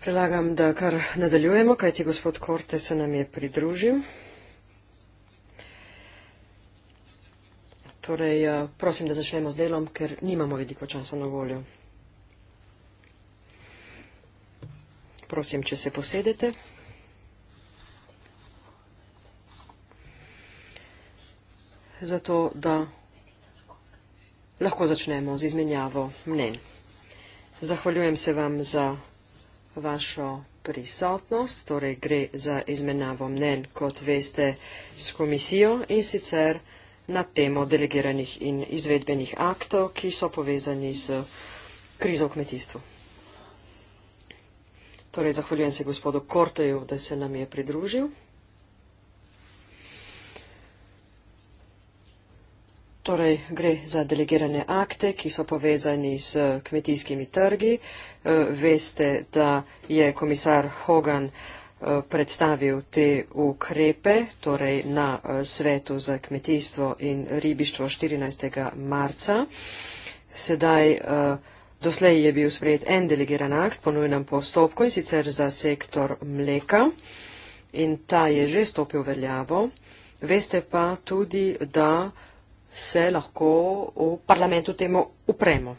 Predlagam, da kar nadaljujemo, kajti gospod Korte se nam je pridružil. Torej, eh, prosim, da začnemo z delom, ker nimamo veliko časa na voljo. Prosim, če se posedete. Zato, da lahko začnemo z izmenjavo mnenj. Zahvaljujem se vam za vašo prisotnost, torej gre za izmenavo mnen, kot veste, s komisijo in sicer na temo delegiranih in izvedbenih aktov, ki so povezani z krizo v kmetijstvu. Torej, zahvaljujem se gospodu Korteju, da se nam je pridružil. torej gre za delegirane akte, ki so povezani z eh, kmetijskimi trgi. Eh, veste, da je komisar Hogan eh, predstavil te ukrepe, torej na svetu za kmetijstvo in ribištvo 14. marca. Sedaj doslej je bil sprejet en delegiran akt po nujnem postopku in sicer za sektor mleka in ta je že stopil veljavo. Veste pa tudi, da se lahko v parlamentu temu upremo.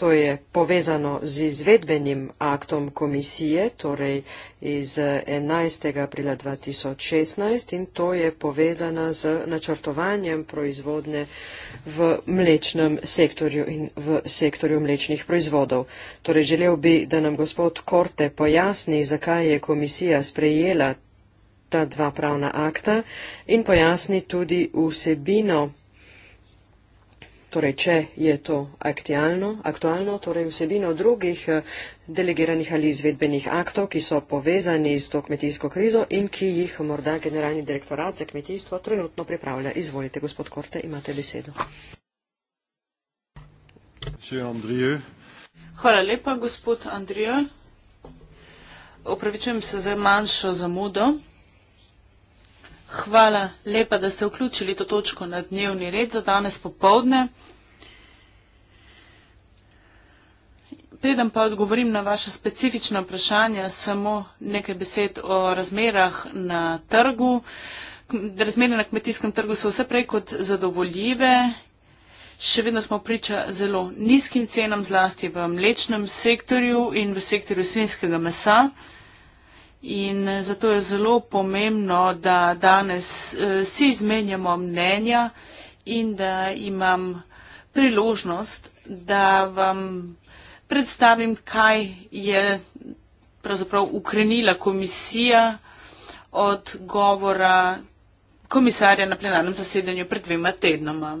To je povezano z izvedbenim aktom komisije, torej iz 11. aprila 2016 in to je povezano z načrtovanjem proizvodne v mlečnem sektorju in v sektorju mlečnih proizvodov. Torej želel bi, da nam gospod Korte pojasni, zakaj je komisija sprejela ta dva pravna akta in pojasni tudi vsebino, torej če je to aktualno, aktualno torej vsebino drugih eh, delegiranih ali izvedbenih aktov, ki so povezani z to kmetijsko krizo in ki jih morda generalni direktorat za kmetijstvo trenutno pripravlja. Izvolite, gospod Korte, imate besedo. Hvala lepa, gospod Andrija. Opravičujem se za manjšo zamudo. Hvala lepa, da ste vključili to točko na dnevni red za danes popovdne. Preden pa odgovorim na vaše specifično vprašanje, samo nekaj besed o razmerah na trgu. Razmere na kmetijskem trgu so vse prej kot zadovoljive. Še vedno smo priča zelo nizkim cenam, zlasti v mlečnem sektorju in v sektorju svinskega mesa. In eh, zato je zelo pomembno, da danes eh, vsi izmenjamo mnenja in da imam priložnost, da vam predstavim, kaj je pravzaprav ukrenila komisija od govora komisarja na plenarnem zasedanju pred dvema tednoma.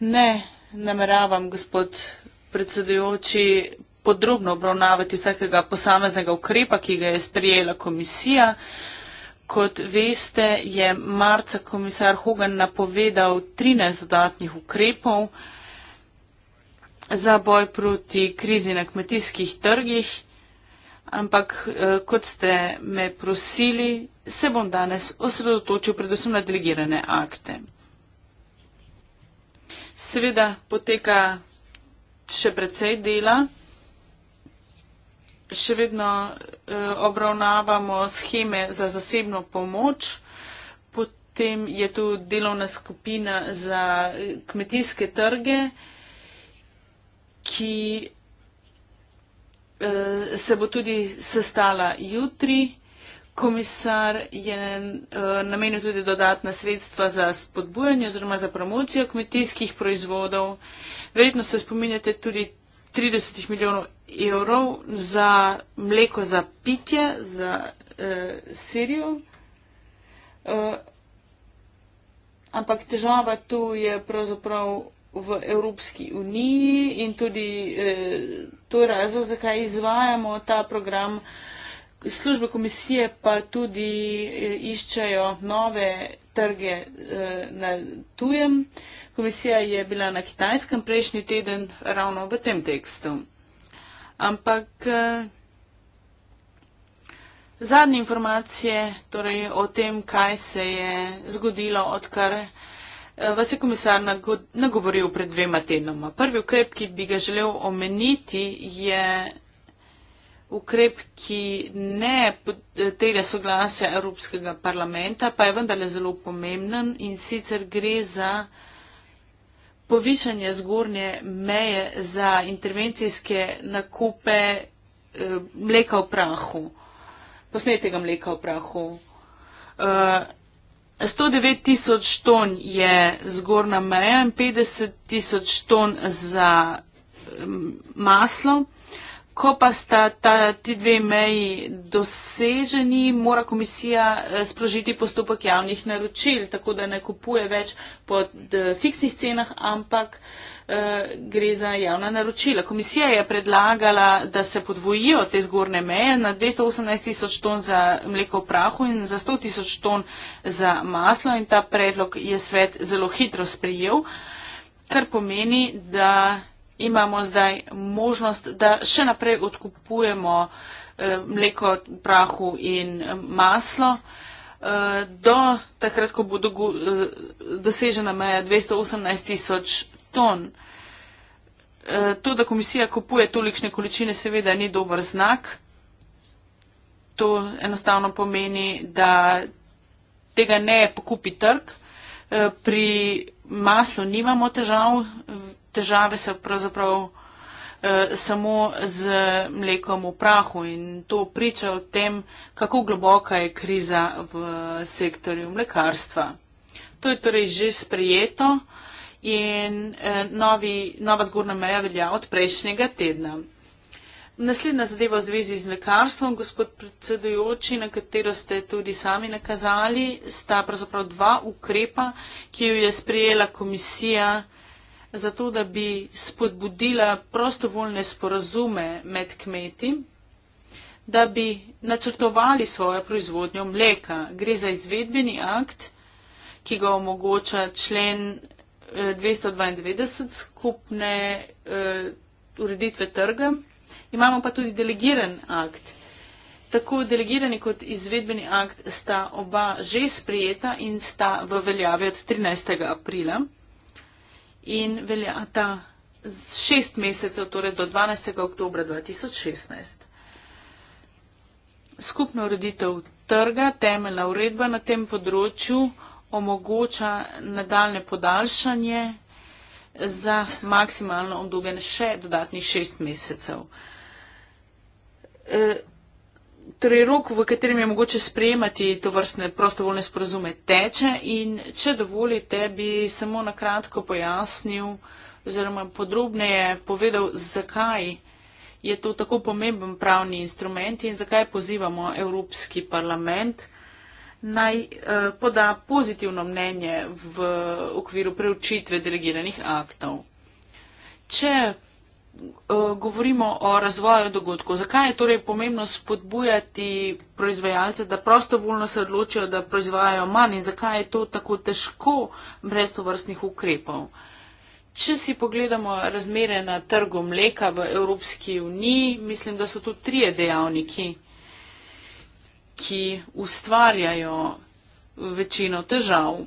Ne nameravam, gospod predsedujoči, podrobno obravnavati vsakega posameznega ukrepa, ki ga je sprijela komisija. Kot veste, je marca komisar Hogan napovedal 13 dodatnih ukrepov za boj proti krizi na kmetijskih trgih, ampak eh, kot ste me prosili, se bom danes osredotočil predvsem na delegirane akte. Seveda poteka še precej dela še vedno uh, obravnavamo scheme za zasebno pomoč. Potem je tu delovna skupina za eh, kmetijske trge, ki uh, se bo tudi sestala jutri. Komisar je namenil tudi dodatna sredstva za spodbujanje oziroma za promocijo kmetijskih proizvodov. Verjetno se spominjate tudi 30 milijonov evrov za mleko za pitje za uh, Sirijo. Uh, ampak težava tu je pravzaprav v Evropski uniji in tudi uh, to je razlog, zakaj izvajamo ta program. Službe komisije pa tudi uh, iščejo nove trge eh, na tujem. Komisija je bila na kitajskem prejšnji teden ravno v tem tekstu. Ampak eh, zadnje informacije torej o tem, kaj se je zgodilo, odkar eh, vas je komisar nagovoril pred dvema tednoma. Prvi ukrep, ki bi ga želel omeniti, je Ukrep, ki ne terja soglasja Evropskega parlamenta, pa je vendarle zelo pomemben in sicer gre za povišanje zgornje meje za intervencijske nakupe eh, mleka v prahu, posnetega mleka v prahu. 109 eh, tisoč ton je zgornja meja in 50 tisoč ton za eh, maslo. Ko pa sta ta, ti dve meji doseženi, mora komisija eh, sprožiti postopek javnih naročil, tako da ne kupuje več po eh, fiksnih cenah, ampak eh, gre za javna naročila. Komisija je predlagala, da se podvojijo te zgorne meje na 218 tisoč ton za mleko v prahu in za 100 tisoč ton za maslo in ta predlog je svet zelo hitro sprijel, kar pomeni, da imamo zdaj možnost, da še naprej odkupujemo eh, mleko, prahu in eh, maslo. Eh, do takrat, ko bo dosežena meja 218 tisoč ton. To, da komisija kupuje tolikšne količine, seveda ni dober znak. To enostavno pomeni, da tega ne pokupi trg. Pri maslu nimamo težav, težave so pravzaprav eh, samo z mlekom v prahu in to priča o tem, kako globoka je kriza v sektorju mlekarstva. To je torej že sprejeto in eh, novi, nova zgornja meja velja od prejšnjega tedna. Naslednja zadeva v zvezi z mlekarstvom, gospod predsedujoči, na katero ste tudi sami nakazali, sta pravzaprav dva ukrepa, ki jo je sprejela komisija zato da bi spodbudila prostovoljne sporazume med kmeti, da bi načrtovali svojo proizvodnjo mleka. Gre za izvedbeni akt, ki ga omogoča člen 292 eh, skupne eh, ureditve trga. Imamo pa tudi delegiran akt. Tako delegirani kot izvedbeni akt sta oba že sprijeta in sta v veljavi od 13. aprila in veljata z šest mesecev, torej do 12. oktober 2016. Skupna ureditev trga, temeljna uredba na tem področju omogoča nadaljne podaljšanje za maksimalno obdobje še dodatnih šest mesecev. E, trirok, torej, v katerem je mogoče sprejemati to vrstne prostovoljne sporazume, teče in če dovolite, bi samo na kratko pojasnil oziroma podrobneje povedal, zakaj je to tako pomemben pravni instrument in zakaj pozivamo Evropski parlament naj eh, poda pozitivno mnenje v okviru preučitve delegiranih aktov. Če Eh, govorimo o razvoju dogodkov. Zakaj je torej pomembno spodbujati proizvajalce, da prostovoljno se odločijo, da proizvajajo manj in zakaj je to tako težko brez tovrstnih ukrepov? Če si pogledamo razmere na trgu mleka v Evropski uniji, mislim, da so tu trije dejavniki, ki ustvarjajo večino težav.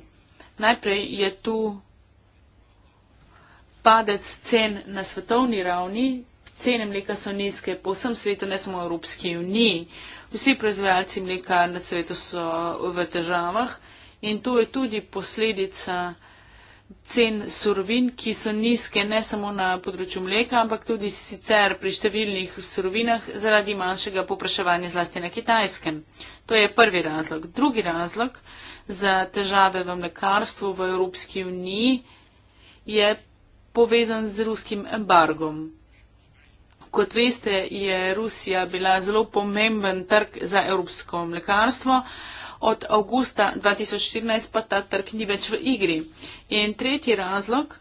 Najprej je tu padec cen na svetovni ravni, cene mleka so nizke po vsem svetu, ne samo v Evropski uniji. Vsi proizvajalci mleka na svetu so v težavah in to je tudi posledica cen surovin, ki so nizke ne samo na področju mleka, ampak tudi sicer pri številnih surovinah zaradi manjšega popraševanja zlasti na kitajskem. To je prvi razlog. Drugi razlog za težave v mlekarstvu v Evropski uniji je povezan z ruskim embargom. Kot veste, je Rusija bila zelo pomemben trg za evropsko mlekarstvo. Od avgusta 2014 pa ta trg ni več v igri. In tretji razlog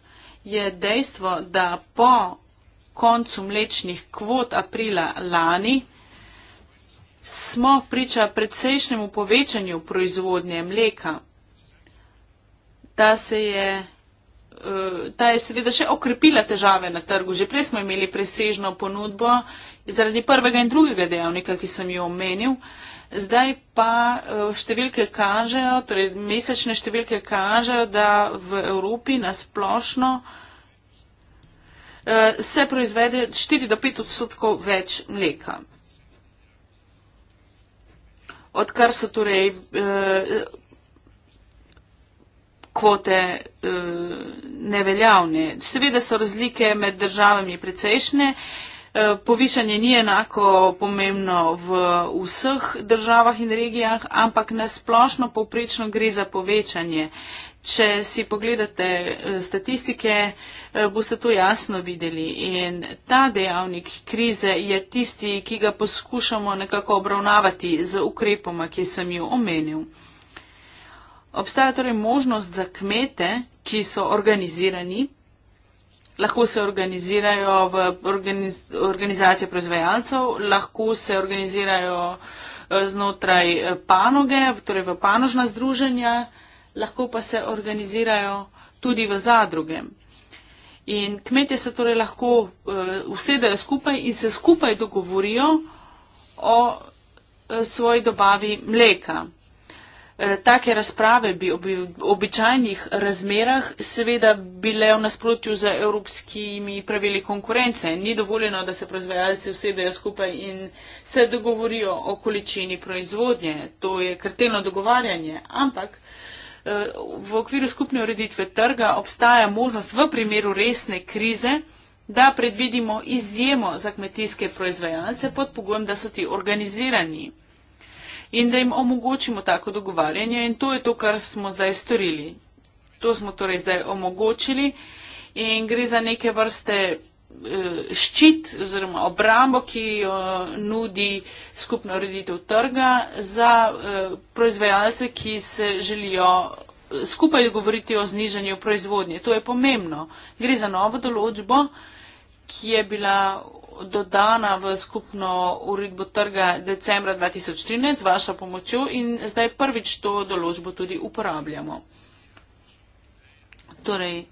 je dejstvo, da po koncu mlečnih kvot aprila lani smo priča predsejšnjemu povečanju proizvodnje mleka, da se je Eh, ta je seveda še okrepila težave na trgu. Že prej smo imeli presežno ponudbo zaradi prvega in drugega dejavnika, ki sem jo omenil. Zdaj pa eh, številke kažejo, torej mesečne številke kažejo, da v Evropi nasplošno eh, se proizvede 4 do 5 odstotkov več mleka. Odkar so torej kvote e, neveljavne. Seveda so razlike med državami precejšne. E, eh, povišanje ni enako pomembno v vseh državah in regijah, ampak nasplošno poprečno gre za povečanje. Če si pogledate eh, statistike, boste to jasno videli. In ta dejavnik krize je tisti, ki ga poskušamo nekako obravnavati z ukrepoma, ki sem jo omenil. Obstaja torej možnost za kmete, ki so organizirani, lahko se organizirajo v organiz, organizacije proizvajalcev, lahko se organizirajo eh, znotraj eh, panoge, torej v panožna združenja, lahko pa se organizirajo tudi v zadruge. In kmetje se torej lahko uh, usedejo skupaj in se skupaj dogovorijo o uh, svoji dobavi mleka. Eh, take razprave bi v obi, običajnih razmerah seveda bile v nasprotju z evropskimi pravili konkurence. Ni dovoljeno, da se proizvajalci vsedejo skupaj in se dogovorijo o količini proizvodnje. To je krtelno dogovarjanje. Ampak eh, v okviru skupne ureditve trga obstaja možnost v primeru resne krize da predvidimo izjemo za kmetijske proizvajalce pod pogojem, da so ti organizirani in da jim omogočimo tako dogovarjanje in to je to, kar smo zdaj storili. To smo torej zdaj omogočili in gre za neke vrste eh, ščit oziroma obrambo, ki jo nudi skupna ureditev trga za eh, proizvajalce, ki se želijo eh, skupaj govoriti o znižanju proizvodnje. To je pomembno. Gre za novo določbo, ki je bila dodana v skupno uredbo trga decembra 2013 z vašo pomočjo in zdaj prvič to določbo tudi uporabljamo. Torej,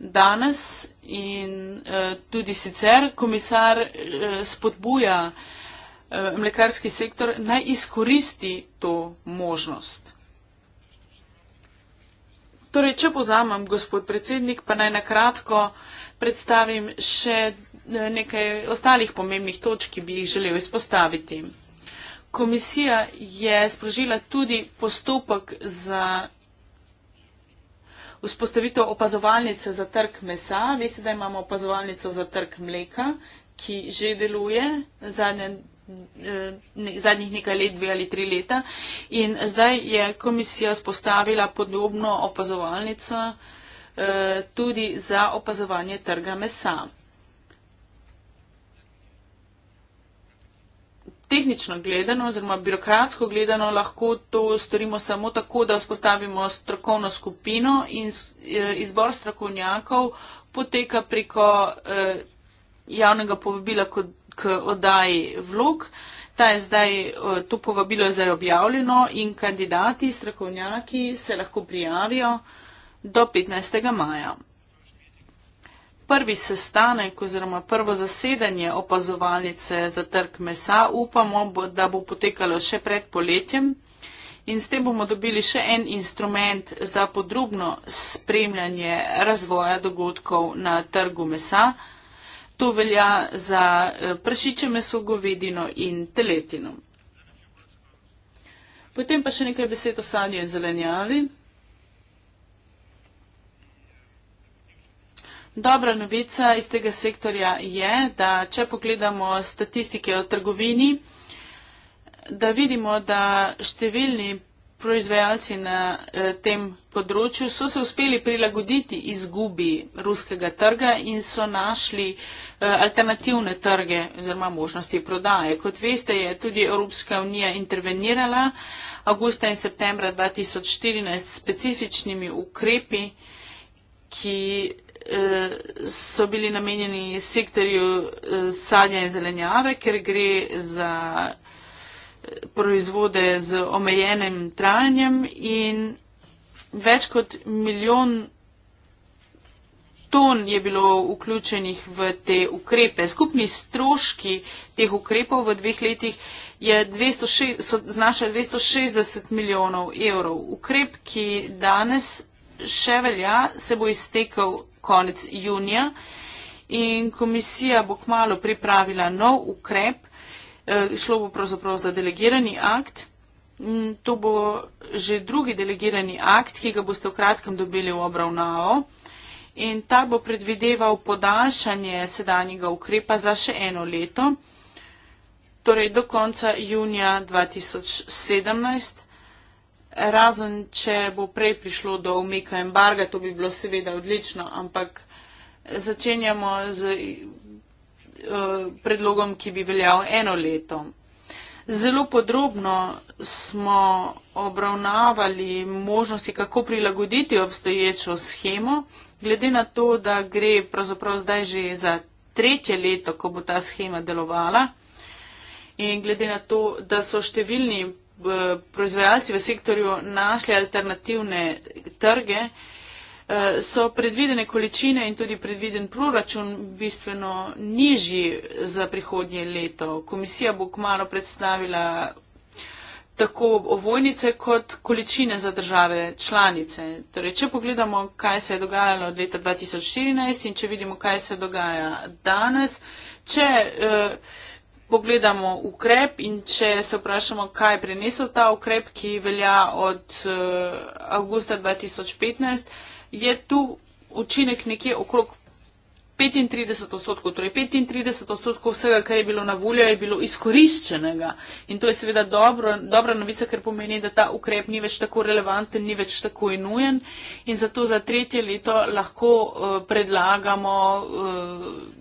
danes in eh, tudi sicer komisar eh, spodbuja eh, mlekarski sektor naj izkoristi to možnost. Torej, če pozamem, gospod predsednik, pa naj nakratko predstavim še nekaj ostalih pomembnih točk, ki bi jih želel izpostaviti. Komisija je sprožila tudi postopek za vzpostavitev opazovalnice za trg mesa. Veste, da imamo opazovalnico za trg mleka, ki že deluje zadnje, ne, eh, zadnjih nekaj let, dve ali tri leta. In zdaj je komisija spostavila podobno opazovalnico eh, tudi za opazovanje trga mesa. tehnično gledano oziroma birokratsko gledano lahko to storimo samo tako, da vzpostavimo strokovno skupino in e, izbor strokovnjakov poteka preko e, javnega povabila k oddaji vlog. Ta je zdaj, e, to povabilo je zdaj objavljeno in kandidati, strokovnjaki se lahko prijavijo do 15. maja prvi sestanek oziroma prvo zasedanje opazovalnice za trg mesa upamo, bo, da bo potekalo še pred poletjem in s tem bomo dobili še en instrument za podrobno spremljanje razvoja dogodkov na trgu mesa. To velja za eh, pršiče meso, govedino in teletino. Potem pa še nekaj besed o sadju in zelenjavi. Dobra novica iz tega sektorja je, da če pogledamo statistike o trgovini, da vidimo, da številni proizvajalci na eh, tem področju so se uspeli prilagoditi izgubi ruskega trga in so našli eh, alternativne trge oziroma možnosti prodaje. Kot veste, je tudi Evropska unija intervenirala avgusta in septembra 2014 s specifičnimi ukrepi, ki so bili namenjeni sektorju eh, sadja in zelenjave, ker gre za eh, proizvode z omejenim trajanjem in več kot milijon ton je bilo vključenih v te ukrepe. Skupni stroški teh ukrepov v dveh letih je 206, so znašali 260 milijonov evrov. Ukrep, ki danes še velja, se bo iztekel konec junija in komisija bo kmalo pripravila nov ukrep, eh, šlo bo pravzaprav za delegirani akt. Mm, to bo že drugi delegirani akt, ki ga boste v kratkem dobili v obravnavo in ta bo predvideval podaljšanje sedanjega ukrepa za še eno leto, torej do konca junija 2017. Razen, če bo prej prišlo do umika embarga, to bi bilo seveda odlično, ampak začenjamo z eh, predlogom, ki bi veljal eno leto. Zelo podrobno smo obravnavali možnosti, kako prilagoditi obstoječo schemo, glede na to, da gre pravzaprav zdaj že za tretje leto, ko bo ta schema delovala in glede na to, da so številni Eh, proizvajalci v sektorju našli alternativne trge, eh, so predvidene količine in tudi predviden proračun bistveno nižji za prihodnje leto. Komisija bo kmalo predstavila tako ovojnice kot količine za države članice. Torej, če pogledamo, kaj se je dogajalo od leta 2014 in če vidimo, kaj se dogaja danes, če. Eh, pogledamo ukrep in če se vprašamo, kaj je prinesel ta ukrep, ki velja od eh, avgusta 2015, je tu učinek nekje okrog. 35 odstotkov, torej 35 odstotkov vsega, kar je bilo na voljo, je bilo izkoriščenega. In to je seveda dobro, dobra novica, ker pomeni, da ta ukrep ni več tako relevanten, ni več tako inujen. In zato za tretje leto lahko uh, predlagamo uh,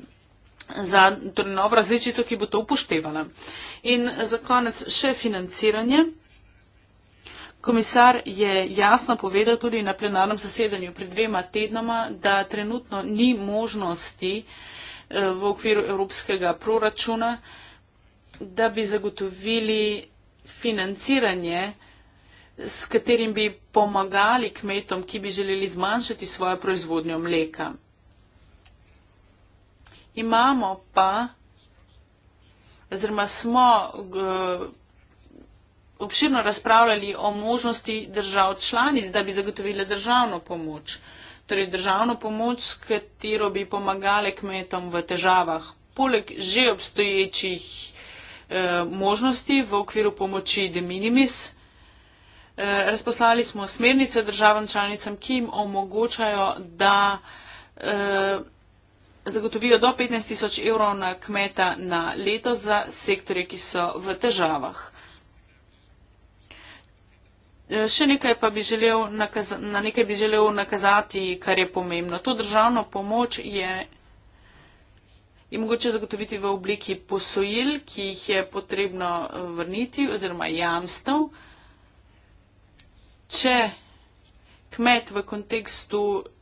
za torej novo različico, ki bo to upoštevala. In za konec še financiranje. Komisar je jasno povedal tudi na plenarnem zasedanju pred dvema tednoma, da trenutno ni možnosti eh, v okviru evropskega proračuna, da bi zagotovili financiranje, s katerim bi pomagali kmetom, ki bi želeli zmanjšati svojo proizvodnjo mleka imamo pa, oziroma smo uh, obširno razpravljali o možnosti držav članic, da bi zagotovile državno pomoč. Torej državno pomoč, s katero bi pomagale kmetom v težavah. Poleg že obstoječih eh, možnosti v okviru pomoči de minimis, eh, razposlali smo smernice državam članicam, ki jim omogočajo, da eh, zagotovijo do 15 tisoč evrov na kmeta na leto za sektorje, ki so v težavah. E, še nekaj pa bi želel, nakaza, na nekaj bi želel nakazati, kar je pomembno. To državno pomoč je, je mogoče zagotoviti v obliki posojil, ki jih je potrebno e, vrniti oziroma jamstev. Če kmet v kontekstu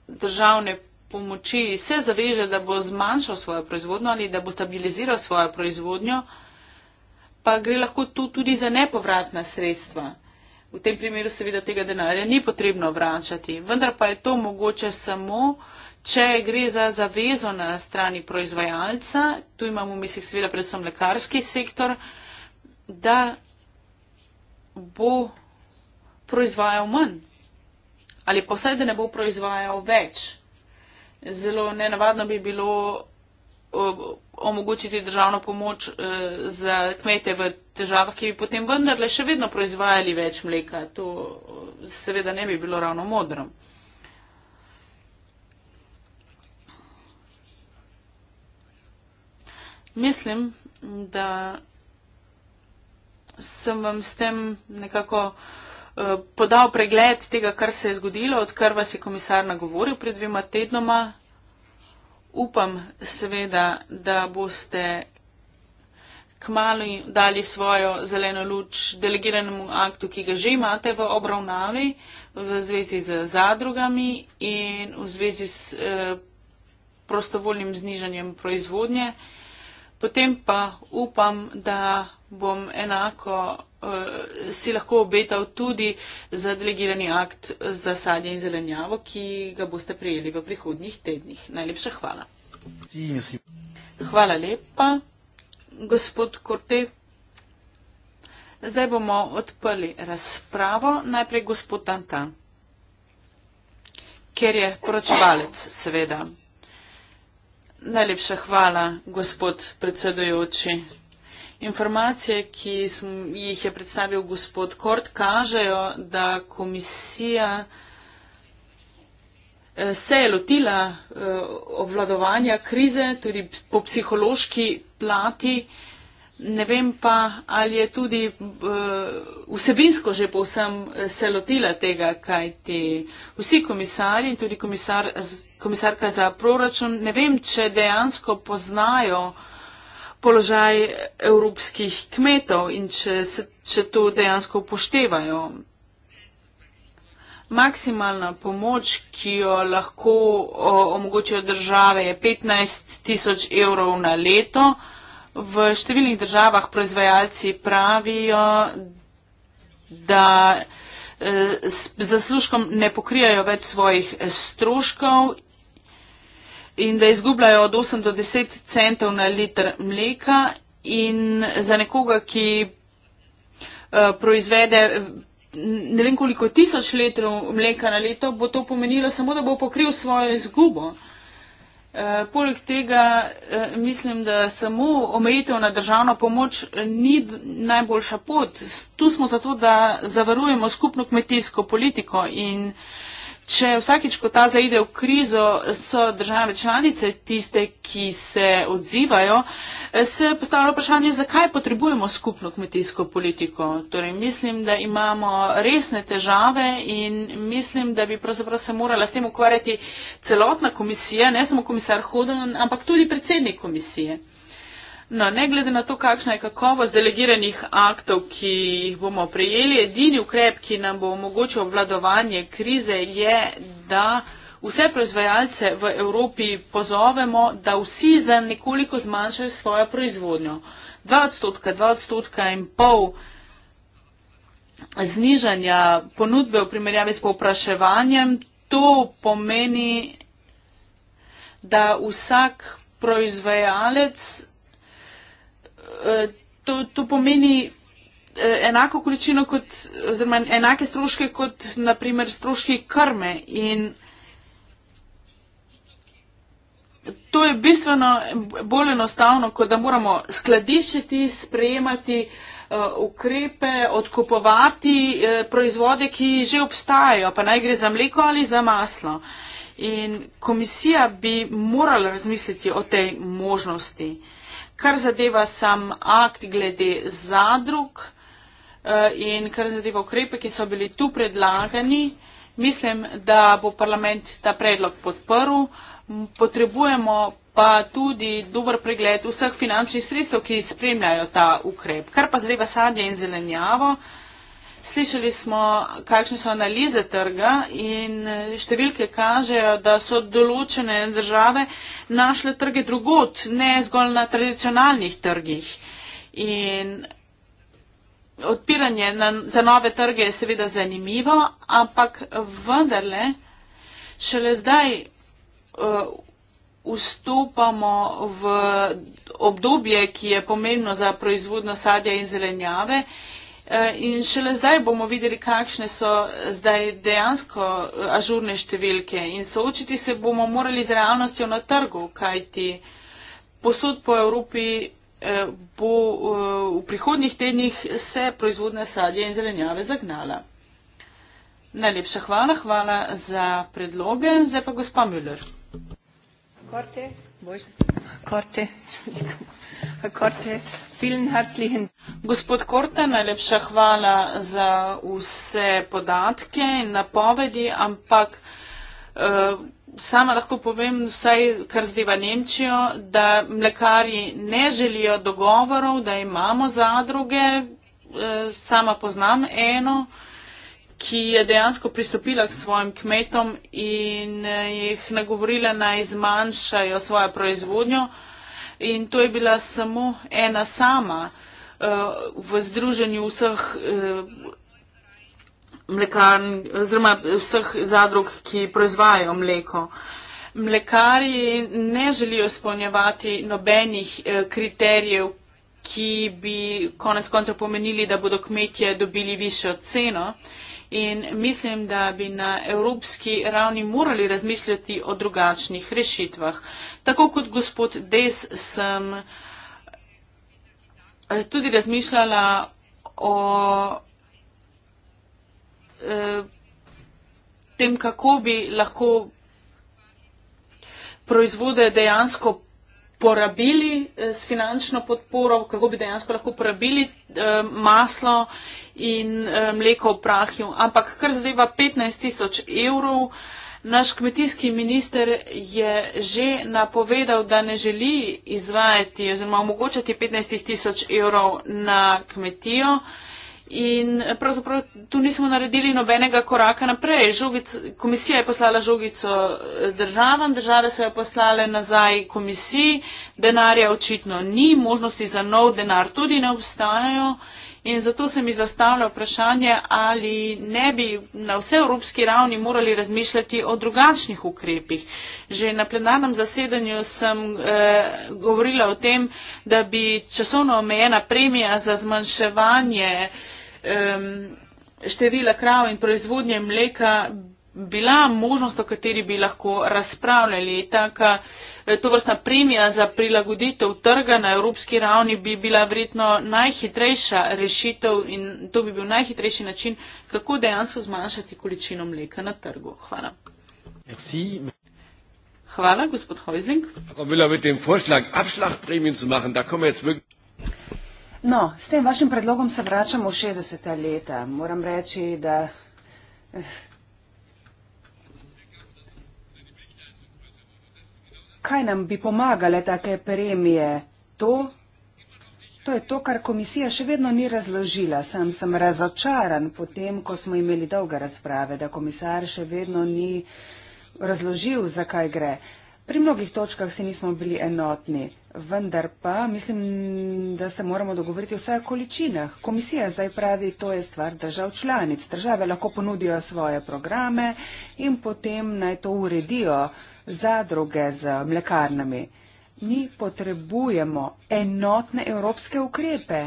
državne pomoči se zaveže, da bo zmanjšal svojo proizvodnjo ali da bo stabiliziral svojo proizvodnjo, pa gre lahko tu tudi za nepovratna sredstva. V tem primeru seveda tega denarja ni potrebno vračati, vendar pa je to mogoče samo, če gre za zavezo na strani proizvajalca, tu imamo v mislih seveda predvsem lekarski sektor, da bo proizvajal manj ali pa vsaj, da ne bo proizvajal več zelo nenavadno bi bilo omogočiti državno pomoč e, za kmete v težavah, ki bi potem vendarle še vedno proizvajali več mleka. To e, seveda ne bi bilo ravno modro. Mislim, da sem vam s tem nekako. Eh, podal pregled tega, kar se je zgodilo, odkar vas je komisar nagovoril pred dvema tednoma. Upam seveda, da boste k malu dali svojo zeleno luč delegiranemu aktu, ki ga že imate v obravnavi v zvezi z zadrugami in v zvezi s eh, prostovoljnim znižanjem proizvodnje. Potem pa upam, da bom enako uh, si lahko obetal tudi za delegirani akt za sadje in zelenjavo, ki ga boste prijeli v prihodnjih tednih. Najlepša hvala. Hvala lepa, gospod Korte. Zdaj bomo odprli razpravo. Najprej gospod Tanta, ker je poročevalec, seveda. Najlepša hvala, gospod predsedujoči. Informacije, ki sm, jih je predstavil gospod Kort, kažejo, da komisija eh, se je lotila eh, obvladovanja krize tudi po psihološki plati. Ne vem pa, ali je tudi eh, vsebinsko že povsem se lotila tega, kaj ti vsi komisari in tudi komisar, komisarka za proračun, ne vem, če dejansko poznajo položaj evropskih kmetov in če, se, če to dejansko upoštevajo. Maksimalna pomoč, ki jo lahko o, omogočijo države, je 15 tisoč evrov na leto. V številnih državah proizvajalci pravijo, da e, s, zaslužkom ne pokrijajo več svojih stroškov in da izgubljajo od 8 do 10 centov na liter mleka in za nekoga, ki eh, proizvede eh, ne vem koliko tisoč litrov mleka na leto, bo to pomenilo samo, da bo pokril svojo izgubo. Eh, poleg tega mislim, da samo omejitev na državno pomoč ni najboljša pot. Tu smo zato, da zavarujemo skupno kmetijsko politiko in uh, Če vsakič, ko ta zaide v krizo, so države članice tiste, ki se odzivajo, se postavlja vprašanje, zakaj potrebujemo skupno kmetijsko politiko. Torej, mislim, da imamo resne težave in mislim, da bi pravzaprav se morala s tem ukvarjati celotna komisija, ne samo komisar Hoden, ampak tudi predsednik komisije. No, ne glede na to, kakšna je kakovost delegiranih aktov, ki jih bomo prejeli, edini ukrep, ki nam bo omogočil obvladovanje krize, je, da vse proizvajalce v Evropi pozovemo, da vsi za nekoliko zmanjšajo svojo proizvodnjo. 2 odstotka, 2 odstotka in pol znižanja ponudbe v primerjavi s povpraševanjem, to pomeni, da vsak proizvajalec Eh, to, to pomeni eh, enako količino, kot, oziroma enake stroške kot naprimer stroški krme. In to je bistveno bolj enostavno, kot da moramo skladiščiti, sprejemati eh, ukrepe, odkupovati proizvode, ki že obstajajo, pa naj gre za mleko ali za maslo. In komisija bi morala razmisliti o tej možnosti. Uh, kar zadeva sam akt glede zadrug eh, in kar zadeva ukrepe, ki so bili tu predlagani, mislim, da bo parlament ta predlog podprl. Potrebujemo pa tudi dober pregled vseh finančnih sredstev, ki spremljajo ta ukrep. Kar pa zadeva sadje in zelenjavo, Slišali smo, kakšne so analize trga in eh, številke kažejo, da so določene države našle trge drugot, ne zgolj na tradicionalnih trgih. In odpiranje na, za nove trge je seveda zanimivo, ampak vendarle šele zdaj uh, vstopamo v obdobje, ki je pomembno za proizvodno sadja in zelenjave. Eh, in šele zdaj bomo videli, kakšne so zdaj dejansko eh, ažurne številke in soočiti se bomo morali z realnostjo na trgu, kajti posod po Evropi eh, bo v prihodnjih tednih se proizvodna sadja in zelenjave zagnala. Najlepša hvala, hvala za predloge. Zdaj pa gospa Müller. Korte, bojšče. Korte, korte. Gospod Korte, najlepša hvala za vse podatke in napovedi, ampak uh, sama lahko povem, vsaj kar zdiva Nemčijo, da mlekarji ne želijo dogovorov, da imamo zadruge. Uh, sama poznam eno, ki je dejansko pristopila k svojim kmetom in eh, jih nagovorila naj zmanjšajo svojo proizvodnjo in to je bila samo ena sama eh, v združenju vseh eh, mlekarn oziroma vseh zadrug, ki proizvajajo mleko. Mlekarji ne želijo spolnjevati nobenih eh, kriterijev, ki bi konec konca pomenili, da bodo kmetje dobili višjo ceno. In mislim, da bi na evropski ravni morali razmišljati o drugačnih rešitvah. Uh, Tako kot gospod Des sem eh, tudi razmišljala o eh, tem, kako bi lahko proizvode dejansko porabili eh, s finančno podporo, kako bi dejansko lahko porabili eh, maslo in eh, mleko v prahju. Ampak kar zadeva 15 tisoč evrov, eh, Naš kmetijski minister je že napovedal, da ne želi izvajati oziroma omogočati 15 tisoč evrov na kmetijo in pravzaprav tu nismo naredili nobenega koraka naprej. Žugic, komisija je poslala žogico eh, državam, države so jo poslale nazaj komisiji, denarja očitno ni, možnosti za nov denar tudi ne obstajajo. In zato se mi zastavlja vprašanje, ali ne bi na vse evropski ravni morali razmišljati o drugačnih ukrepih. Že na plenarnem zasedanju sem eh, govorila o tem, da bi časovno omejena premija za zmanjševanje eh, števila krav in proizvodnje mleka bila možnost, o kateri bi lahko razpravljali. Taka, eh, to vrstna premija za prilagoditev trga na evropski ravni bi bila vredno najhitrejša rešitev in to bi bil najhitrejši način, kako dejansko zmanjšati količino mleka na trgu. Hvala. Merci. Hvala, gospod Hojzling. No, s tem vašim predlogom se vračamo v 60. leta. Moram reči, da. Eh, kaj nam bi pomagale take premije? To? To je to, kar komisija še vedno ni razložila. Sam sem razočaran potem, ko smo imeli dolge razprave, da komisar še vedno ni razložil, zakaj gre. Pri mnogih točkah si nismo bili enotni, vendar pa mislim, da se moramo dogovoriti vsaj o količinah. Komisija zdaj pravi, to je stvar držav članic. Države lahko ponudijo svoje programe in potem naj to uredijo zadruge z mlekarnami. Mi potrebujemo enotne evropske ukrepe.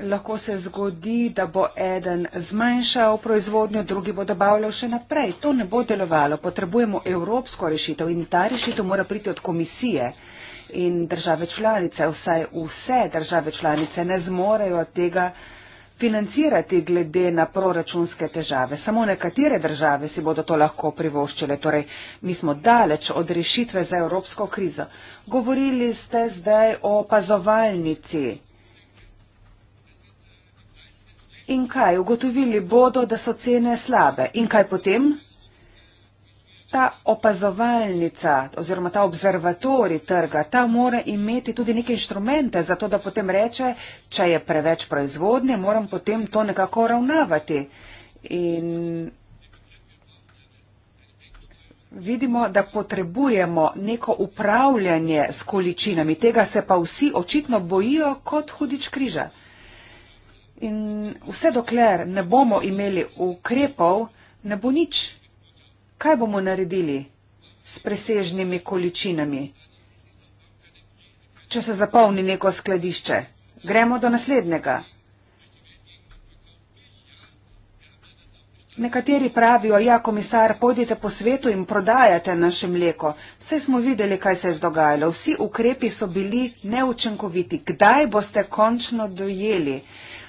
Lahko se zgodi, da bo eden zmanjšal proizvodnjo, drugi bo dobavljal še naprej. To ne bo delovalo. Potrebujemo evropsko rešitev in ta rešitev mora priti od komisije in države članice, vsaj vse države članice ne zmorejo tega financirati glede na proračunske težave. Samo nekatere države si bodo to lahko privoščile. Torej, mi smo daleč od rešitve za evropsko krizo. Govorili ste zdaj o opazovalnici. In kaj? Ugotovili bodo, da so cene slabe. In kaj potem? ta opazovalnica oziroma ta observatori trga, ta mora imeti tudi neke inštrumente za to, da potem reče, če je preveč proizvodnje, moram potem to nekako ravnavati. In vidimo, da potrebujemo neko upravljanje s količinami, tega se pa vsi očitno bojijo kot hudič križa. In vse dokler ne bomo imeli ukrepov, ne bo nič kaj bomo naredili s presežnimi količinami, če se zapolni neko skladišče. Gremo do naslednjega. Nekateri pravijo, ja, komisar, pojdite po svetu in prodajate naše mleko. Vse smo videli, kaj se je zdogajalo. Vsi ukrepi so bili neučinkoviti. Kdaj boste končno dojeli,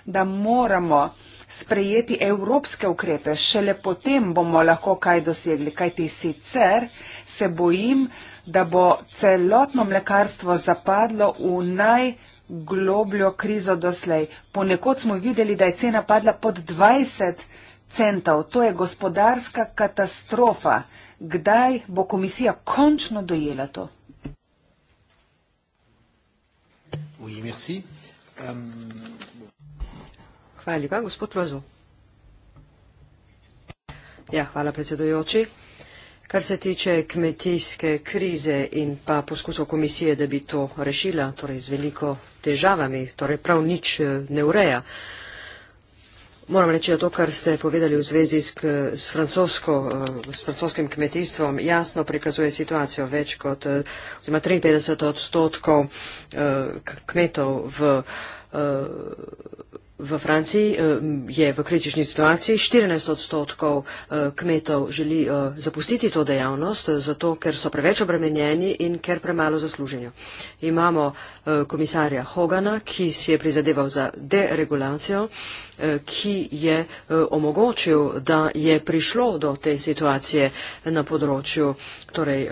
da moramo sprejeti evropske ukrepe, šele potem bomo lahko kaj dosegli, kajti sicer se bojim, da bo celotno mlekarstvo zapadlo v najglobljo krizo doslej. Ponekod smo videli, da je cena padla pod 20 centov. To je gospodarska katastrofa. Kdaj bo komisija končno dojela to? Oui, merci. Euh, Hvala lepa, gospod Loazo. Ja, hvala predsedojoči. Kar se tiče kmetijske krize in pa poskusov komisije, da bi to rešila, torej z veliko težavami, torej prav nič eh, ne ureja. Moram reči, da to, kar ste povedali v zvezi s, s, francosko, eh, s francoskim kmetijstvom, jasno prikazuje situacijo. Več kot 53 eh, odstotkov kmetov v V Franciji eh, je v kritični situaciji 14 odstotkov eh, kmetov želi eh, zapustiti to dejavnost, zato ker so preveč obremenjeni in ker premalo zasluženjo. Imamo komisarja Hogana, ki si je prizadeval za deregulacijo, ki je omogočil, da je prišlo do te situacije na področju. Torej,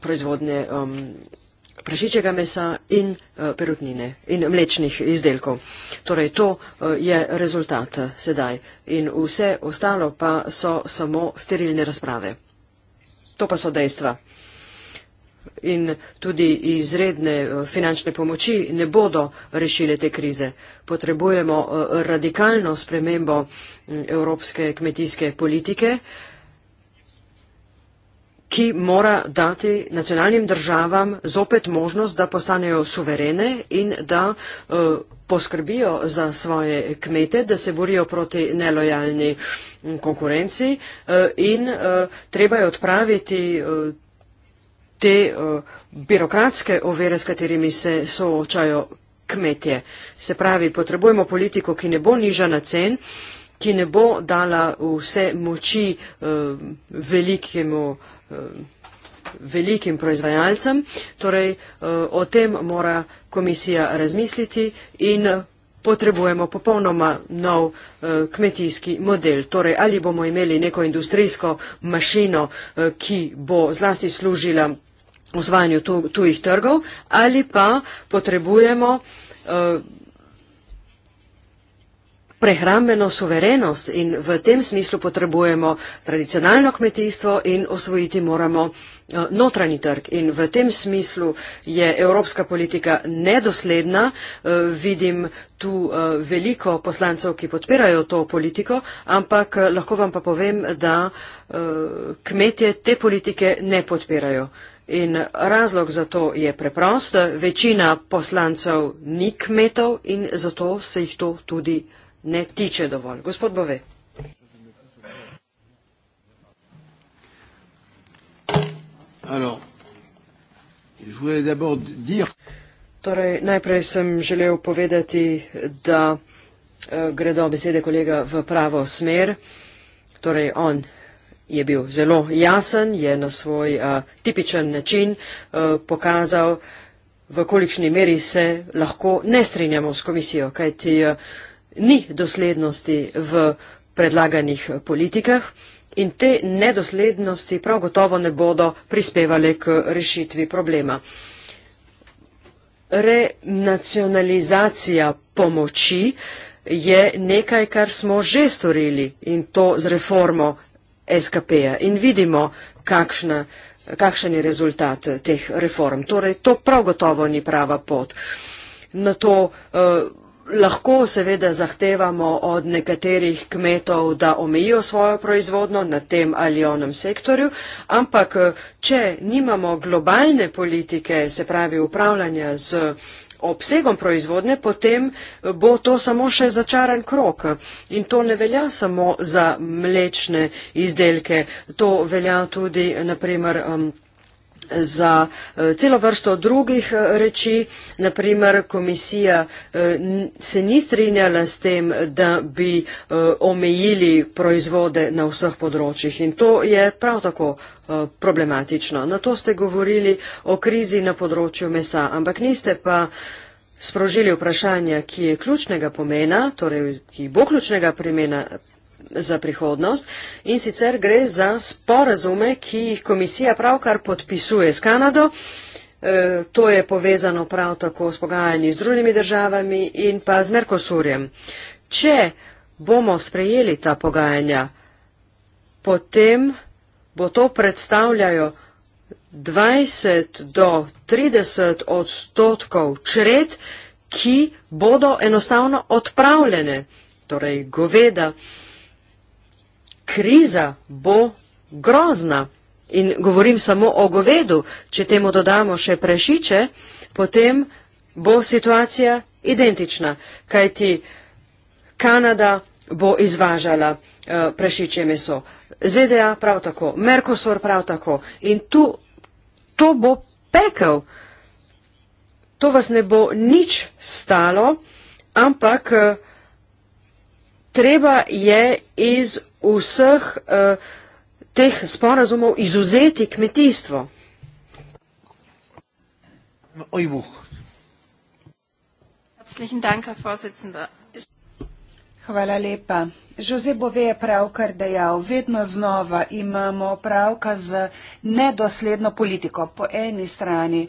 proizvodne um, prašičjega mesa in eh, perutnine in mlečnih izdelkov. Torej, to eh, je rezultat eh, sedaj in vse ostalo pa so samo sterilne razprave. To pa so dejstva. In tudi izredne finančne pomoči ne bodo rešile te krize. Potrebujemo radikalno spremembo mm, evropske kmetijske politike, ki mora dati nacionalnim državam zopet možnost, da postanejo suverene in da eh, poskrbijo za svoje kmete, da se borijo proti nelojalni mm, konkurenci eh, in eh, treba je odpraviti te birokratske overe, s katerimi se soočajo kmetje. Se pravi, potrebujemo politiko, ki ne bo niža na cen, ki ne bo dala vse moči velikemu kmetu, Eh, velikim proizvajalcem. Torej, eh, o tem mora komisija razmisliti in potrebujemo popolnoma nov eh, kmetijski model. Torej, ali bomo imeli neko industrijsko mašino, ki bo zlasti služila osvajanju tujih trgov, ali pa potrebujemo prehrambeno suverenost in v tem smislu potrebujemo tradicionalno kmetijstvo in osvojiti moramo eh, notranji trg. In v tem smislu je evropska politika nedosledna. Eh, vidim tu eh, veliko poslancev, ki podpirajo to politiko, ampak lahko vam pa povem, da kmetje te politike ne podpirajo. In razlog za to je preprost. Večina poslancev ni kmetov in zato se jih to tudi ne tiče dovolj. Gospod Bove. Torej, najprej sem želel povedati, da eh, gredo besede kolega v pravo smer. Torej, on je bil zelo jasen, je na svoj a, eh, tipičen način a, eh, pokazal, v kolikšni meri se lahko ne strinjamo s komisijo, kajti a, ni doslednosti v predlaganih politikah. In te nedoslednosti prav gotovo ne bodo prispevali k rešitvi problema. Renacionalizacija pomoči je nekaj, kar smo že storili in to z reformo SKP-ja. In vidimo, kakšna, kakšen je rezultat teh reform. Torej, to prav gotovo ni prava pot. Na to uh, Lahko seveda zahtevamo od nekaterih kmetov, da omejijo svojo proizvodno na tem ali onem sektorju, ampak če nimamo globalne politike, se pravi upravljanja z obsegom proizvodne, potem bo to samo še začaran krok. In to ne velja samo za mlečne izdelke, to velja tudi, naprimer, um, za eh, celo vrsto drugih eh, reči. Naprimer, komisija eh, se ni strinjala s tem, da bi omejili proizvode na vseh področjih in to je prav tako problematično. Na to ste govorili o krizi na področju mesa, ampak niste pa sprožili vprašanja, ki je ključnega pomena, torej ki bo ključnega pomena za prihodnost in sicer gre za sporazume, ki jih komisija pravkar podpisuje s Kanado. E, to je povezano prav tako s pogajanji z drugimi državami in pa z Merkosurjem. Če bomo sprejeli ta pogajanja, potem bo to predstavljajo 20 do 30 odstotkov čred, ki bodo enostavno odpravljene, torej goveda kriza bo grozna. In govorim samo o govedu, če temu dodamo še prešiče, potem bo situacija identična, kajti Kanada bo izvažala eh, prešiče meso. ZDA prav tako, Mercosur prav tako in tu, to bo pekel. To vas ne bo nič stalo, ampak eh, treba je iz vseh uh, teh sporazumov izuzeti kmetijstvo. No, Hvala lepa. Žoze Bove je pravkar dejal, vedno znova imamo pravka z nedosledno politiko po eni strani.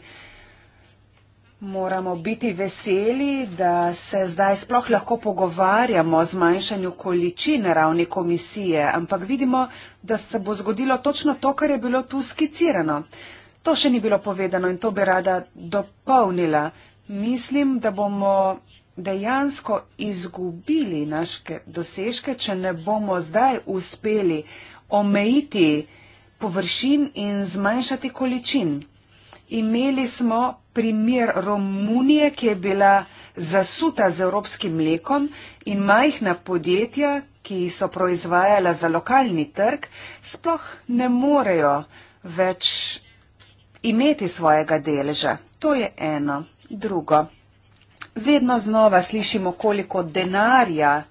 Moramo biti veseli, da se zdaj sploh lahko pogovarjamo o zmanjšanju količine ravni komisije, ampak vidimo, da se bo zgodilo točno to, kar je bilo tu skicirano. To še ni bilo povedano in to bi rada dopolnila. Mislim, da bomo dejansko izgubili naše dosežke, če ne bomo zdaj uspeli omejiti površin in zmanjšati količin imeli smo primer Romunije, ki je bila zasuta z evropskim mlekom in majhna podjetja, ki so proizvajala za lokalni trg, sploh ne morejo več imeti svojega deleža. To je eno. Drugo. Vedno znova slišimo, koliko denarja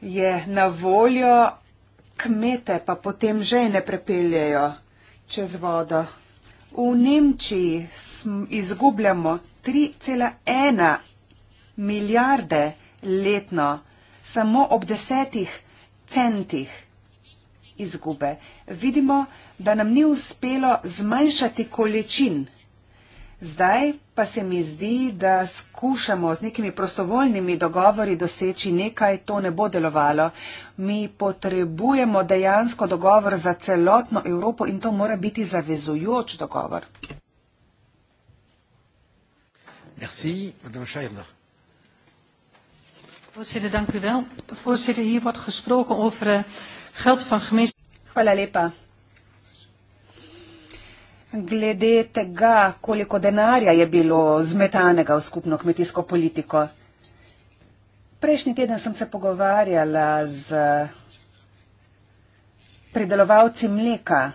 je na voljo, kmete pa potem že ne prepeljejo čez vodo. V Nemčiji izgubljamo 3,1 milijarde letno, samo ob desetih centih izgube. Vidimo, da nam ni uspelo zmanjšati količin. Zdaj pa se mi zdi, da skušamo z nekimi prostovoljnimi dogovori doseči nekaj, to ne bo delovalo. Mi potrebujemo dejansko dogovor za celotno Evropo in to mora biti zavezujoč dogovor. Merci, Voorzitter, dank u wel. Voorzitter, hier wordt gesproken over eh, geld van gemeenschappelijke. Hola, lepa glede tega, koliko denarja je bilo zmetanega v skupno kmetijsko politiko. Prejšnji teden sem se pogovarjala z pridelovalci mleka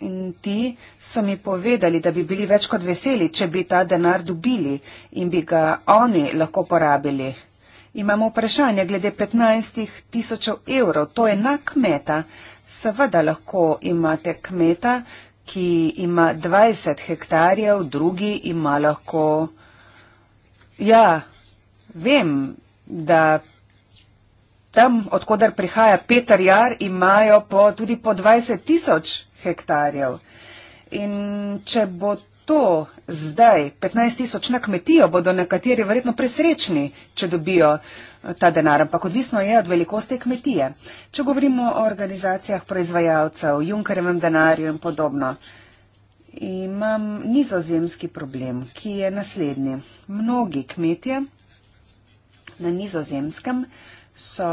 in ti so mi povedali, da bi bili več kot veseli, če bi ta denar dobili in bi ga oni lahko porabili. Imamo vprašanje glede 15 tisočev evrov, to je na kmeta. Seveda lahko imate kmeta, ki ima 20 hektarjev, drugi ima lahko. Ja, vem, da tam, odkudar prihaja Petr Jar, imajo po, tudi po 20 tisoč hektarjev. In če bo to zdaj, 15 tisoč na kmetijo, bodo nekateri verjetno presrečni, če dobijo eh, ta denar, ampak odvisno je od velikosti kmetije. Če govorimo o organizacijah proizvajalcev, Junkerjevem denarju in podobno, imam nizozemski problem, ki je naslednji. Mnogi kmetje na nizozemskem so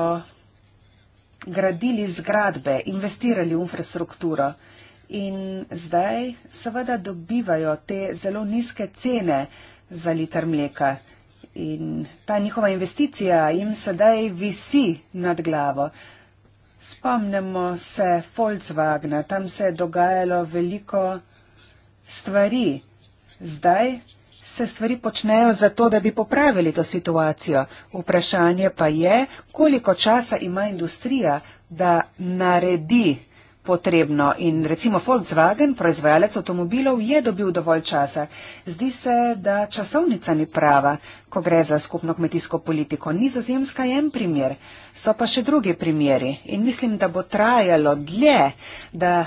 gradili zgradbe, investirali v infrastrukturo in zdaj seveda dobivajo te zelo nizke cene za liter mleka. In ta njihova investicija jim sedaj visi nad glavo. Spomnimo se Volkswagna, tam se je dogajalo veliko stvari. Zdaj se stvari počnejo zato, da bi popravili to situacijo. Vprašanje pa je, koliko časa ima industrija, da naredi potrebno. In recimo Volkswagen, proizvajalec avtomobilov, je dobil dovolj časa. Zdi se, da časovnica ni prava, ko gre za skupno kmetijsko politiko. Nizozemska je en primer, so pa še drugi primeri. In mislim, da bo trajalo dlje, da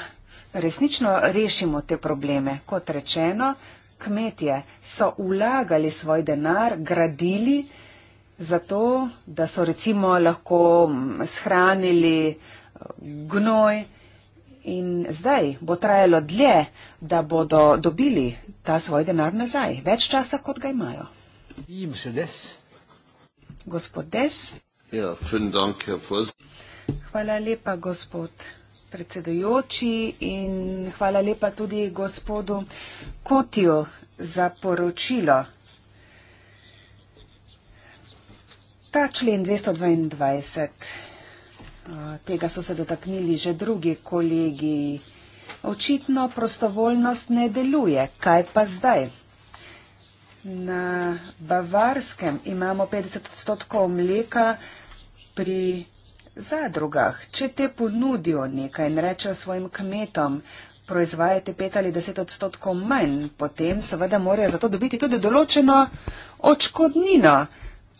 resnično rešimo te probleme. Kot rečeno, kmetje so vlagali svoj denar, gradili. Zato, da so recimo lahko mm, shranili gnoj, In zdaj bo trajalo dlje, da bodo dobili ta svoj denar nazaj, več časa, kot ga imajo. Jim se des. Gospod des. Ja, dank, hvala lepa, gospod predsedujoči in hvala lepa tudi gospodu Kotiju za poročilo. Ta člen 222. Tega so se dotaknili že drugi kolegi. Očitno prostovoljnost ne deluje. Kaj pa zdaj? Na Bavarskem imamo 50 odstotkov mleka pri zadrugah. Če te ponudijo nekaj in rečejo svojim kmetom, proizvajate 5 ali 10 odstotkov manj, potem seveda morajo za to dobiti tudi določeno očkodnino.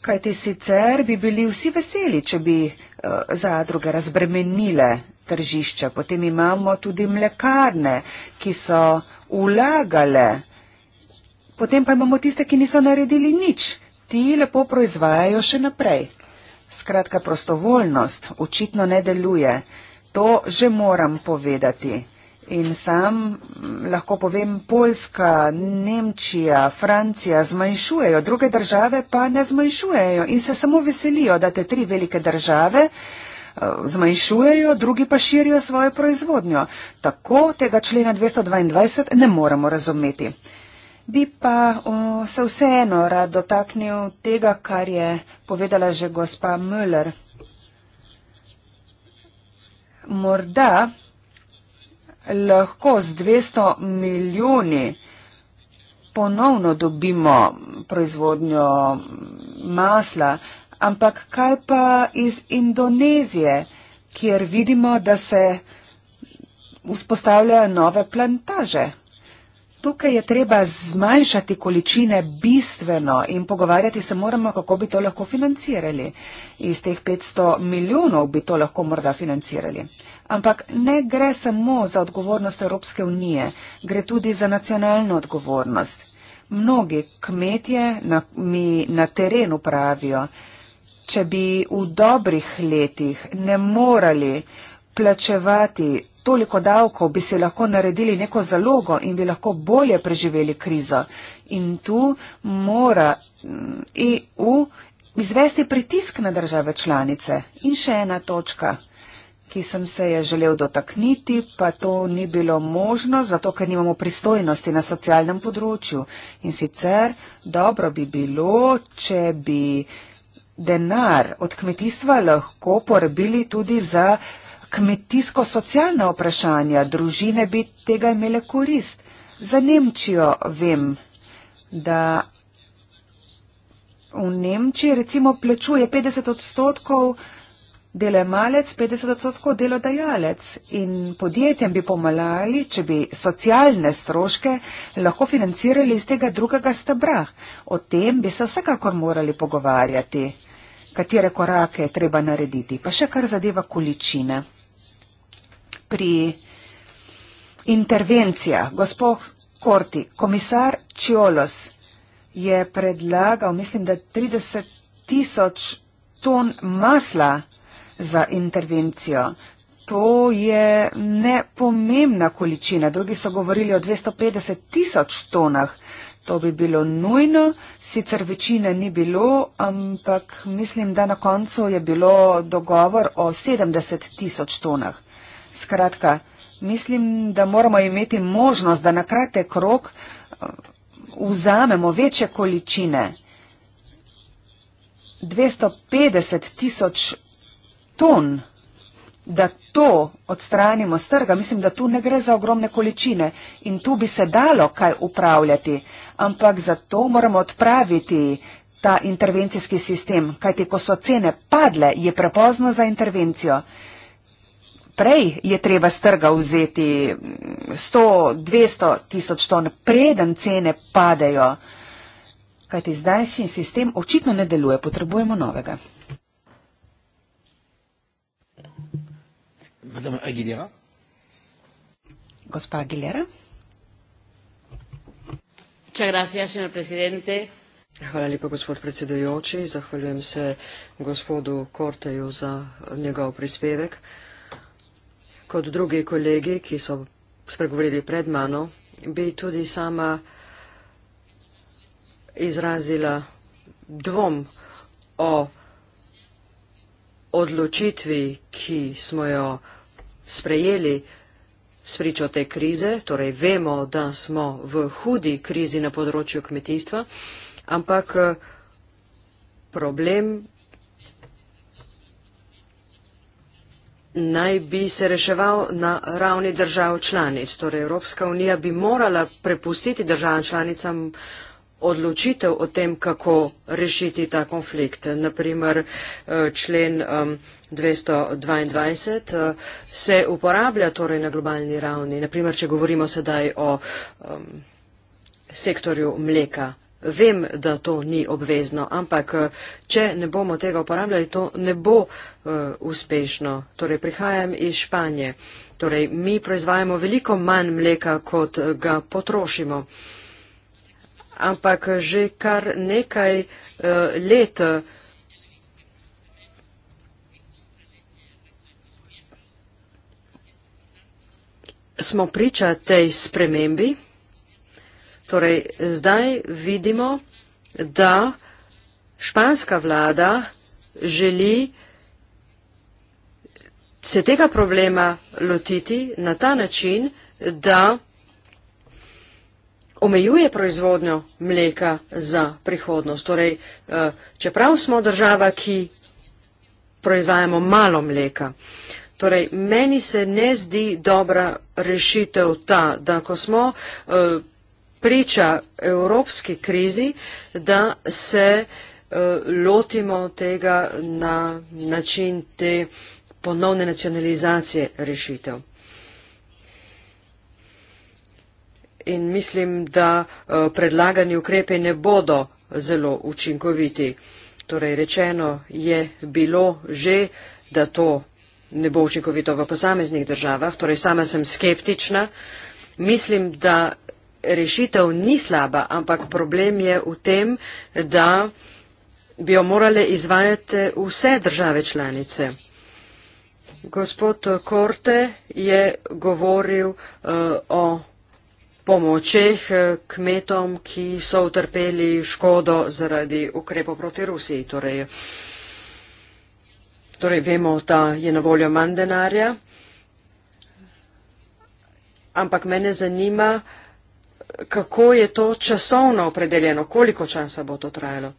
Kaj ti sicer bi bili vsi veseli, če bi eh, zadruge razbremenile tržišče. Potem imamo tudi mlekarne, ki so ulagale. Potem pa imamo tiste, ki niso naredili nič. Ti lepo proizvajajo še naprej. Skratka, prostovoljnost očitno ne deluje. To že moram povedati. In sam lahko povem, Poljska, Nemčija, Francija zmanjšujejo, druge države pa ne zmanjšujejo in se samo veselijo, da te tri velike države eh, zmanjšujejo, drugi pa širijo svojo proizvodnjo. Tako tega člena 222 ne moramo razumeti. Bi pa o, se vseeno rad dotaknil tega, kar je povedala že gospa Müller. Morda lahko z 200 milijoni ponovno dobimo proizvodnjo masla, ampak kaj pa iz Indonezije, kjer vidimo, da se vzpostavljajo nove plantaže. Tukaj je treba zmanjšati količine bistveno in pogovarjati se moramo, kako bi to lahko financirali. Iz teh 500 milijonov bi to lahko morda financirali. Ampak ne gre samo za odgovornost Evropske unije, gre tudi za nacionalno odgovornost. Mnogi kmetje na, mi na terenu pravijo, če bi v dobrih letih ne morali plačevati toliko davkov, bi si lahko naredili neko zalogo in bi lahko bolje preživeli krizo. In tu mora mm, EU izvesti pritisk na države članice. In še ena točka ki sem se je želel dotakniti, pa to ni bilo možno, zato ker nimamo pristojnosti na socialnem področju. In sicer dobro bi bilo, če bi denar od kmetijstva lahko porabili tudi za kmetijsko-socialna vprašanja. Družine bi tega imele korist. Za Nemčijo vem, da. V Nemčiji recimo plačuje 50 odstotkov delemalec 50 odstotkov delodajalec in podjetjem bi pomalali, če bi socialne stroške lahko financirali iz tega drugega stebra. O tem bi se vsekakor morali pogovarjati, katere korake je treba narediti, pa še kar zadeva količine. Pri intervencijah, gospod Korti, komisar Čiolos je predlagal, mislim, da 30 tisoč ton masla, za intervencijo. To je nepomembna količina. Drugi so govorili o 250 tisoč tonah. To bi bilo nujno, sicer večine ni bilo, ampak mislim, da na koncu je bilo dogovor o 70 tisoč tonah. Skratka, mislim, da moramo imeti možnost, da na kratek rok eh, vzamemo večje količine. 250 tisoč ton, da to odstranimo s trga, mislim, da tu ne gre za ogromne količine in tu bi se dalo kaj upravljati, ampak zato moramo odpraviti ta intervencijski sistem, kajti ko so cene padle, je prepozno za intervencijo. Prej je treba s trga vzeti 100-200 mm, tisoč ton, preden cene padejo, kajti zdajšnji sistem očitno ne deluje, potrebujemo novega. Madame Aguilera. Gospa Aguilera. Muchas gracias, señor presidente. Hvala lepa, gospod predsedujoči. Zahvaljujem se gospodu Korteju za njegov prispevek. Kot drugi kolegi, ki so spregovorili pred mano, bi tudi sama izrazila dvom o odločitvi, ki smo jo sprejeli spričo te krize, torej vemo, da smo v hudi krizi na področju kmetijstva, ampak eh, problem naj bi se reševal na ravni držav članic. Torej Evropska unija bi morala prepustiti državam članicam odločitev o tem, kako rešiti ta konflikt. Naprimer, eh, člen 222 eh, se uporablja torej na globalni ravni, naprimer, če govorimo sedaj o um, sektorju mleka. Vem, da to ni obvezno, ampak eh, če ne bomo tega uporabljali, to ne bo uh, uspešno. Torej, prihajam iz Španije. Torej, mi proizvajamo veliko manj mleka, kot ga potrošimo. Ampak že kar nekaj uh, let. Uh, smo priča tej spremembi, torej zdaj vidimo, da španska vlada želi se tega problema lotiti na ta način, da omejuje proizvodnjo mleka za prihodnost. Torej, eh, čeprav smo država, ki proizvajamo malo mleka, Torej, meni se ne zdi dobra rešitev ta, da ko smo eh, priča evropski krizi, da se eh, lotimo tega na način te ponovne nacionalizacije rešitev. In mislim, da eh, predlagani ukrepe ne bodo zelo učinkoviti. Torej, rečeno je bilo že, da to ne bo učinkovito v posameznih državah, torej sama sem skeptična. Mislim, da rešitev ni slaba, ampak problem je v tem, da bi jo morale izvajati vse države članice. Gospod Korte je govoril uh, o pomočeh eh, kmetom, ki so utrpeli škodo zaradi ukrepov proti Rusiji. Torej, uh, Torej vemo, da je na voljo manj denarja, ampak mene zanima, kako je to časovno opredeljeno, koliko časa bo to trajalo.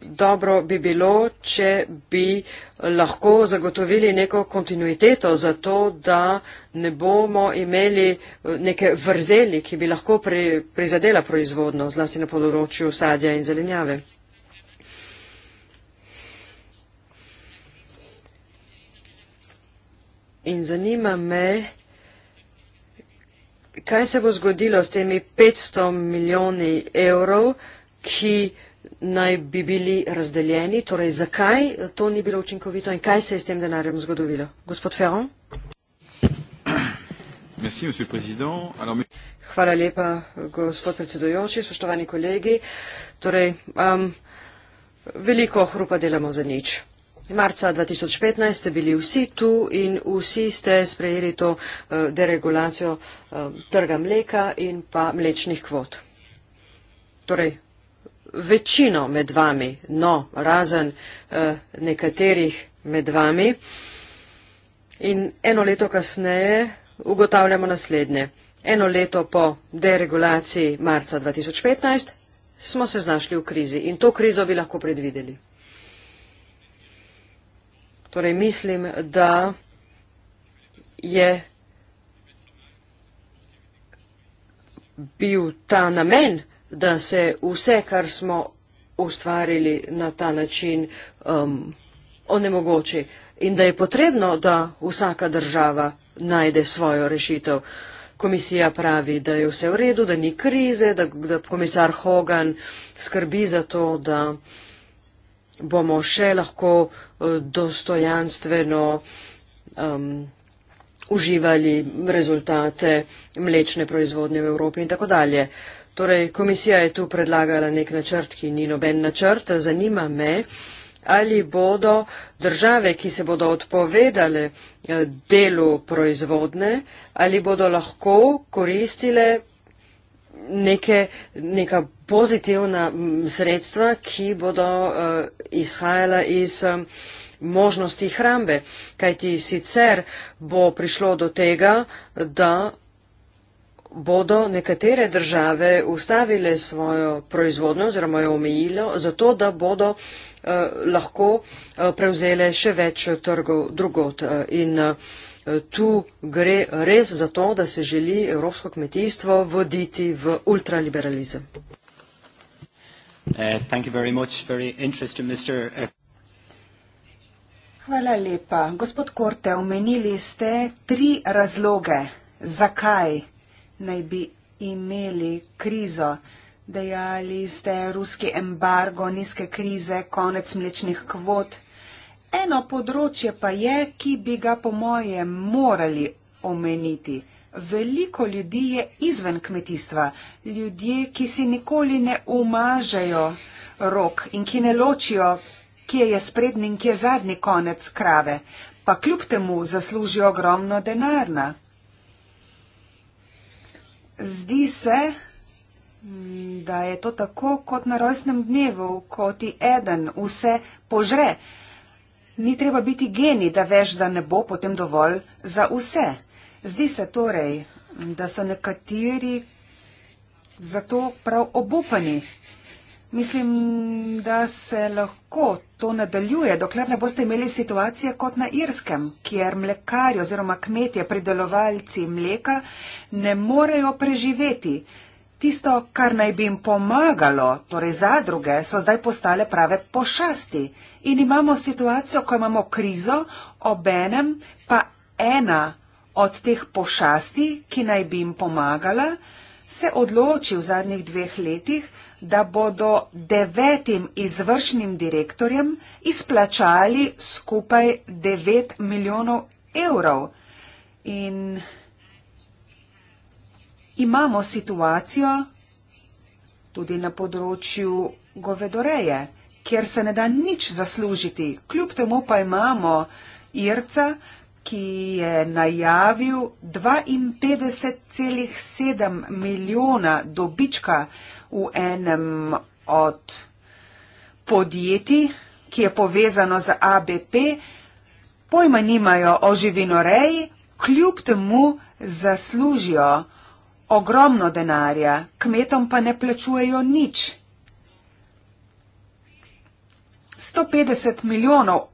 Dobro bi bilo, če bi lahko zagotovili neko kontinuiteto za to, da ne bomo imeli eh, neke vrzeli, ki bi lahko pri, prizadela proizvodnost, zlasti na področju sadja in zelenjave. in zanima me, kaj se bo zgodilo s temi 500 milijoni evrov, ki naj bi bili razdeljeni, torej zakaj to ni bilo učinkovito in kaj se je s tem denarjem zgodovilo. Gospod Ferron? Merci, Alors, mais... Hvala lepa, gospod predsedujoči, spoštovani kolegi. Torej, um, veliko hrupa delamo za nič. Marca 2015 ste bili vsi tu in vsi ste sprejeli to eh, deregulacijo eh, trga mleka in pa mlečnih kvot. Torej, večino med vami, no, razen eh, nekaterih med vami. In eno leto kasneje ugotavljamo naslednje. Eno leto po deregulaciji marca 2015 smo se znašli v krizi in to krizo bi lahko predvideli. Torej mislim, da je bil ta namen, da se vse, kar smo ustvarili na ta način, um, onemogoči in da je potrebno, da vsaka država najde svojo rešitev. Komisija pravi, da je vse v redu, da ni krize, da, da komisar Hogan skrbi za to, da uh, bomo še lahko eh, dostojanstveno um, uživali rezultate mlečne proizvodnje v Evropi in tako dalje. Torej, komisija je tu predlagala nek načrt, ki ni noben načrt. Zanima me, ali bodo države, ki se bodo odpovedale eh, delu proizvodne, ali bodo lahko koristile neke, neka pozitivna sredstva, ki bodo uh, izhajala iz um, možnosti hrambe. Kajti sicer bo prišlo do tega, da bodo nekatere države ustavile svojo proizvodnjo oziroma jo omejilo, zato da bodo uh, lahko uh, prevzele še več trgov drugot. Uh, in, uh, Tu gre res za to, da se želi evropsko kmetijstvo voditi v ultraliberalizem. Uh, uh, Hvala lepa. Gospod Korte, omenili ste tri razloge, zakaj naj bi imeli krizo. Dejali ste ruski embargo, nizke krize, konec mlečnih kvot. Eno področje pa je, ki bi ga po moje morali omeniti. Veliko ljudi je izven kmetijstva, ljudje, ki si nikoli ne umažejo rok in ki ne ločijo, kje je sprednji in kje je zadnji konec krave, pa kljub temu zaslužijo ogromno denarna. Zdi se, da je to tako kot na rojstnem dnevu, ko ti eden vse požre. Ni treba biti geni, da veš, da ne bo potem dovolj za vse. Zdi se torej, da so nekateri zato prav obupani. Mislim, da se lahko to nadaljuje, dokler ne boste imeli situacije kot na Irskem, kjer mlekarji oziroma kmetje, pridelovalci mleka ne morejo preživeti. Tisto, kar naj bi jim pomagalo, torej zadruge, so zdaj postale prave pošasti in imamo situacijo, ko imamo krizo, obenem pa ena od teh pošasti, ki naj bi jim pomagala, se odloči v zadnjih dveh letih, da bodo devetim izvršnim direktorjem izplačali skupaj 9 milijonov evrov. In imamo situacijo tudi na področju govedoreje kjer se ne da nič zaslužiti. Kljub temu pa imamo Irca, ki je najavil 52,7 milijona dobička v enem od podjetij, ki je povezano z ABP. Pojma nimajo o živinoreji, kljub temu zaslužijo ogromno denarja, kmetom pa ne plačujejo nič. 150 milijonov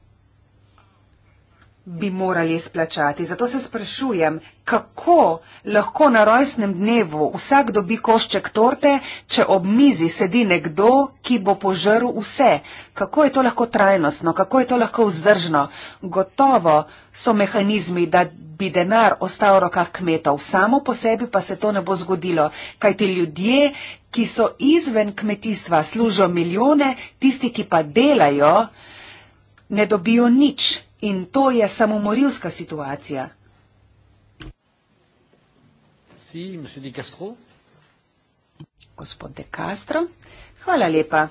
bi morali splačati. Zato se sprašujem, kako lahko na rojstnem dnevu vsak dobi košček torte, če ob mizi sedi nekdo, ki bo požrl vse. Kako je to lahko trajnostno, kako je to lahko vzdržno? Gotovo so mehanizmi, da bi denar ostal v rokah kmetov, samo po sebi pa se to ne bo zgodilo, kajti ljudje, ki so izven kmetijstva, služijo milijone, tisti, ki pa delajo, ne dobijo nič. In to je samomorilska situacija. Si, de Gospod De Castro, hvala lepa.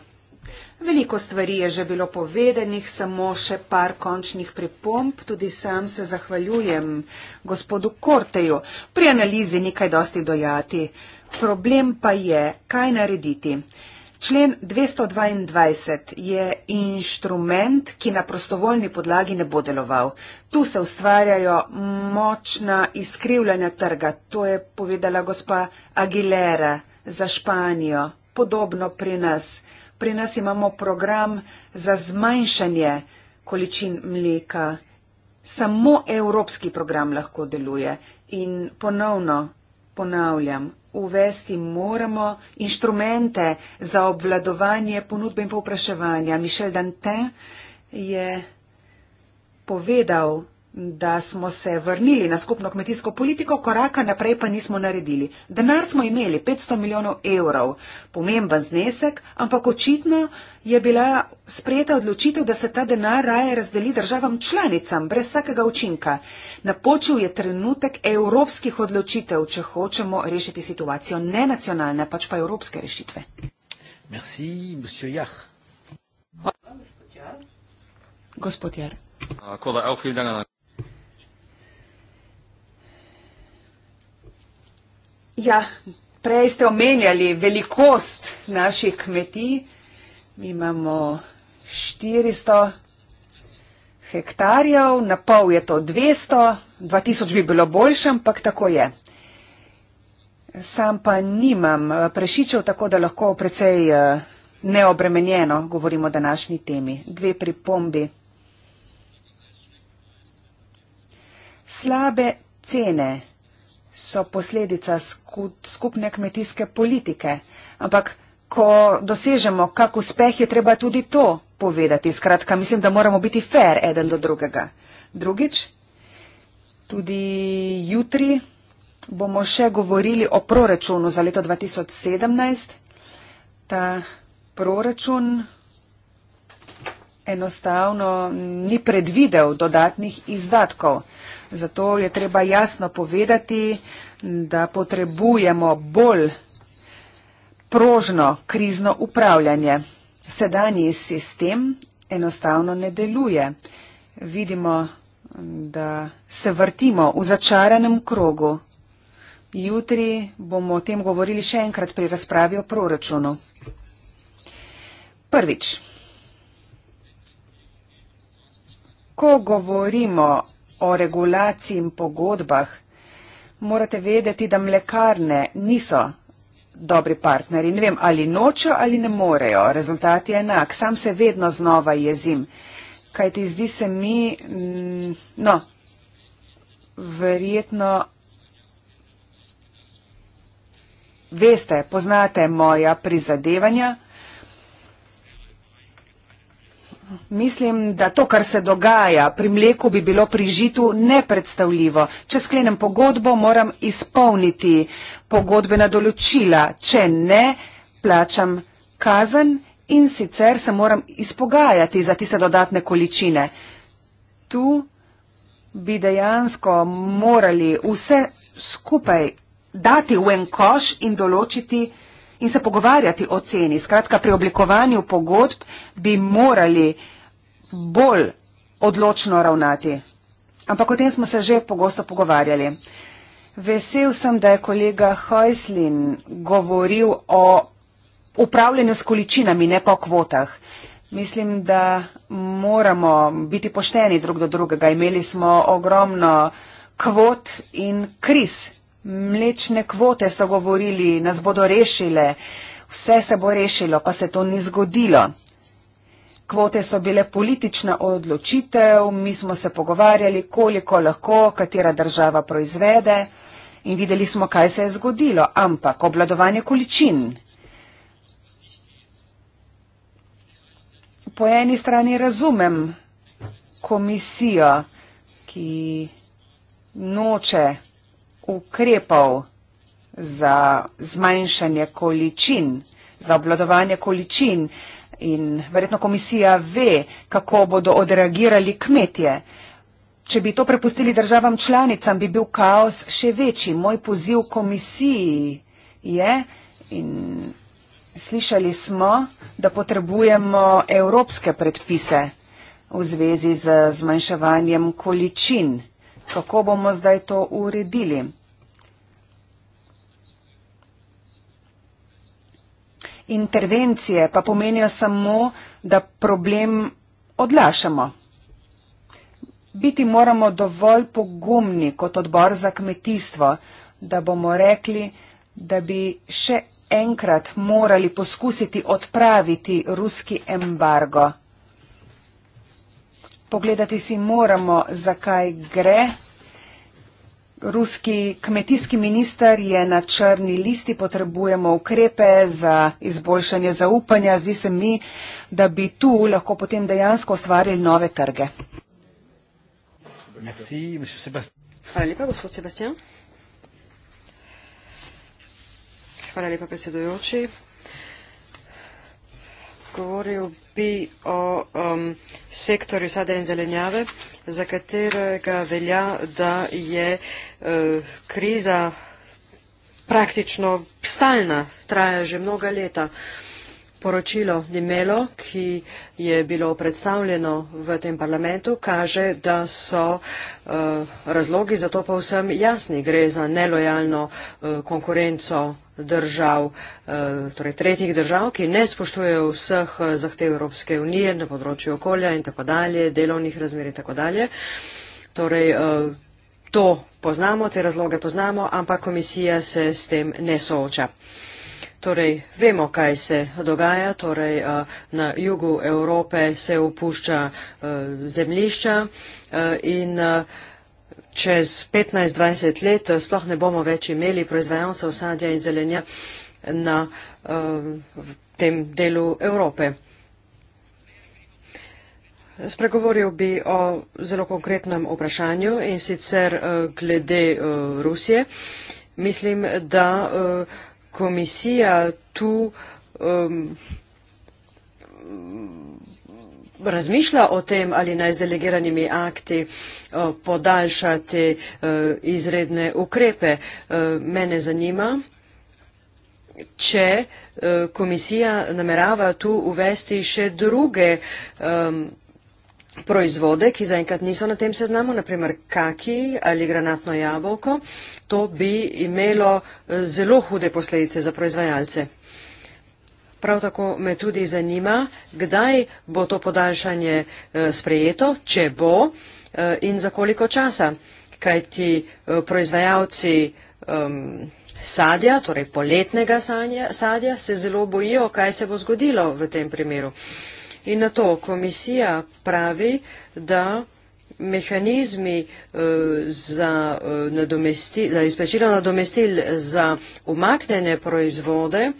Veliko stvari je že bilo povedanih, samo še par končnih pripomb. Tudi sam se zahvaljujem gospodu Korteju. Pri analizi ni kaj dosti dojati. Problem pa je, kaj narediti. Člen 222 je inštrument, ki na prostovoljni podlagi ne bo deloval. Tu se ustvarjajo močna izkrivljanja trga, to je povedala gospa Aguilera za Španijo. Podobno pri nas. Pri nas imamo program za zmanjšanje količin mleka. Samo evropski program lahko deluje. In ponovno ponavljam, uvesti moramo inštrumente za obvladovanje ponudbe in povpraševanja. Michel Dantin je povedal, da smo se vrnili na skupno kmetijsko politiko, koraka naprej pa nismo naredili. Denar smo imeli 500 milijonov evrov, pomemben znesek, ampak očitno je bila sprejeta odločitev, da se ta denar raje razdeli državam članicam, brez vsakega učinka. Napočil je trenutek evropskih odločitev, če hočemo rešiti situacijo, ne nacionalne, pač pa evropske rešitve. Merci, Hvala, gospod Jar. Gospod Jar. Uh, Ja, prej ste omenjali velikost naših kmetij. Mi imamo 400 hektarjev, na pol je to 200, 2000 bi bilo boljše, ampak tako je. Sam pa nimam eh, prešičev, tako da lahko precej eh, neobremenjeno govorimo o današnji temi. Dve pripombi. Slabe cene so posledica skupne kmetijske politike. Ampak, ko dosežemo kak uspeh, je treba tudi to povedati. Skratka, mislim, da moramo biti fair eden do drugega. Drugič, tudi jutri bomo še govorili o proračunu za leto 2017. Ta proračun enostavno ni predvidel dodatnih izdatkov. Zato je treba jasno povedati, da potrebujemo bolj prožno krizno upravljanje. Sedanji sistem enostavno ne deluje. Vidimo, da se vrtimo v začaranem krogu. Jutri bomo o tem govorili še enkrat pri razpravi o proračunu. Prvič. ko govorimo o regulaciji in pogodbah, morate vedeti, da mlekarne niso dobri partneri. Ne vem, ali nočo ali ne morejo. Rezultat je enak. Sam se vedno znova jezim. Kaj ti zdi se mi, mm, no, verjetno veste, poznate moja prizadevanja. Mislim, da to, kar se dogaja pri mleku, bi bilo pri žitu nepredstavljivo. Če sklenem pogodbo, moram izpolniti pogodbena določila. Če ne, plačam kazen in sicer se moram izpogajati za tiste dodatne količine. Tu bi dejansko morali vse skupaj dati v en koš in določiti, in se pogovarjati o ceni. Skratka, pri oblikovanju pogodb bi morali bolj odločno ravnati. Ampak o tem smo se že pogosto pogovarjali. Vesel sem, da je kolega Hojslin govoril o upravljanju s količinami, ne pa o kvotah. Mislim, da moramo biti pošteni drug do drugega. Imeli smo ogromno kvot in kriz, mlečne kvote so govorili, nas bodo rešile, vse se bo rešilo, pa se to ni zgodilo. Kvote so bile politična odločitev, mi smo se pogovarjali, koliko lahko, katera država proizvede in videli smo, kaj se je zgodilo, ampak obladovanje količin. Po eni strani razumem komisijo, ki noče ukrepov za zmanjšanje količin, za obladovanje količin in verjetno komisija ve, kako bodo odreagirali kmetje. Če bi to prepustili državam članicam, bi bil kaos še večji. Moj poziv komisiji je in slišali smo, da potrebujemo evropske predpise v zvezi z zmanjševanjem količin kako bomo zdaj to uredili. Intervencije pa pomenijo samo, da problem odlašamo. Biti moramo dovolj pogumni kot odbor za kmetijstvo, da bomo rekli, da bi še enkrat morali poskusiti odpraviti ruski embargo pogledati si moramo, zakaj gre. Ruski kmetijski minister je na črni listi, potrebujemo ukrepe za izboljšanje zaupanja. Zdi se mi, da bi tu lahko potem dejansko ustvarili nove trge. Hvala lepa, gospod Sebastian. Hvala lepa, predsedujoči govoril bi o um, sektorju sade in zelenjave, za katerega velja, da je uh, kriza praktično stalna, traja že mnoga leta. Uh, Poročilo Nimelo, ki je bilo predstavljeno v tem parlamentu, kaže, da so eh, razlogi za to pa vsem jasni. Gre za nelojalno eh, konkurenco držav, eh, torej tretjih držav, ki ne spoštujejo vseh zahtev Evropske unije na področju okolja in tako dalje, delovnih razmer in tako dalje. Torej, to poznamo, te razloge poznamo, ampak komisija se s tem ne sooča. Torej, vemo, kaj se dogaja, torej eh, na jugu Evrope se upušča eh, zemlišča eh, in čez 15-20 let sploh ne bomo več imeli proizvajalcev sadja in zelenja na tem delu Evrope. Spregovoril bi o zelo konkretnem vprašanju in sicer glede Rusije. Mislim, da uh, komisija tu um, razmišlja o tem, ali naj z delegiranimi akti uh, podaljšati uh, izredne ukrepe. Uh, mene zanima, če komisija namerava tu uvesti še druge um, proizvode, ki zaenkrat niso na tem seznamu, naprimer kaki ali granatno jabolko, to bi imelo eh, zelo hude posledice za proizvajalce. Prav tako me tudi zanima, kdaj bo to podaljšanje eh, sprejeto, če bo eh, in za koliko časa, kajti proizvajalci sadja, torej poletnega sadja, se zelo bojijo, kaj se bo zgodilo v tem primeru. In na to komisija pravi, da mehanizmi eh, za, eh, za izplačilo nadomestil za umaknjene proizvode,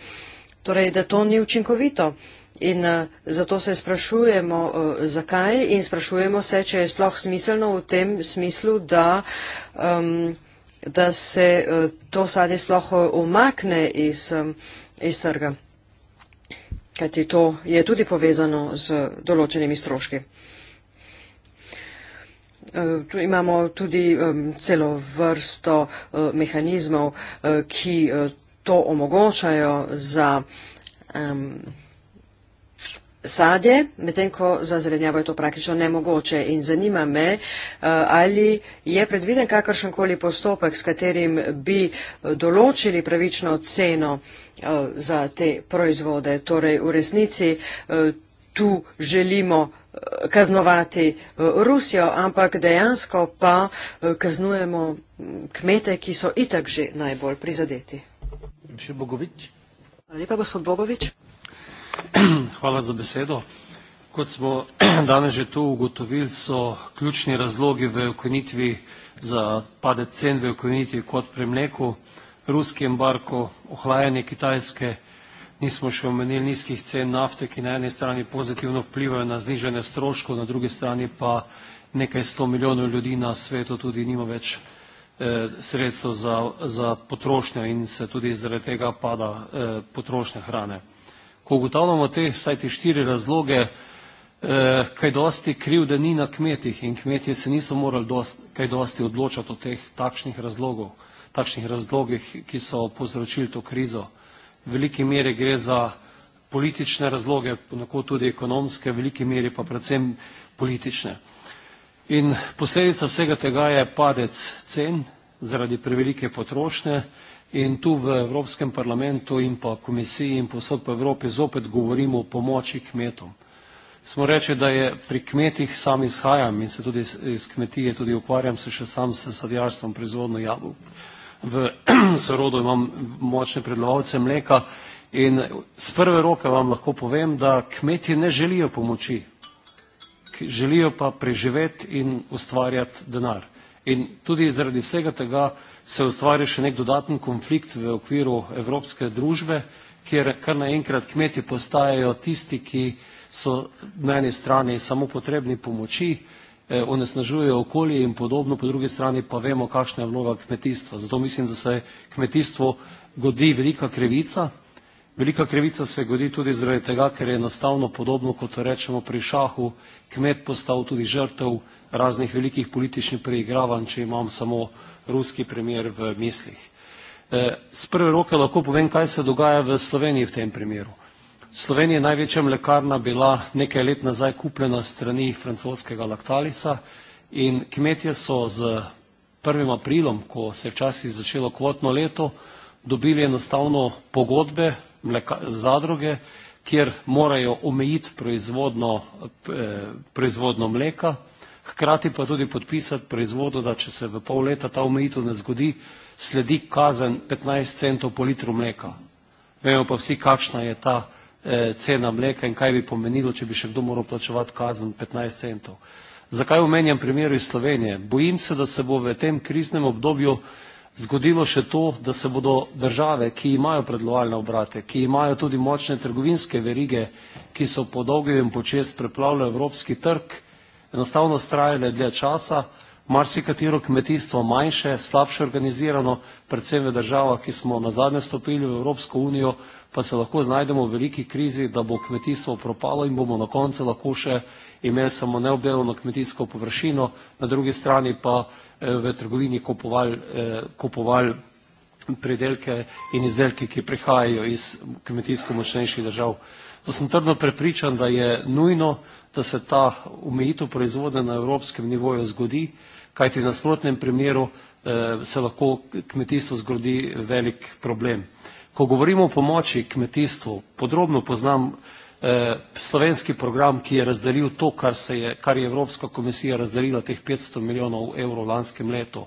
torej da to ni učinkovito. In eh, zato se sprašujemo, zakaj in sprašujemo se, če je sploh smiselno v tem smislu, da, da se to sadje sploh umakne iz, iz trga kajti to je tudi povezano z določenimi stroški. Eh, tu imamo tudi celo vrsto eh, mehanizmov, eh, ki to omogočajo za um, sadje, medtem ko za zelenjavo je to praktično nemogoče. In zanima me, eh, ali je predviden kakršenkoli postopek, s katerim bi eh, določili pravično ceno eh, za te proizvode. Torej, v resnici tu želimo kaznovati Rusijo, ampak dejansko pa kaznujemo mm, kmete, ki so itak že najbolj prizadeti. Hvala lepa, gospod Bogovič. Hvala za besedo. Kot smo danes že tu ugotovili, so ključni razlogi v ukinitvi za padec cen v ukinitvi kot pri mleku, ruski embargo, ohlajanje Kitajske, nismo še omenili nizkih cen nafte, ki na eni strani pozitivno vplivajo na znižanje stroškov, na drugi strani pa nekaj sto milijonov ljudi na svetu tudi nima več eh, sredstev za, za potrošnjo in se tudi zaradi tega pada eh, potrošnja hrane ko ugotavljamo te vsaj te štiri razloge, eh, kaj dosti kriv, da ni na kmetih in kmetje se niso morali dost, kaj dosti odločati o teh takšnih razlogov, takšnih razlogih, ki so povzročili to krizo. V veliki meri gre za politične razloge, ponako tudi ekonomske, v veliki meri pa predvsem politične. In posledica vsega tega je padec cen zaradi prevelike potrošnje, In tu v Evropskem parlamentu in pa komisiji in posod po Evropi zopet govorimo o pomoči kmetom. Smo reči, da je pri kmetih sam izhajam in se tudi iz kmetije tudi ukvarjam se še sam s sadjarstvom proizvodno jabolk. V sorodu imam močne predlovalce mleka in z prve roke vam lahko povem, da kmeti ne želijo pomoči, želijo pa preživeti in ustvarjati denar. In tudi zaradi vsega tega se ustvari še nek dodaten konflikt v okviru evropske družbe, kjer kar naenkrat kmeti postajajo tisti, ki so na eni strani samo potrebni pomoči, eh, onesnažujejo okolje in podobno, po drugi strani pa vemo, kakšna je vloga kmetijstva. Zato mislim, da se kmetijstvo godi velika krivica. Velika krivica se godi tudi zaradi tega, ker je enostavno podobno, kot rečemo pri šahu, kmet postal tudi žrtev raznih velikih političnih preigravanj, če imam samo ruski primer v mislih. Z e, prve roke lahko povem, kaj se dogaja v Sloveniji v tem primeru. Slovenija je največja mlekarna bila nekaj let nazaj kupljena strani francoskega Lactalisa in kmetje so z 1. aprilom, ko se je včasih začelo kvotno leto, dobili enostavno pogodbe mleka, zadruge, kjer morajo omejiti proizvodno, e, proizvodno mleka, hkrati pa tudi podpisati proizvodu, da če se v pol leta ta omejitev ne zgodi, sledi kazen 15 centov po litru mleka. Vemo pa vsi, kakšna je ta eh, cena mleka in kaj bi pomenilo, če bi še kdo moral plačevati kazen 15 centov. Zakaj omenjam primer iz Slovenije? Bojim se, da se bo v tem kriznem obdobju zgodilo še to, da se bodo države, ki imajo predlovalne obrate, ki imajo tudi močne trgovinske verige, ki so po dolgem počest preplavljali evropski trg, enostavno ustrajale dlje časa, marsikatero kmetijstvo manjše, slabše organizirano, predvsem v državah, ki smo na zadnje stopili v Evropsko unijo, pa se lahko znajdemo v veliki krizi, da bo kmetijstvo propalo in bomo na koncu lahko še imeli samo neobdelano kmetijsko površino, na drugi strani pa eh, v trgovini kupovali, eh, kupovali pridelke in izdelke, ki prihajajo iz kmetijsko močnejših držav da sem trdno prepričan, da je nujno, da se ta omejitev proizvodnje na evropskem nivoju zgodi, kajti v nasprotnem primeru eh, se lahko kmetijstvo zgodi velik problem. Ko govorimo o pomoči kmetijstvu, podrobno poznam eh, slovenski program, ki je razdelil to, kar, se je, kar je Evropska komisija razdelila, teh 500 milijonov evrov lanskem letu.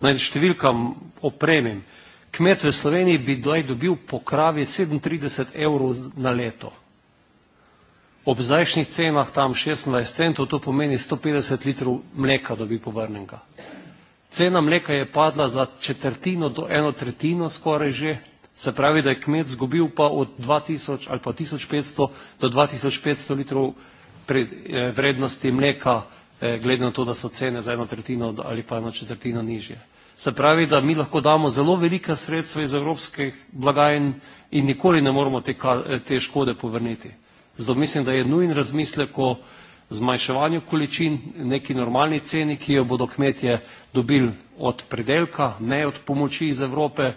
Naj številkam opremim. Kmet v Sloveniji bi dobil po kravi 37 evrov na leto. Ob zdajšnjih cenah tam 26 centov, to pomeni 150 litrov mleka dobi povrnenega. Cena mleka je padla za četrtino do eno tretjino skoraj že, se pravi, da je kmet zgubil pa od 2000 ali pa 1500 do 2500 litrov pred, eh, vrednosti mleka, eh, glede na to, da so cene za eno tretjino ali pa eno četrtino nižje. Se pravi, da mi lahko damo zelo velika sredstva iz evropskih blagajn in nikoli ne moramo te, te škode povrniti. Zato mislim, da je nujen razmislek o zmanjševanju količin, neki normalni ceni, ki jo bodo kmetje dobili od predelka, ne od pomoči iz Evrope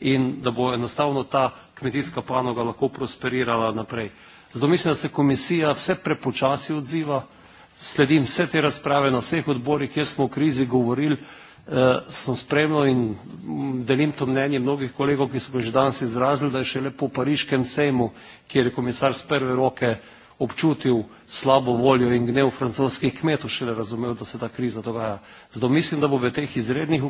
in da bo enostavno ta kmetijska panoga lahko prosperirala naprej. Zato mislim, da se komisija vse prepočasi odziva, sledim vse te razprave na vseh odborih, kjer smo v krizi govorili, Eh, sem spremljal in mm, delim to mnenje mnogih kolegov, ki so ga že danes izrazili, da je šele po pariškem sejmu, kjer je komisar z prve roke občutil slabo voljo in gnev francoskih kmetov, šele razumel, da se ta kriza dogaja. Zato mislim, da bo v teh izrednih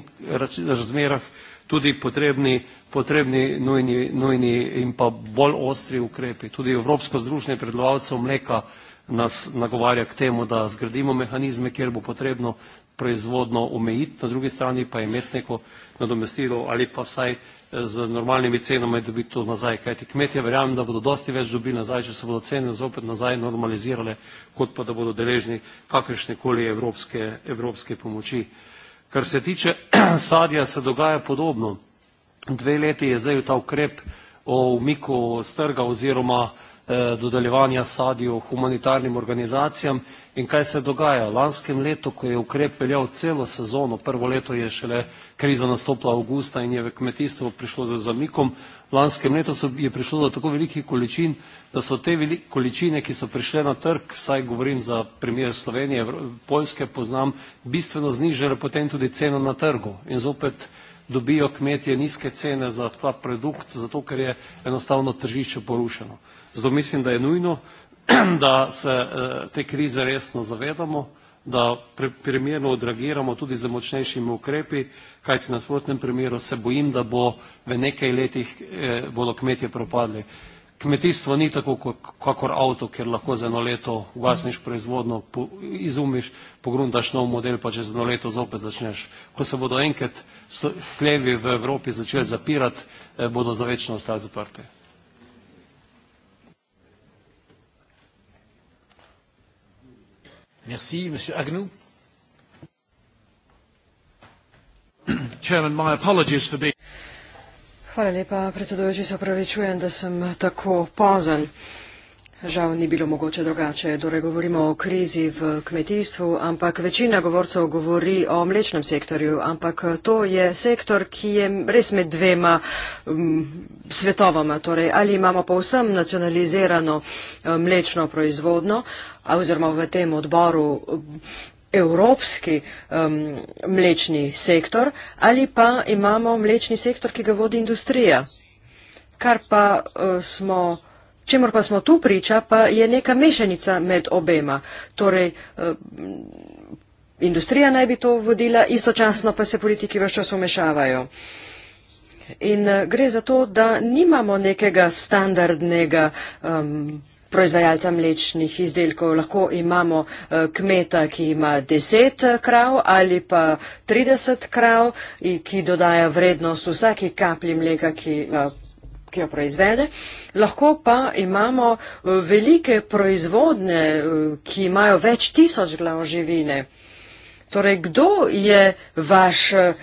razmerah tudi potrebni, potrebni nujni, nujni in pa bolj ostri ukrepi. Tudi Evropsko združenje predlovalcev mleka nas nagovarja k temu, da zgradimo mehanizme, kjer bo potrebno proizvodno omejiti, na drugi strani pa imeti neko nadomestilo ali pa vsaj eh, z normalnimi cenami dobiti to nazaj. Kajti kmetje verjamem, da bodo dosti več dobili nazaj, če se bodo cene zopet nazaj normalizirale, kot pa da bodo deležni kakršne koli evropske, evropske pomoči. Kar se tiče sadja, se dogaja podobno. Dve leti je zdaj ta ukrep o umiku strga oziroma Eh, dodeljevanja sadju humanitarnim organizacijam in kaj se dogaja. Lanskem letu, ko je ukrep veljal celo sezono, prvo leto je šele kriza nastopila avgusta in je v kmetijstvo prišlo za zamikom, lanskem letu so, je prišlo do tako velikih količin, da so te količine, ki so prišle na trg, vsaj govorim za primer Slovenije, Poljske poznam, bistveno znižile potem tudi ceno na trgu in zopet dobijo kmetje nizke cene za ta produkt, zato ker je enostavno tržišče porušeno. Zato mislim, da je nujno, da se eh, te krize resno zavedamo, da primerno odreagiramo tudi z močnejšimi ukrepi, kajti na svojotnem primeru se bojim, da bo v nekaj letih eh, bodo kmetje propadli. Kmetijstvo ni tako kakor avto, kjer lahko z eno leto vlasniš proizvodno, izumiš, pogrundaš nov model, pa čez eno leto zopet začneš. Ko se bodo enkrat hlevi v Evropi začeli zapirati, eh, bodo za večno ostali zaprti. Merci. Monsieur Agnew. Chairman, my apologies for being... Hvala lepa, predsedujoči, se opravičujem, da sem tako pozen. Žal ni bilo mogoče drugače. Torej govorimo o krizi v kmetijstvu, ampak večina govorcev govori o mlečnem sektorju, ampak to je sektor, ki je res med dvema mm, svetovama. Torej, ali imamo povsem nacionalizirano eh, mlečno proizvodno, oziroma v tem odboru eh, evropski um, mlečni sektor ali pa imamo mlečni sektor, ki ga vodi industrija. Kar pa uh, smo, čemor pa smo tu priča, pa je neka mešanica med obema. Torej, uh, industrija naj bi to vodila, istočasno pa se politiki več čas umešavajo. In uh, gre za to, da nimamo nekega standardnega um, proizvajalca mlečnih izdelkov. Lahko imamo eh, kmeta, ki ima 10 eh, krav ali pa 30 krav, ki dodaja vrednost vsaki kapli mleka, ki eh, ki jo proizvede. Lahko pa imamo velike proizvodne, ki imajo več tisoč glav živine. Torej, kdo je vaš uh,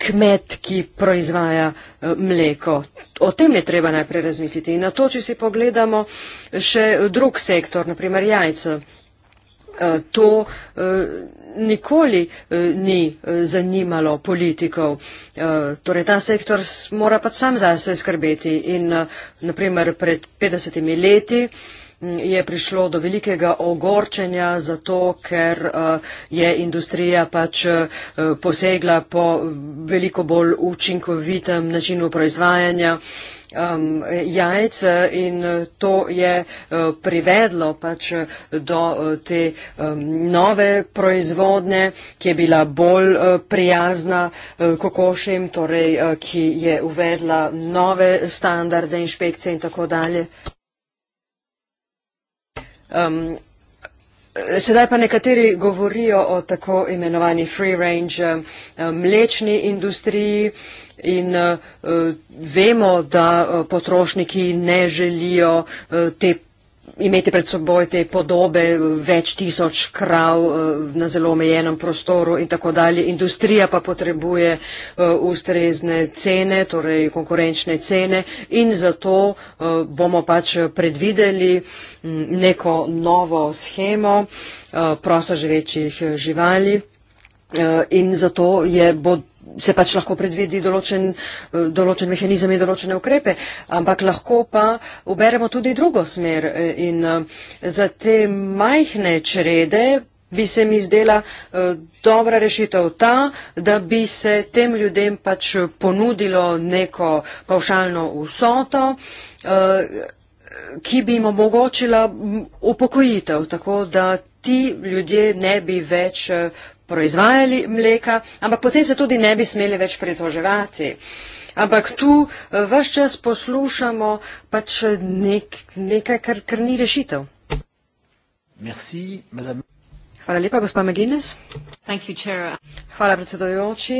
kmet, ki proizvaja uh, mleko? O tem je treba najprej razmisliti. In na to, če si pogledamo še drug sektor, naprimer jajce, uh, to. Uh, Nikoli eh, ni eh, zanimalo politikov. Eh, torej, ta sektor mora pa sam za se skrbeti. In, eh, naprimer, pred 50 leti eh, je prišlo do velikega ogorčenja, zato ker eh, je industrija pač eh, posegla po veliko bolj učinkovitem načinu proizvajanja um, jajc in to je eh, privedlo pač do te um, nove proizvodne, ki je bila bolj prijazna kokošim, torej ki je uvedla nove standarde inšpekcije in tako dalje. Um, Sedaj pa nekateri govorijo o tako imenovani free range um, mlečni industriji in uh, vemo, da uh, potrošniki ne želijo uh, te imeti pred seboj te podobe več tisoč krav eh, na zelo omejenem prostoru in tako dalje. Industrija pa potrebuje eh, ustrezne cene, torej konkurenčne cene in zato eh, bomo pač predvideli mm, neko novo schemo prostoživečih živali in zato je bodo se pač lahko predvidi določen, eh, določen mehanizem in določene ukrepe, ampak lahko pa uberemo tudi drugo smer eh, in eh, za te majhne črede bi se mi zdela dobra rešitev ta, da bi se tem ljudem pač ponudilo neko pavšalno vsoto, ki bi jim omogočila upokojitev, tako da ti ljudje ne bi več proizvajali mleka, ampak potem se tudi ne bi smeli več pritoževati. Ampak tu eh, vse čas poslušamo pač eh, nek, nekaj, kar, kar ni rešitev. Merci, Hvala lepa, gospa McGuinness. Hvala predsedojoči.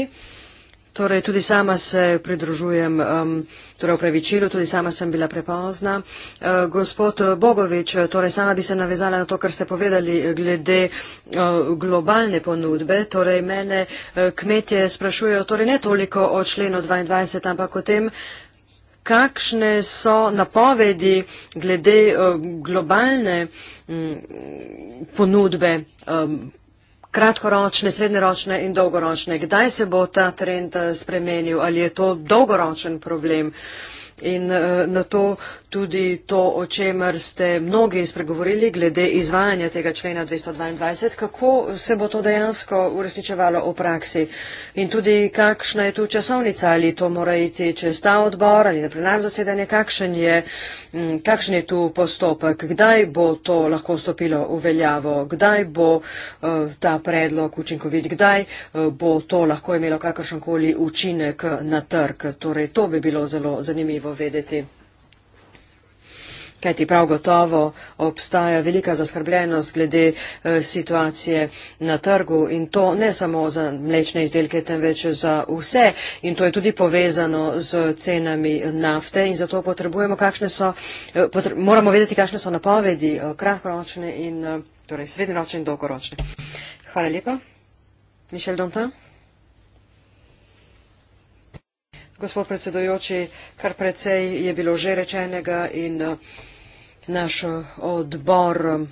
Torej, tudi sama se pridružujem, um, torej opravičilo, tudi sama sem bila prepozna. Uh, gospod Bogovič, torej sama bi se navezala na to, kar ste povedali glede uh, globalne ponudbe. Torej, mene uh, kmetje sprašujejo torej ne toliko o členu 22, ampak o tem, kakšne so napovedi glede uh, globalne um, ponudbe. Um, kratkoročne, srednjeročne in dolgoročne. Kdaj se bo ta trend eh, spremenil? Ali je to dolgoročen problem? In eh, na to tudi to, o čemer ste mnogi spregovorili glede izvajanja tega člena 222, kako se bo to dejansko uresničevalo v praksi in tudi kakšna je tu časovnica, ali to mora iti čez ta odbor ali na plenarno zasedanje, kakšen je, mm, kakšen je tu postopek, kdaj bo to lahko stopilo v veljavo, kdaj bo eh, ta predlog učinkovit, kdaj eh, bo to lahko imelo kakršenkoli učinek na trg. Torej, to bi bilo zelo zanimivo vedeti kajti prav gotovo obstaja velika zaskrbljenost glede eh, situacije na trgu in to ne samo za mlečne izdelke, temveč za vse in to je tudi povezano z cenami nafte in zato potrebujemo, kakšne so, eh, potre, moramo vedeti, kakšne so napovedi eh, kratkoročne in torej srednjeročne in dolgoročne. Hvala lepa. Mišel Donta. Gospod predsedujoči, kar precej je bilo že rečenega in uh Naš eh, odbor eh,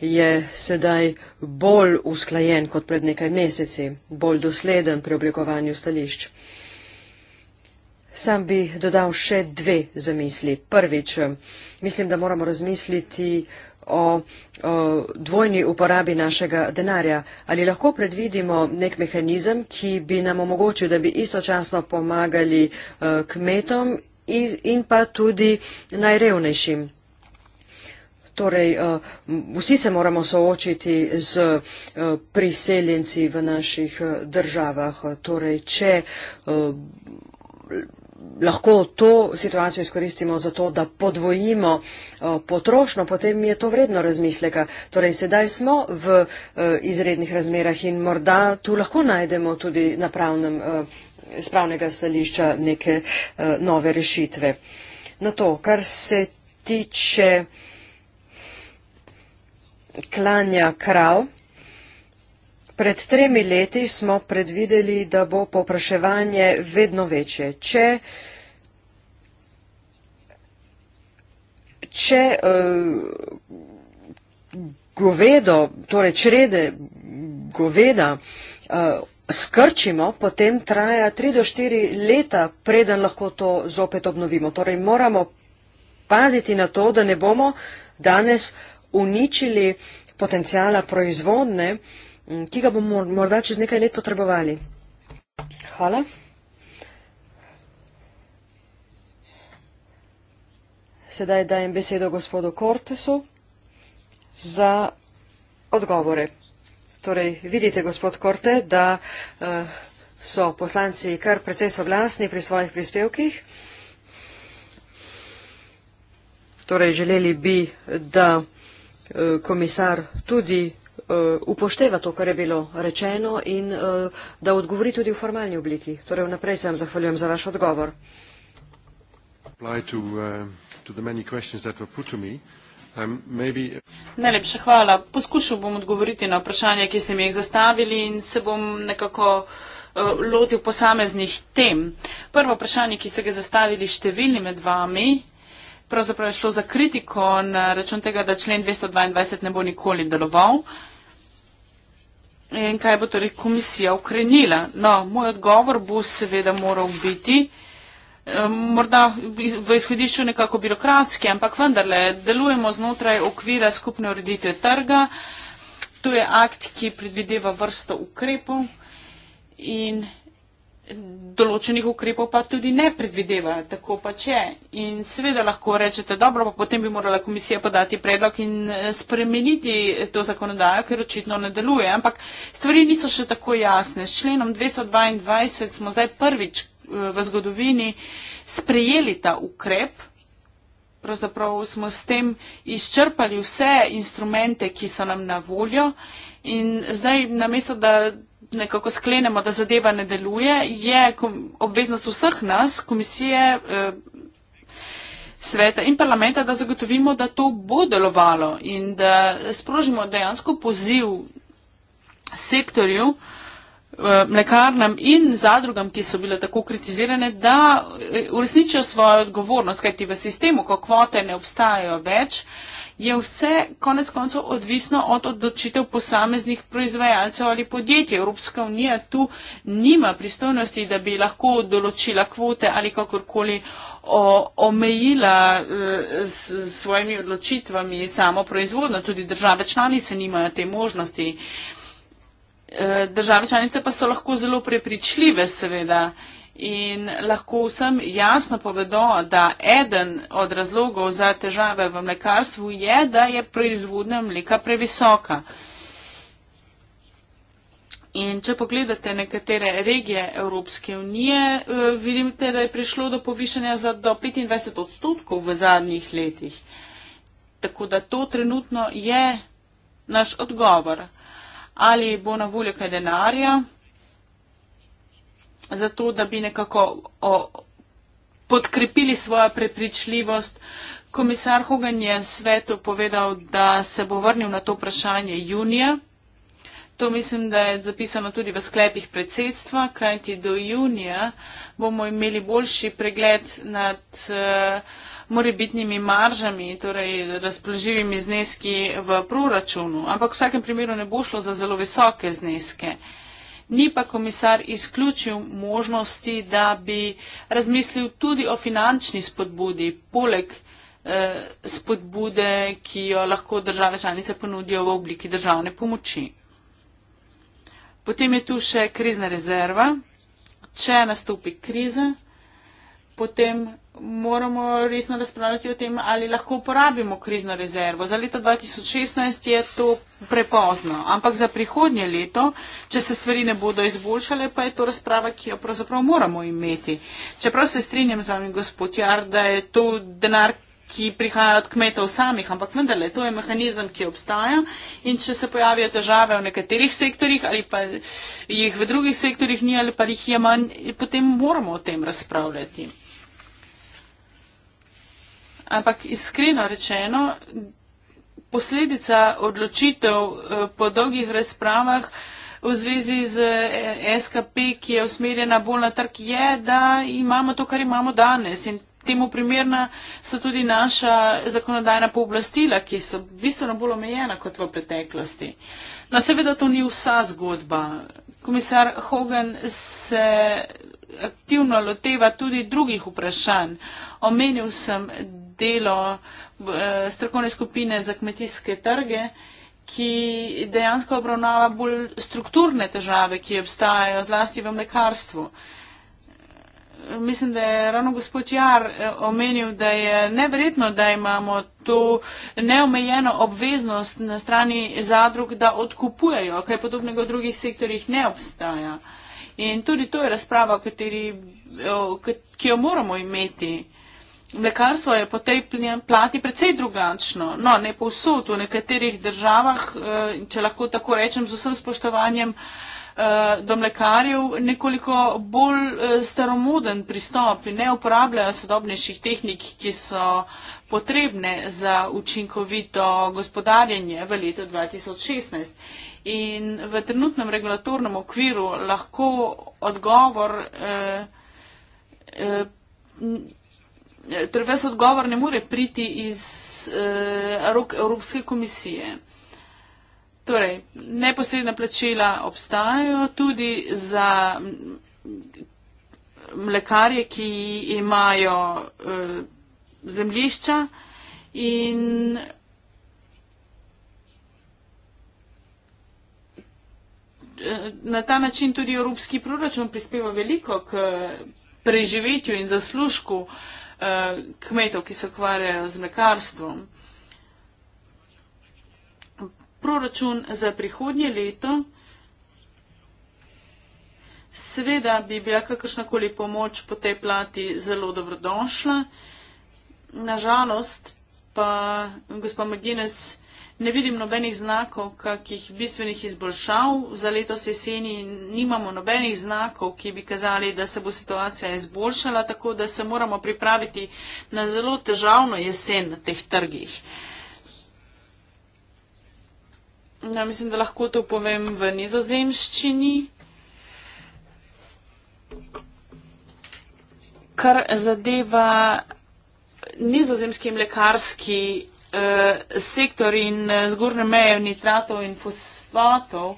je sedaj bolj usklajen kot pred nekaj meseci, bolj dosleden pri oblikovanju stališč. Sam bi dodal še dve zamisli. Prvič, eh, mislim, da moramo razmisliti o, o dvojni uporabi našega denarja. Ali lahko predvidimo nek mehanizem, ki bi nam omogočil, da bi istočasno pomagali uh, kmetom in, in pa tudi najrevnejšim? Torej, eh, vsi se moramo soočiti z eh, priseljenci v naših eh, državah. Torej, če lahko to situacijo izkoristimo za to, da podvojimo potrošno, potem je to vredno razmisleka. Torej, sedaj smo v izrednih razmerah in morda tu lahko najdemo tudi na pravnem spravnega stališča neke nove rešitve. Na to, kar se tiče uh, klanja krav. Pred tremi leti smo predvideli, da bo popraševanje vedno večje. Če, če uh, govedo, torej črede goveda, uh, skrčimo, potem traja tri do štiri leta, preden lahko to zopet obnovimo. Torej moramo paziti na to, da ne bomo danes uh, uničili potencijala proizvodne, ki ga bomo morda čez nekaj let potrebovali. Hvala. Sedaj dajem besedo gospodu Kortesu za odgovore. Torej, vidite, gospod Korte, da eh, so poslanci kar precej soglasni pri svojih prispevkih. Torej, želeli bi, da Eh, komisar tudi eh, upošteva to, kar je bilo rečeno in eh, da odgovori tudi v formalni obliki. Torej vnaprej se vam zahvaljujem za vaš odgovor. Um, uh, Najlepša hvala. Poskušal bom odgovoriti na vprašanje, ki ste mi jih zastavili in se bom nekako lotil posameznih tem. Prvo vprašanje, ki ste ga zastavili številni med vami, pravzaprav je šlo za kritiko na račun tega, da člen 222 ne bo nikoli deloval. In kaj bo torej komisija ukrenila? No, moj odgovor bo seveda moral biti, eh, morda v izhodišču nekako birokratski, ampak vendarle delujemo znotraj okvira skupne ureditve trga. To je akt, ki predvideva vrsto ukrepov in določenih ukrepov pa tudi ne predvideva, tako pa če. In seveda lahko rečete, dobro, pa potem bi morala komisija podati predlog in eh, spremeniti to zakonodajo, ker očitno ne deluje. Ampak stvari niso še tako jasne. S členom 222 smo zdaj prvič eh, v zgodovini sprejeli ta ukrep. Pravzaprav smo s tem izčrpali vse instrumente, ki so nam na voljo. In zdaj, namesto da nekako sklenemo, da zadeva ne deluje, je obveznost vseh nas, komisije, eh, sveta in parlamenta, da zagotovimo, da to bo delovalo in da sprožimo dejansko poziv sektorju, eh, mlekarnam in zadrugam, ki so bile tako kritizirane, da eh, uresničijo svojo odgovornost, kajti v sistemu, ko kvote ne obstajajo več, je vse konec koncev odvisno od odločitev posameznih proizvajalcev ali podjetij. Evropska unija tu nima pristojnosti, da bi lahko določila kvote ali kakorkoli omejila eh, s svojimi odločitvami samo proizvodno. Tudi države članice nimajo te možnosti. Eh, države članice pa so lahko zelo prepričljive, seveda in lahko vsem jasno povedo, da eden od razlogov za težave v mlekarstvu je, da je proizvodnja mleka previsoka. In če pogledate nekatere regije Evropske unije, eh, vidite, da je prišlo do povišanja za do 25 odstotkov v zadnjih letih. Tako da to trenutno je naš odgovor. Ali bo na voljo kaj denarja? zato, da bi nekako o, podkrepili svojo prepričljivost. Komisar Hogan je svetu povedal, da se bo vrnil na to vprašanje junija. To mislim, da je zapisano tudi v sklepih predsedstva, kajti do junija bomo imeli boljši pregled nad eh, morebitnimi maržami, torej razpoloživimi zneski v proračunu. Ampak v vsakem primeru ne bo šlo za zelo visoke zneske. Ni pa komisar izključil možnosti, da bi razmislil tudi o finančni spodbudi, poleg eh, spodbude, ki jo lahko države članice ponudijo v obliki državne pomoči. Potem je tu še krizna rezerva. Če nastopi kriza, potem moramo resno razpravljati o tem, ali lahko uporabimo krizno rezervo. Za leto 2016 je to prepozno, ampak za prihodnje leto, če se stvari ne bodo izboljšale, pa je to razprava, ki jo pravzaprav moramo imeti. Čeprav se strinjam z vami, gospod Jar, da je to denar, ki prihaja od kmetov samih, ampak vendarle, to je mehanizem, ki obstaja in če se pojavijo težave v nekaterih sektorjih ali pa jih v drugih sektorjih ni ali pa jih je manj, potem moramo o tem razpravljati ampak iskreno rečeno, posledica odločitev eh, po dolgih razpravah v zvezi z eh, SKP, ki je usmerjena bolj na trg, je, da imamo to, kar imamo danes. In temu primerna so tudi naša zakonodajna pooblastila, ki so bistveno bolj omejena kot v preteklosti. No, seveda to ni vsa zgodba. Komisar Hogan se aktivno loteva tudi drugih vprašanj. Omenil sem, delo eh, strokovne skupine za kmetijske trge, ki dejansko obravnava bolj strukturne težave, ki obstajajo zlasti v mlekarstvu. Mislim, da je ravno gospod Jar eh, omenil, da je neverjetno, da imamo to neomejeno obveznost na strani zadrug, da odkupujejo, kaj podobnega v drugih sektorjih ne obstaja. In tudi to je razprava, kateri, ki jo moramo imeti. Mlekarstvo je po tej plati precej drugačno. No, ne povsod, v nekaterih državah, eh, če lahko tako rečem, z vsem spoštovanjem eh, do mlekarjev, nekoliko bolj eh, staromoden pristop in ne uporabljajo sodobnejših tehnik, ki so potrebne za učinkovito gospodarjenje v letu 2016. In v trenutnem regulatornem okviru lahko odgovor. Eh, eh, Ter ves odgovor ne more priti iz eh, Evropske komisije. Torej, neposredna plačila obstajajo tudi za mlekarje, ki imajo eh, zemlišča in eh, na ta način tudi Evropski proračun prispeva veliko k preživetju in zaslužku. Eh, kmetov, ki se ukvarjajo z mlekarstvom. Proračun za prihodnje leto. Seveda bi bila kakršnakoli pomoč po tej plati zelo dobrodošla. Nažalost pa gospod Maginez ne vidim nobenih znakov, kakih bistvenih izboljšav. Za letos jeseni nimamo nobenih znakov, ki bi kazali, da se bo situacija izboljšala, tako da se moramo pripraviti na zelo težavno jesen na teh trgih. Ja, mislim, da lahko to povem v nizozemščini. Kar zadeva nizozemski mlekarski eh, sektor in eh, zgornje meje nitratov in fosfatov.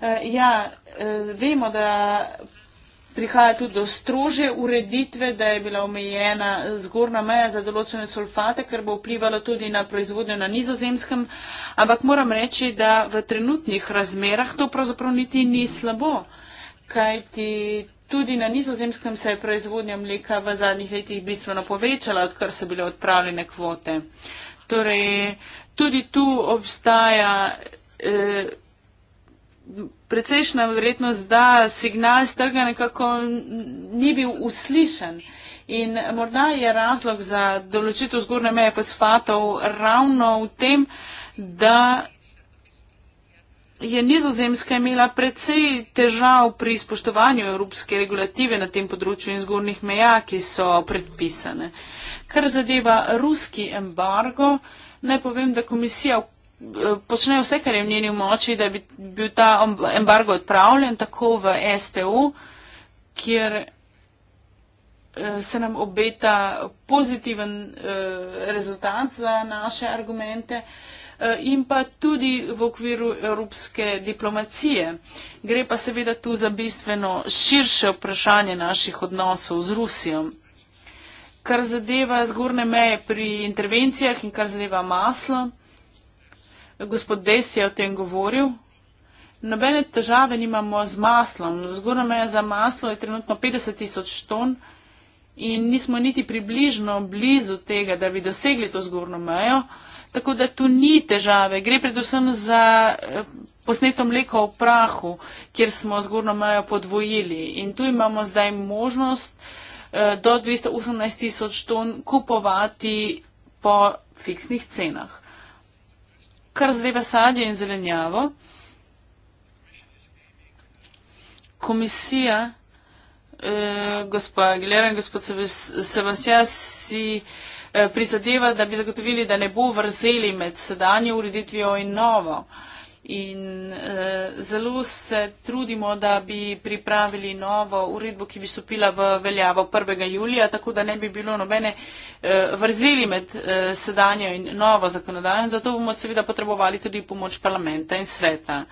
Eh, ja, eh, vemo, da prihaja tudi do strože ureditve, da je bila omejena zgornja meja za določene sulfate, kar bo vplivalo tudi na proizvodnjo na nizozemskem. Ampak moram reči, da v trenutnih razmerah to pravzaprav niti ni slabo, kajti tudi na nizozemskem se je proizvodnja mleka v zadnjih letih bistveno povečala, odkar so bile odpravljene kvote. Torej, tudi tu obstaja eh, precejšna verjetnost, da signal z trga nekako ni bil uslišen. In morda je razlog za določitev zgornje meje fosfatov ravno v tem, da je nizozemska imela precej težav pri spoštovanju evropske regulative na tem področju in zgornjih meja, ki so predpisane. Kar zadeva ruski embargo, naj povem, da komisija eh, počne vse, kar je v njeni moči, da bi bil ta embargo odpravljen, tako v STO, kjer eh, se nam obeta pozitiven eh, rezultat za naše argumente. Eh, in pa tudi v okviru evropske diplomacije. Gre pa seveda tu za bistveno širše vprašanje naših odnosov z Rusijo. Kar zadeva zgorne meje pri intervencijah in kar zadeva maslo, gospod Des je o tem govoril. Nobene težave nimamo z maslom. Zgorna meja za maslo je trenutno 50 tisoč ton in nismo niti približno blizu tega, da bi dosegli to zgorno mejo. Uh, Tako da tu ni težave. Gre predvsem za eh, posneto mleko v prahu, kjer smo zgornjo mejo podvojili. In tu imamo zdaj možnost eh, do 218 tisoč ton kupovati po fiksnih cenah. Kar zadeva sadje in zelenjavo, komisija, eh, gospod Gilera in gospod Sebastian, si eh, Eh, prizadeva, da bi zagotovili, da ne bo vrzeli med sedanjo ureditvijo in novo. In eh, zelo se trudimo, da bi pripravili novo uredbo, ki bi stopila v veljavo 1. julija, tako da ne bi bilo nobene eh, vrzeli med eh, sedanjo in novo zakonodajo. Zato bomo seveda potrebovali tudi pomoč parlamenta in sveta.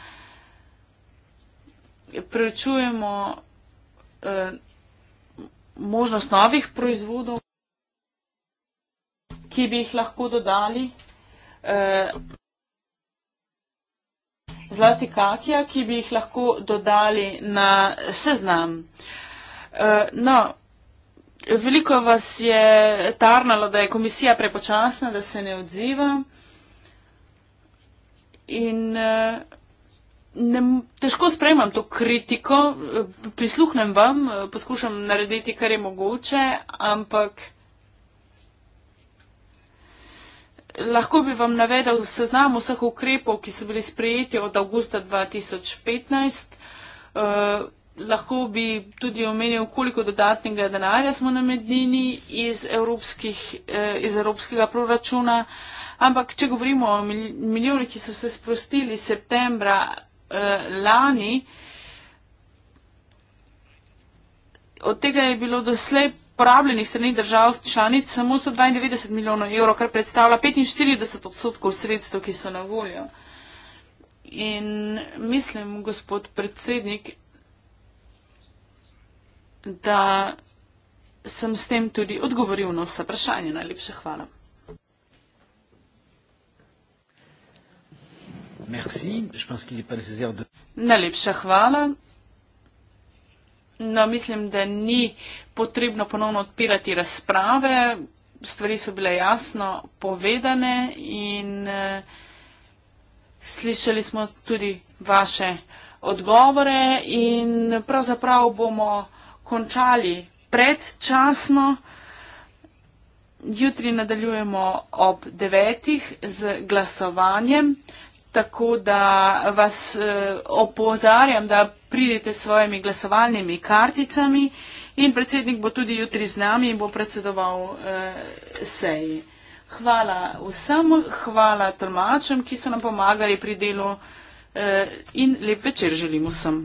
Prečujemo eh, možnost novih proizvodov ki bi jih lahko dodali. Eh, zlasti kakija, ki bi jih lahko dodali na seznam. Eh, no, veliko vas je tarnalo, da je komisija prepočasna, da se ne odziva. In eh, ne, težko sprejmem to kritiko, prisluhnem vam, poskušam narediti, kar je mogoče, ampak. Lahko bi vam navedel seznam vseh ukrepov, ki so bili sprejeti od avgusta 2015. Uh, eh, Lahko bi tudi omenil, koliko dodatnega denarja smo namenili iz, eh, iz evropskega proračuna, ampak če govorimo o milijonih, ki so se sprostili septembra eh, lani, od tega je bilo doslej porabljenih strani držav članic samo 192 milijonov evrov, kar predstavlja 45 odstotkov sredstev, ki so na voljo. In mislim, gospod predsednik, da sem s tem tudi odgovoril na vse vprašanje. Najlepša hvala. Najlepša hvala. No, mislim, da ni potrebno ponovno odpirati razprave, stvari so bile jasno povedane in eh, slišali smo tudi vaše odgovore in pravzaprav bomo končali predčasno. Jutri nadaljujemo ob devetih z glasovanjem, tako da vas eh, opozarjam, da pridete s svojimi glasovalnimi karticami In predsednik bo tudi jutri z nami in bo predsedoval eh, seji. Hvala vsem, hvala tolmačem, ki so nam pomagali pri delu eh, in lep večer želim vsem.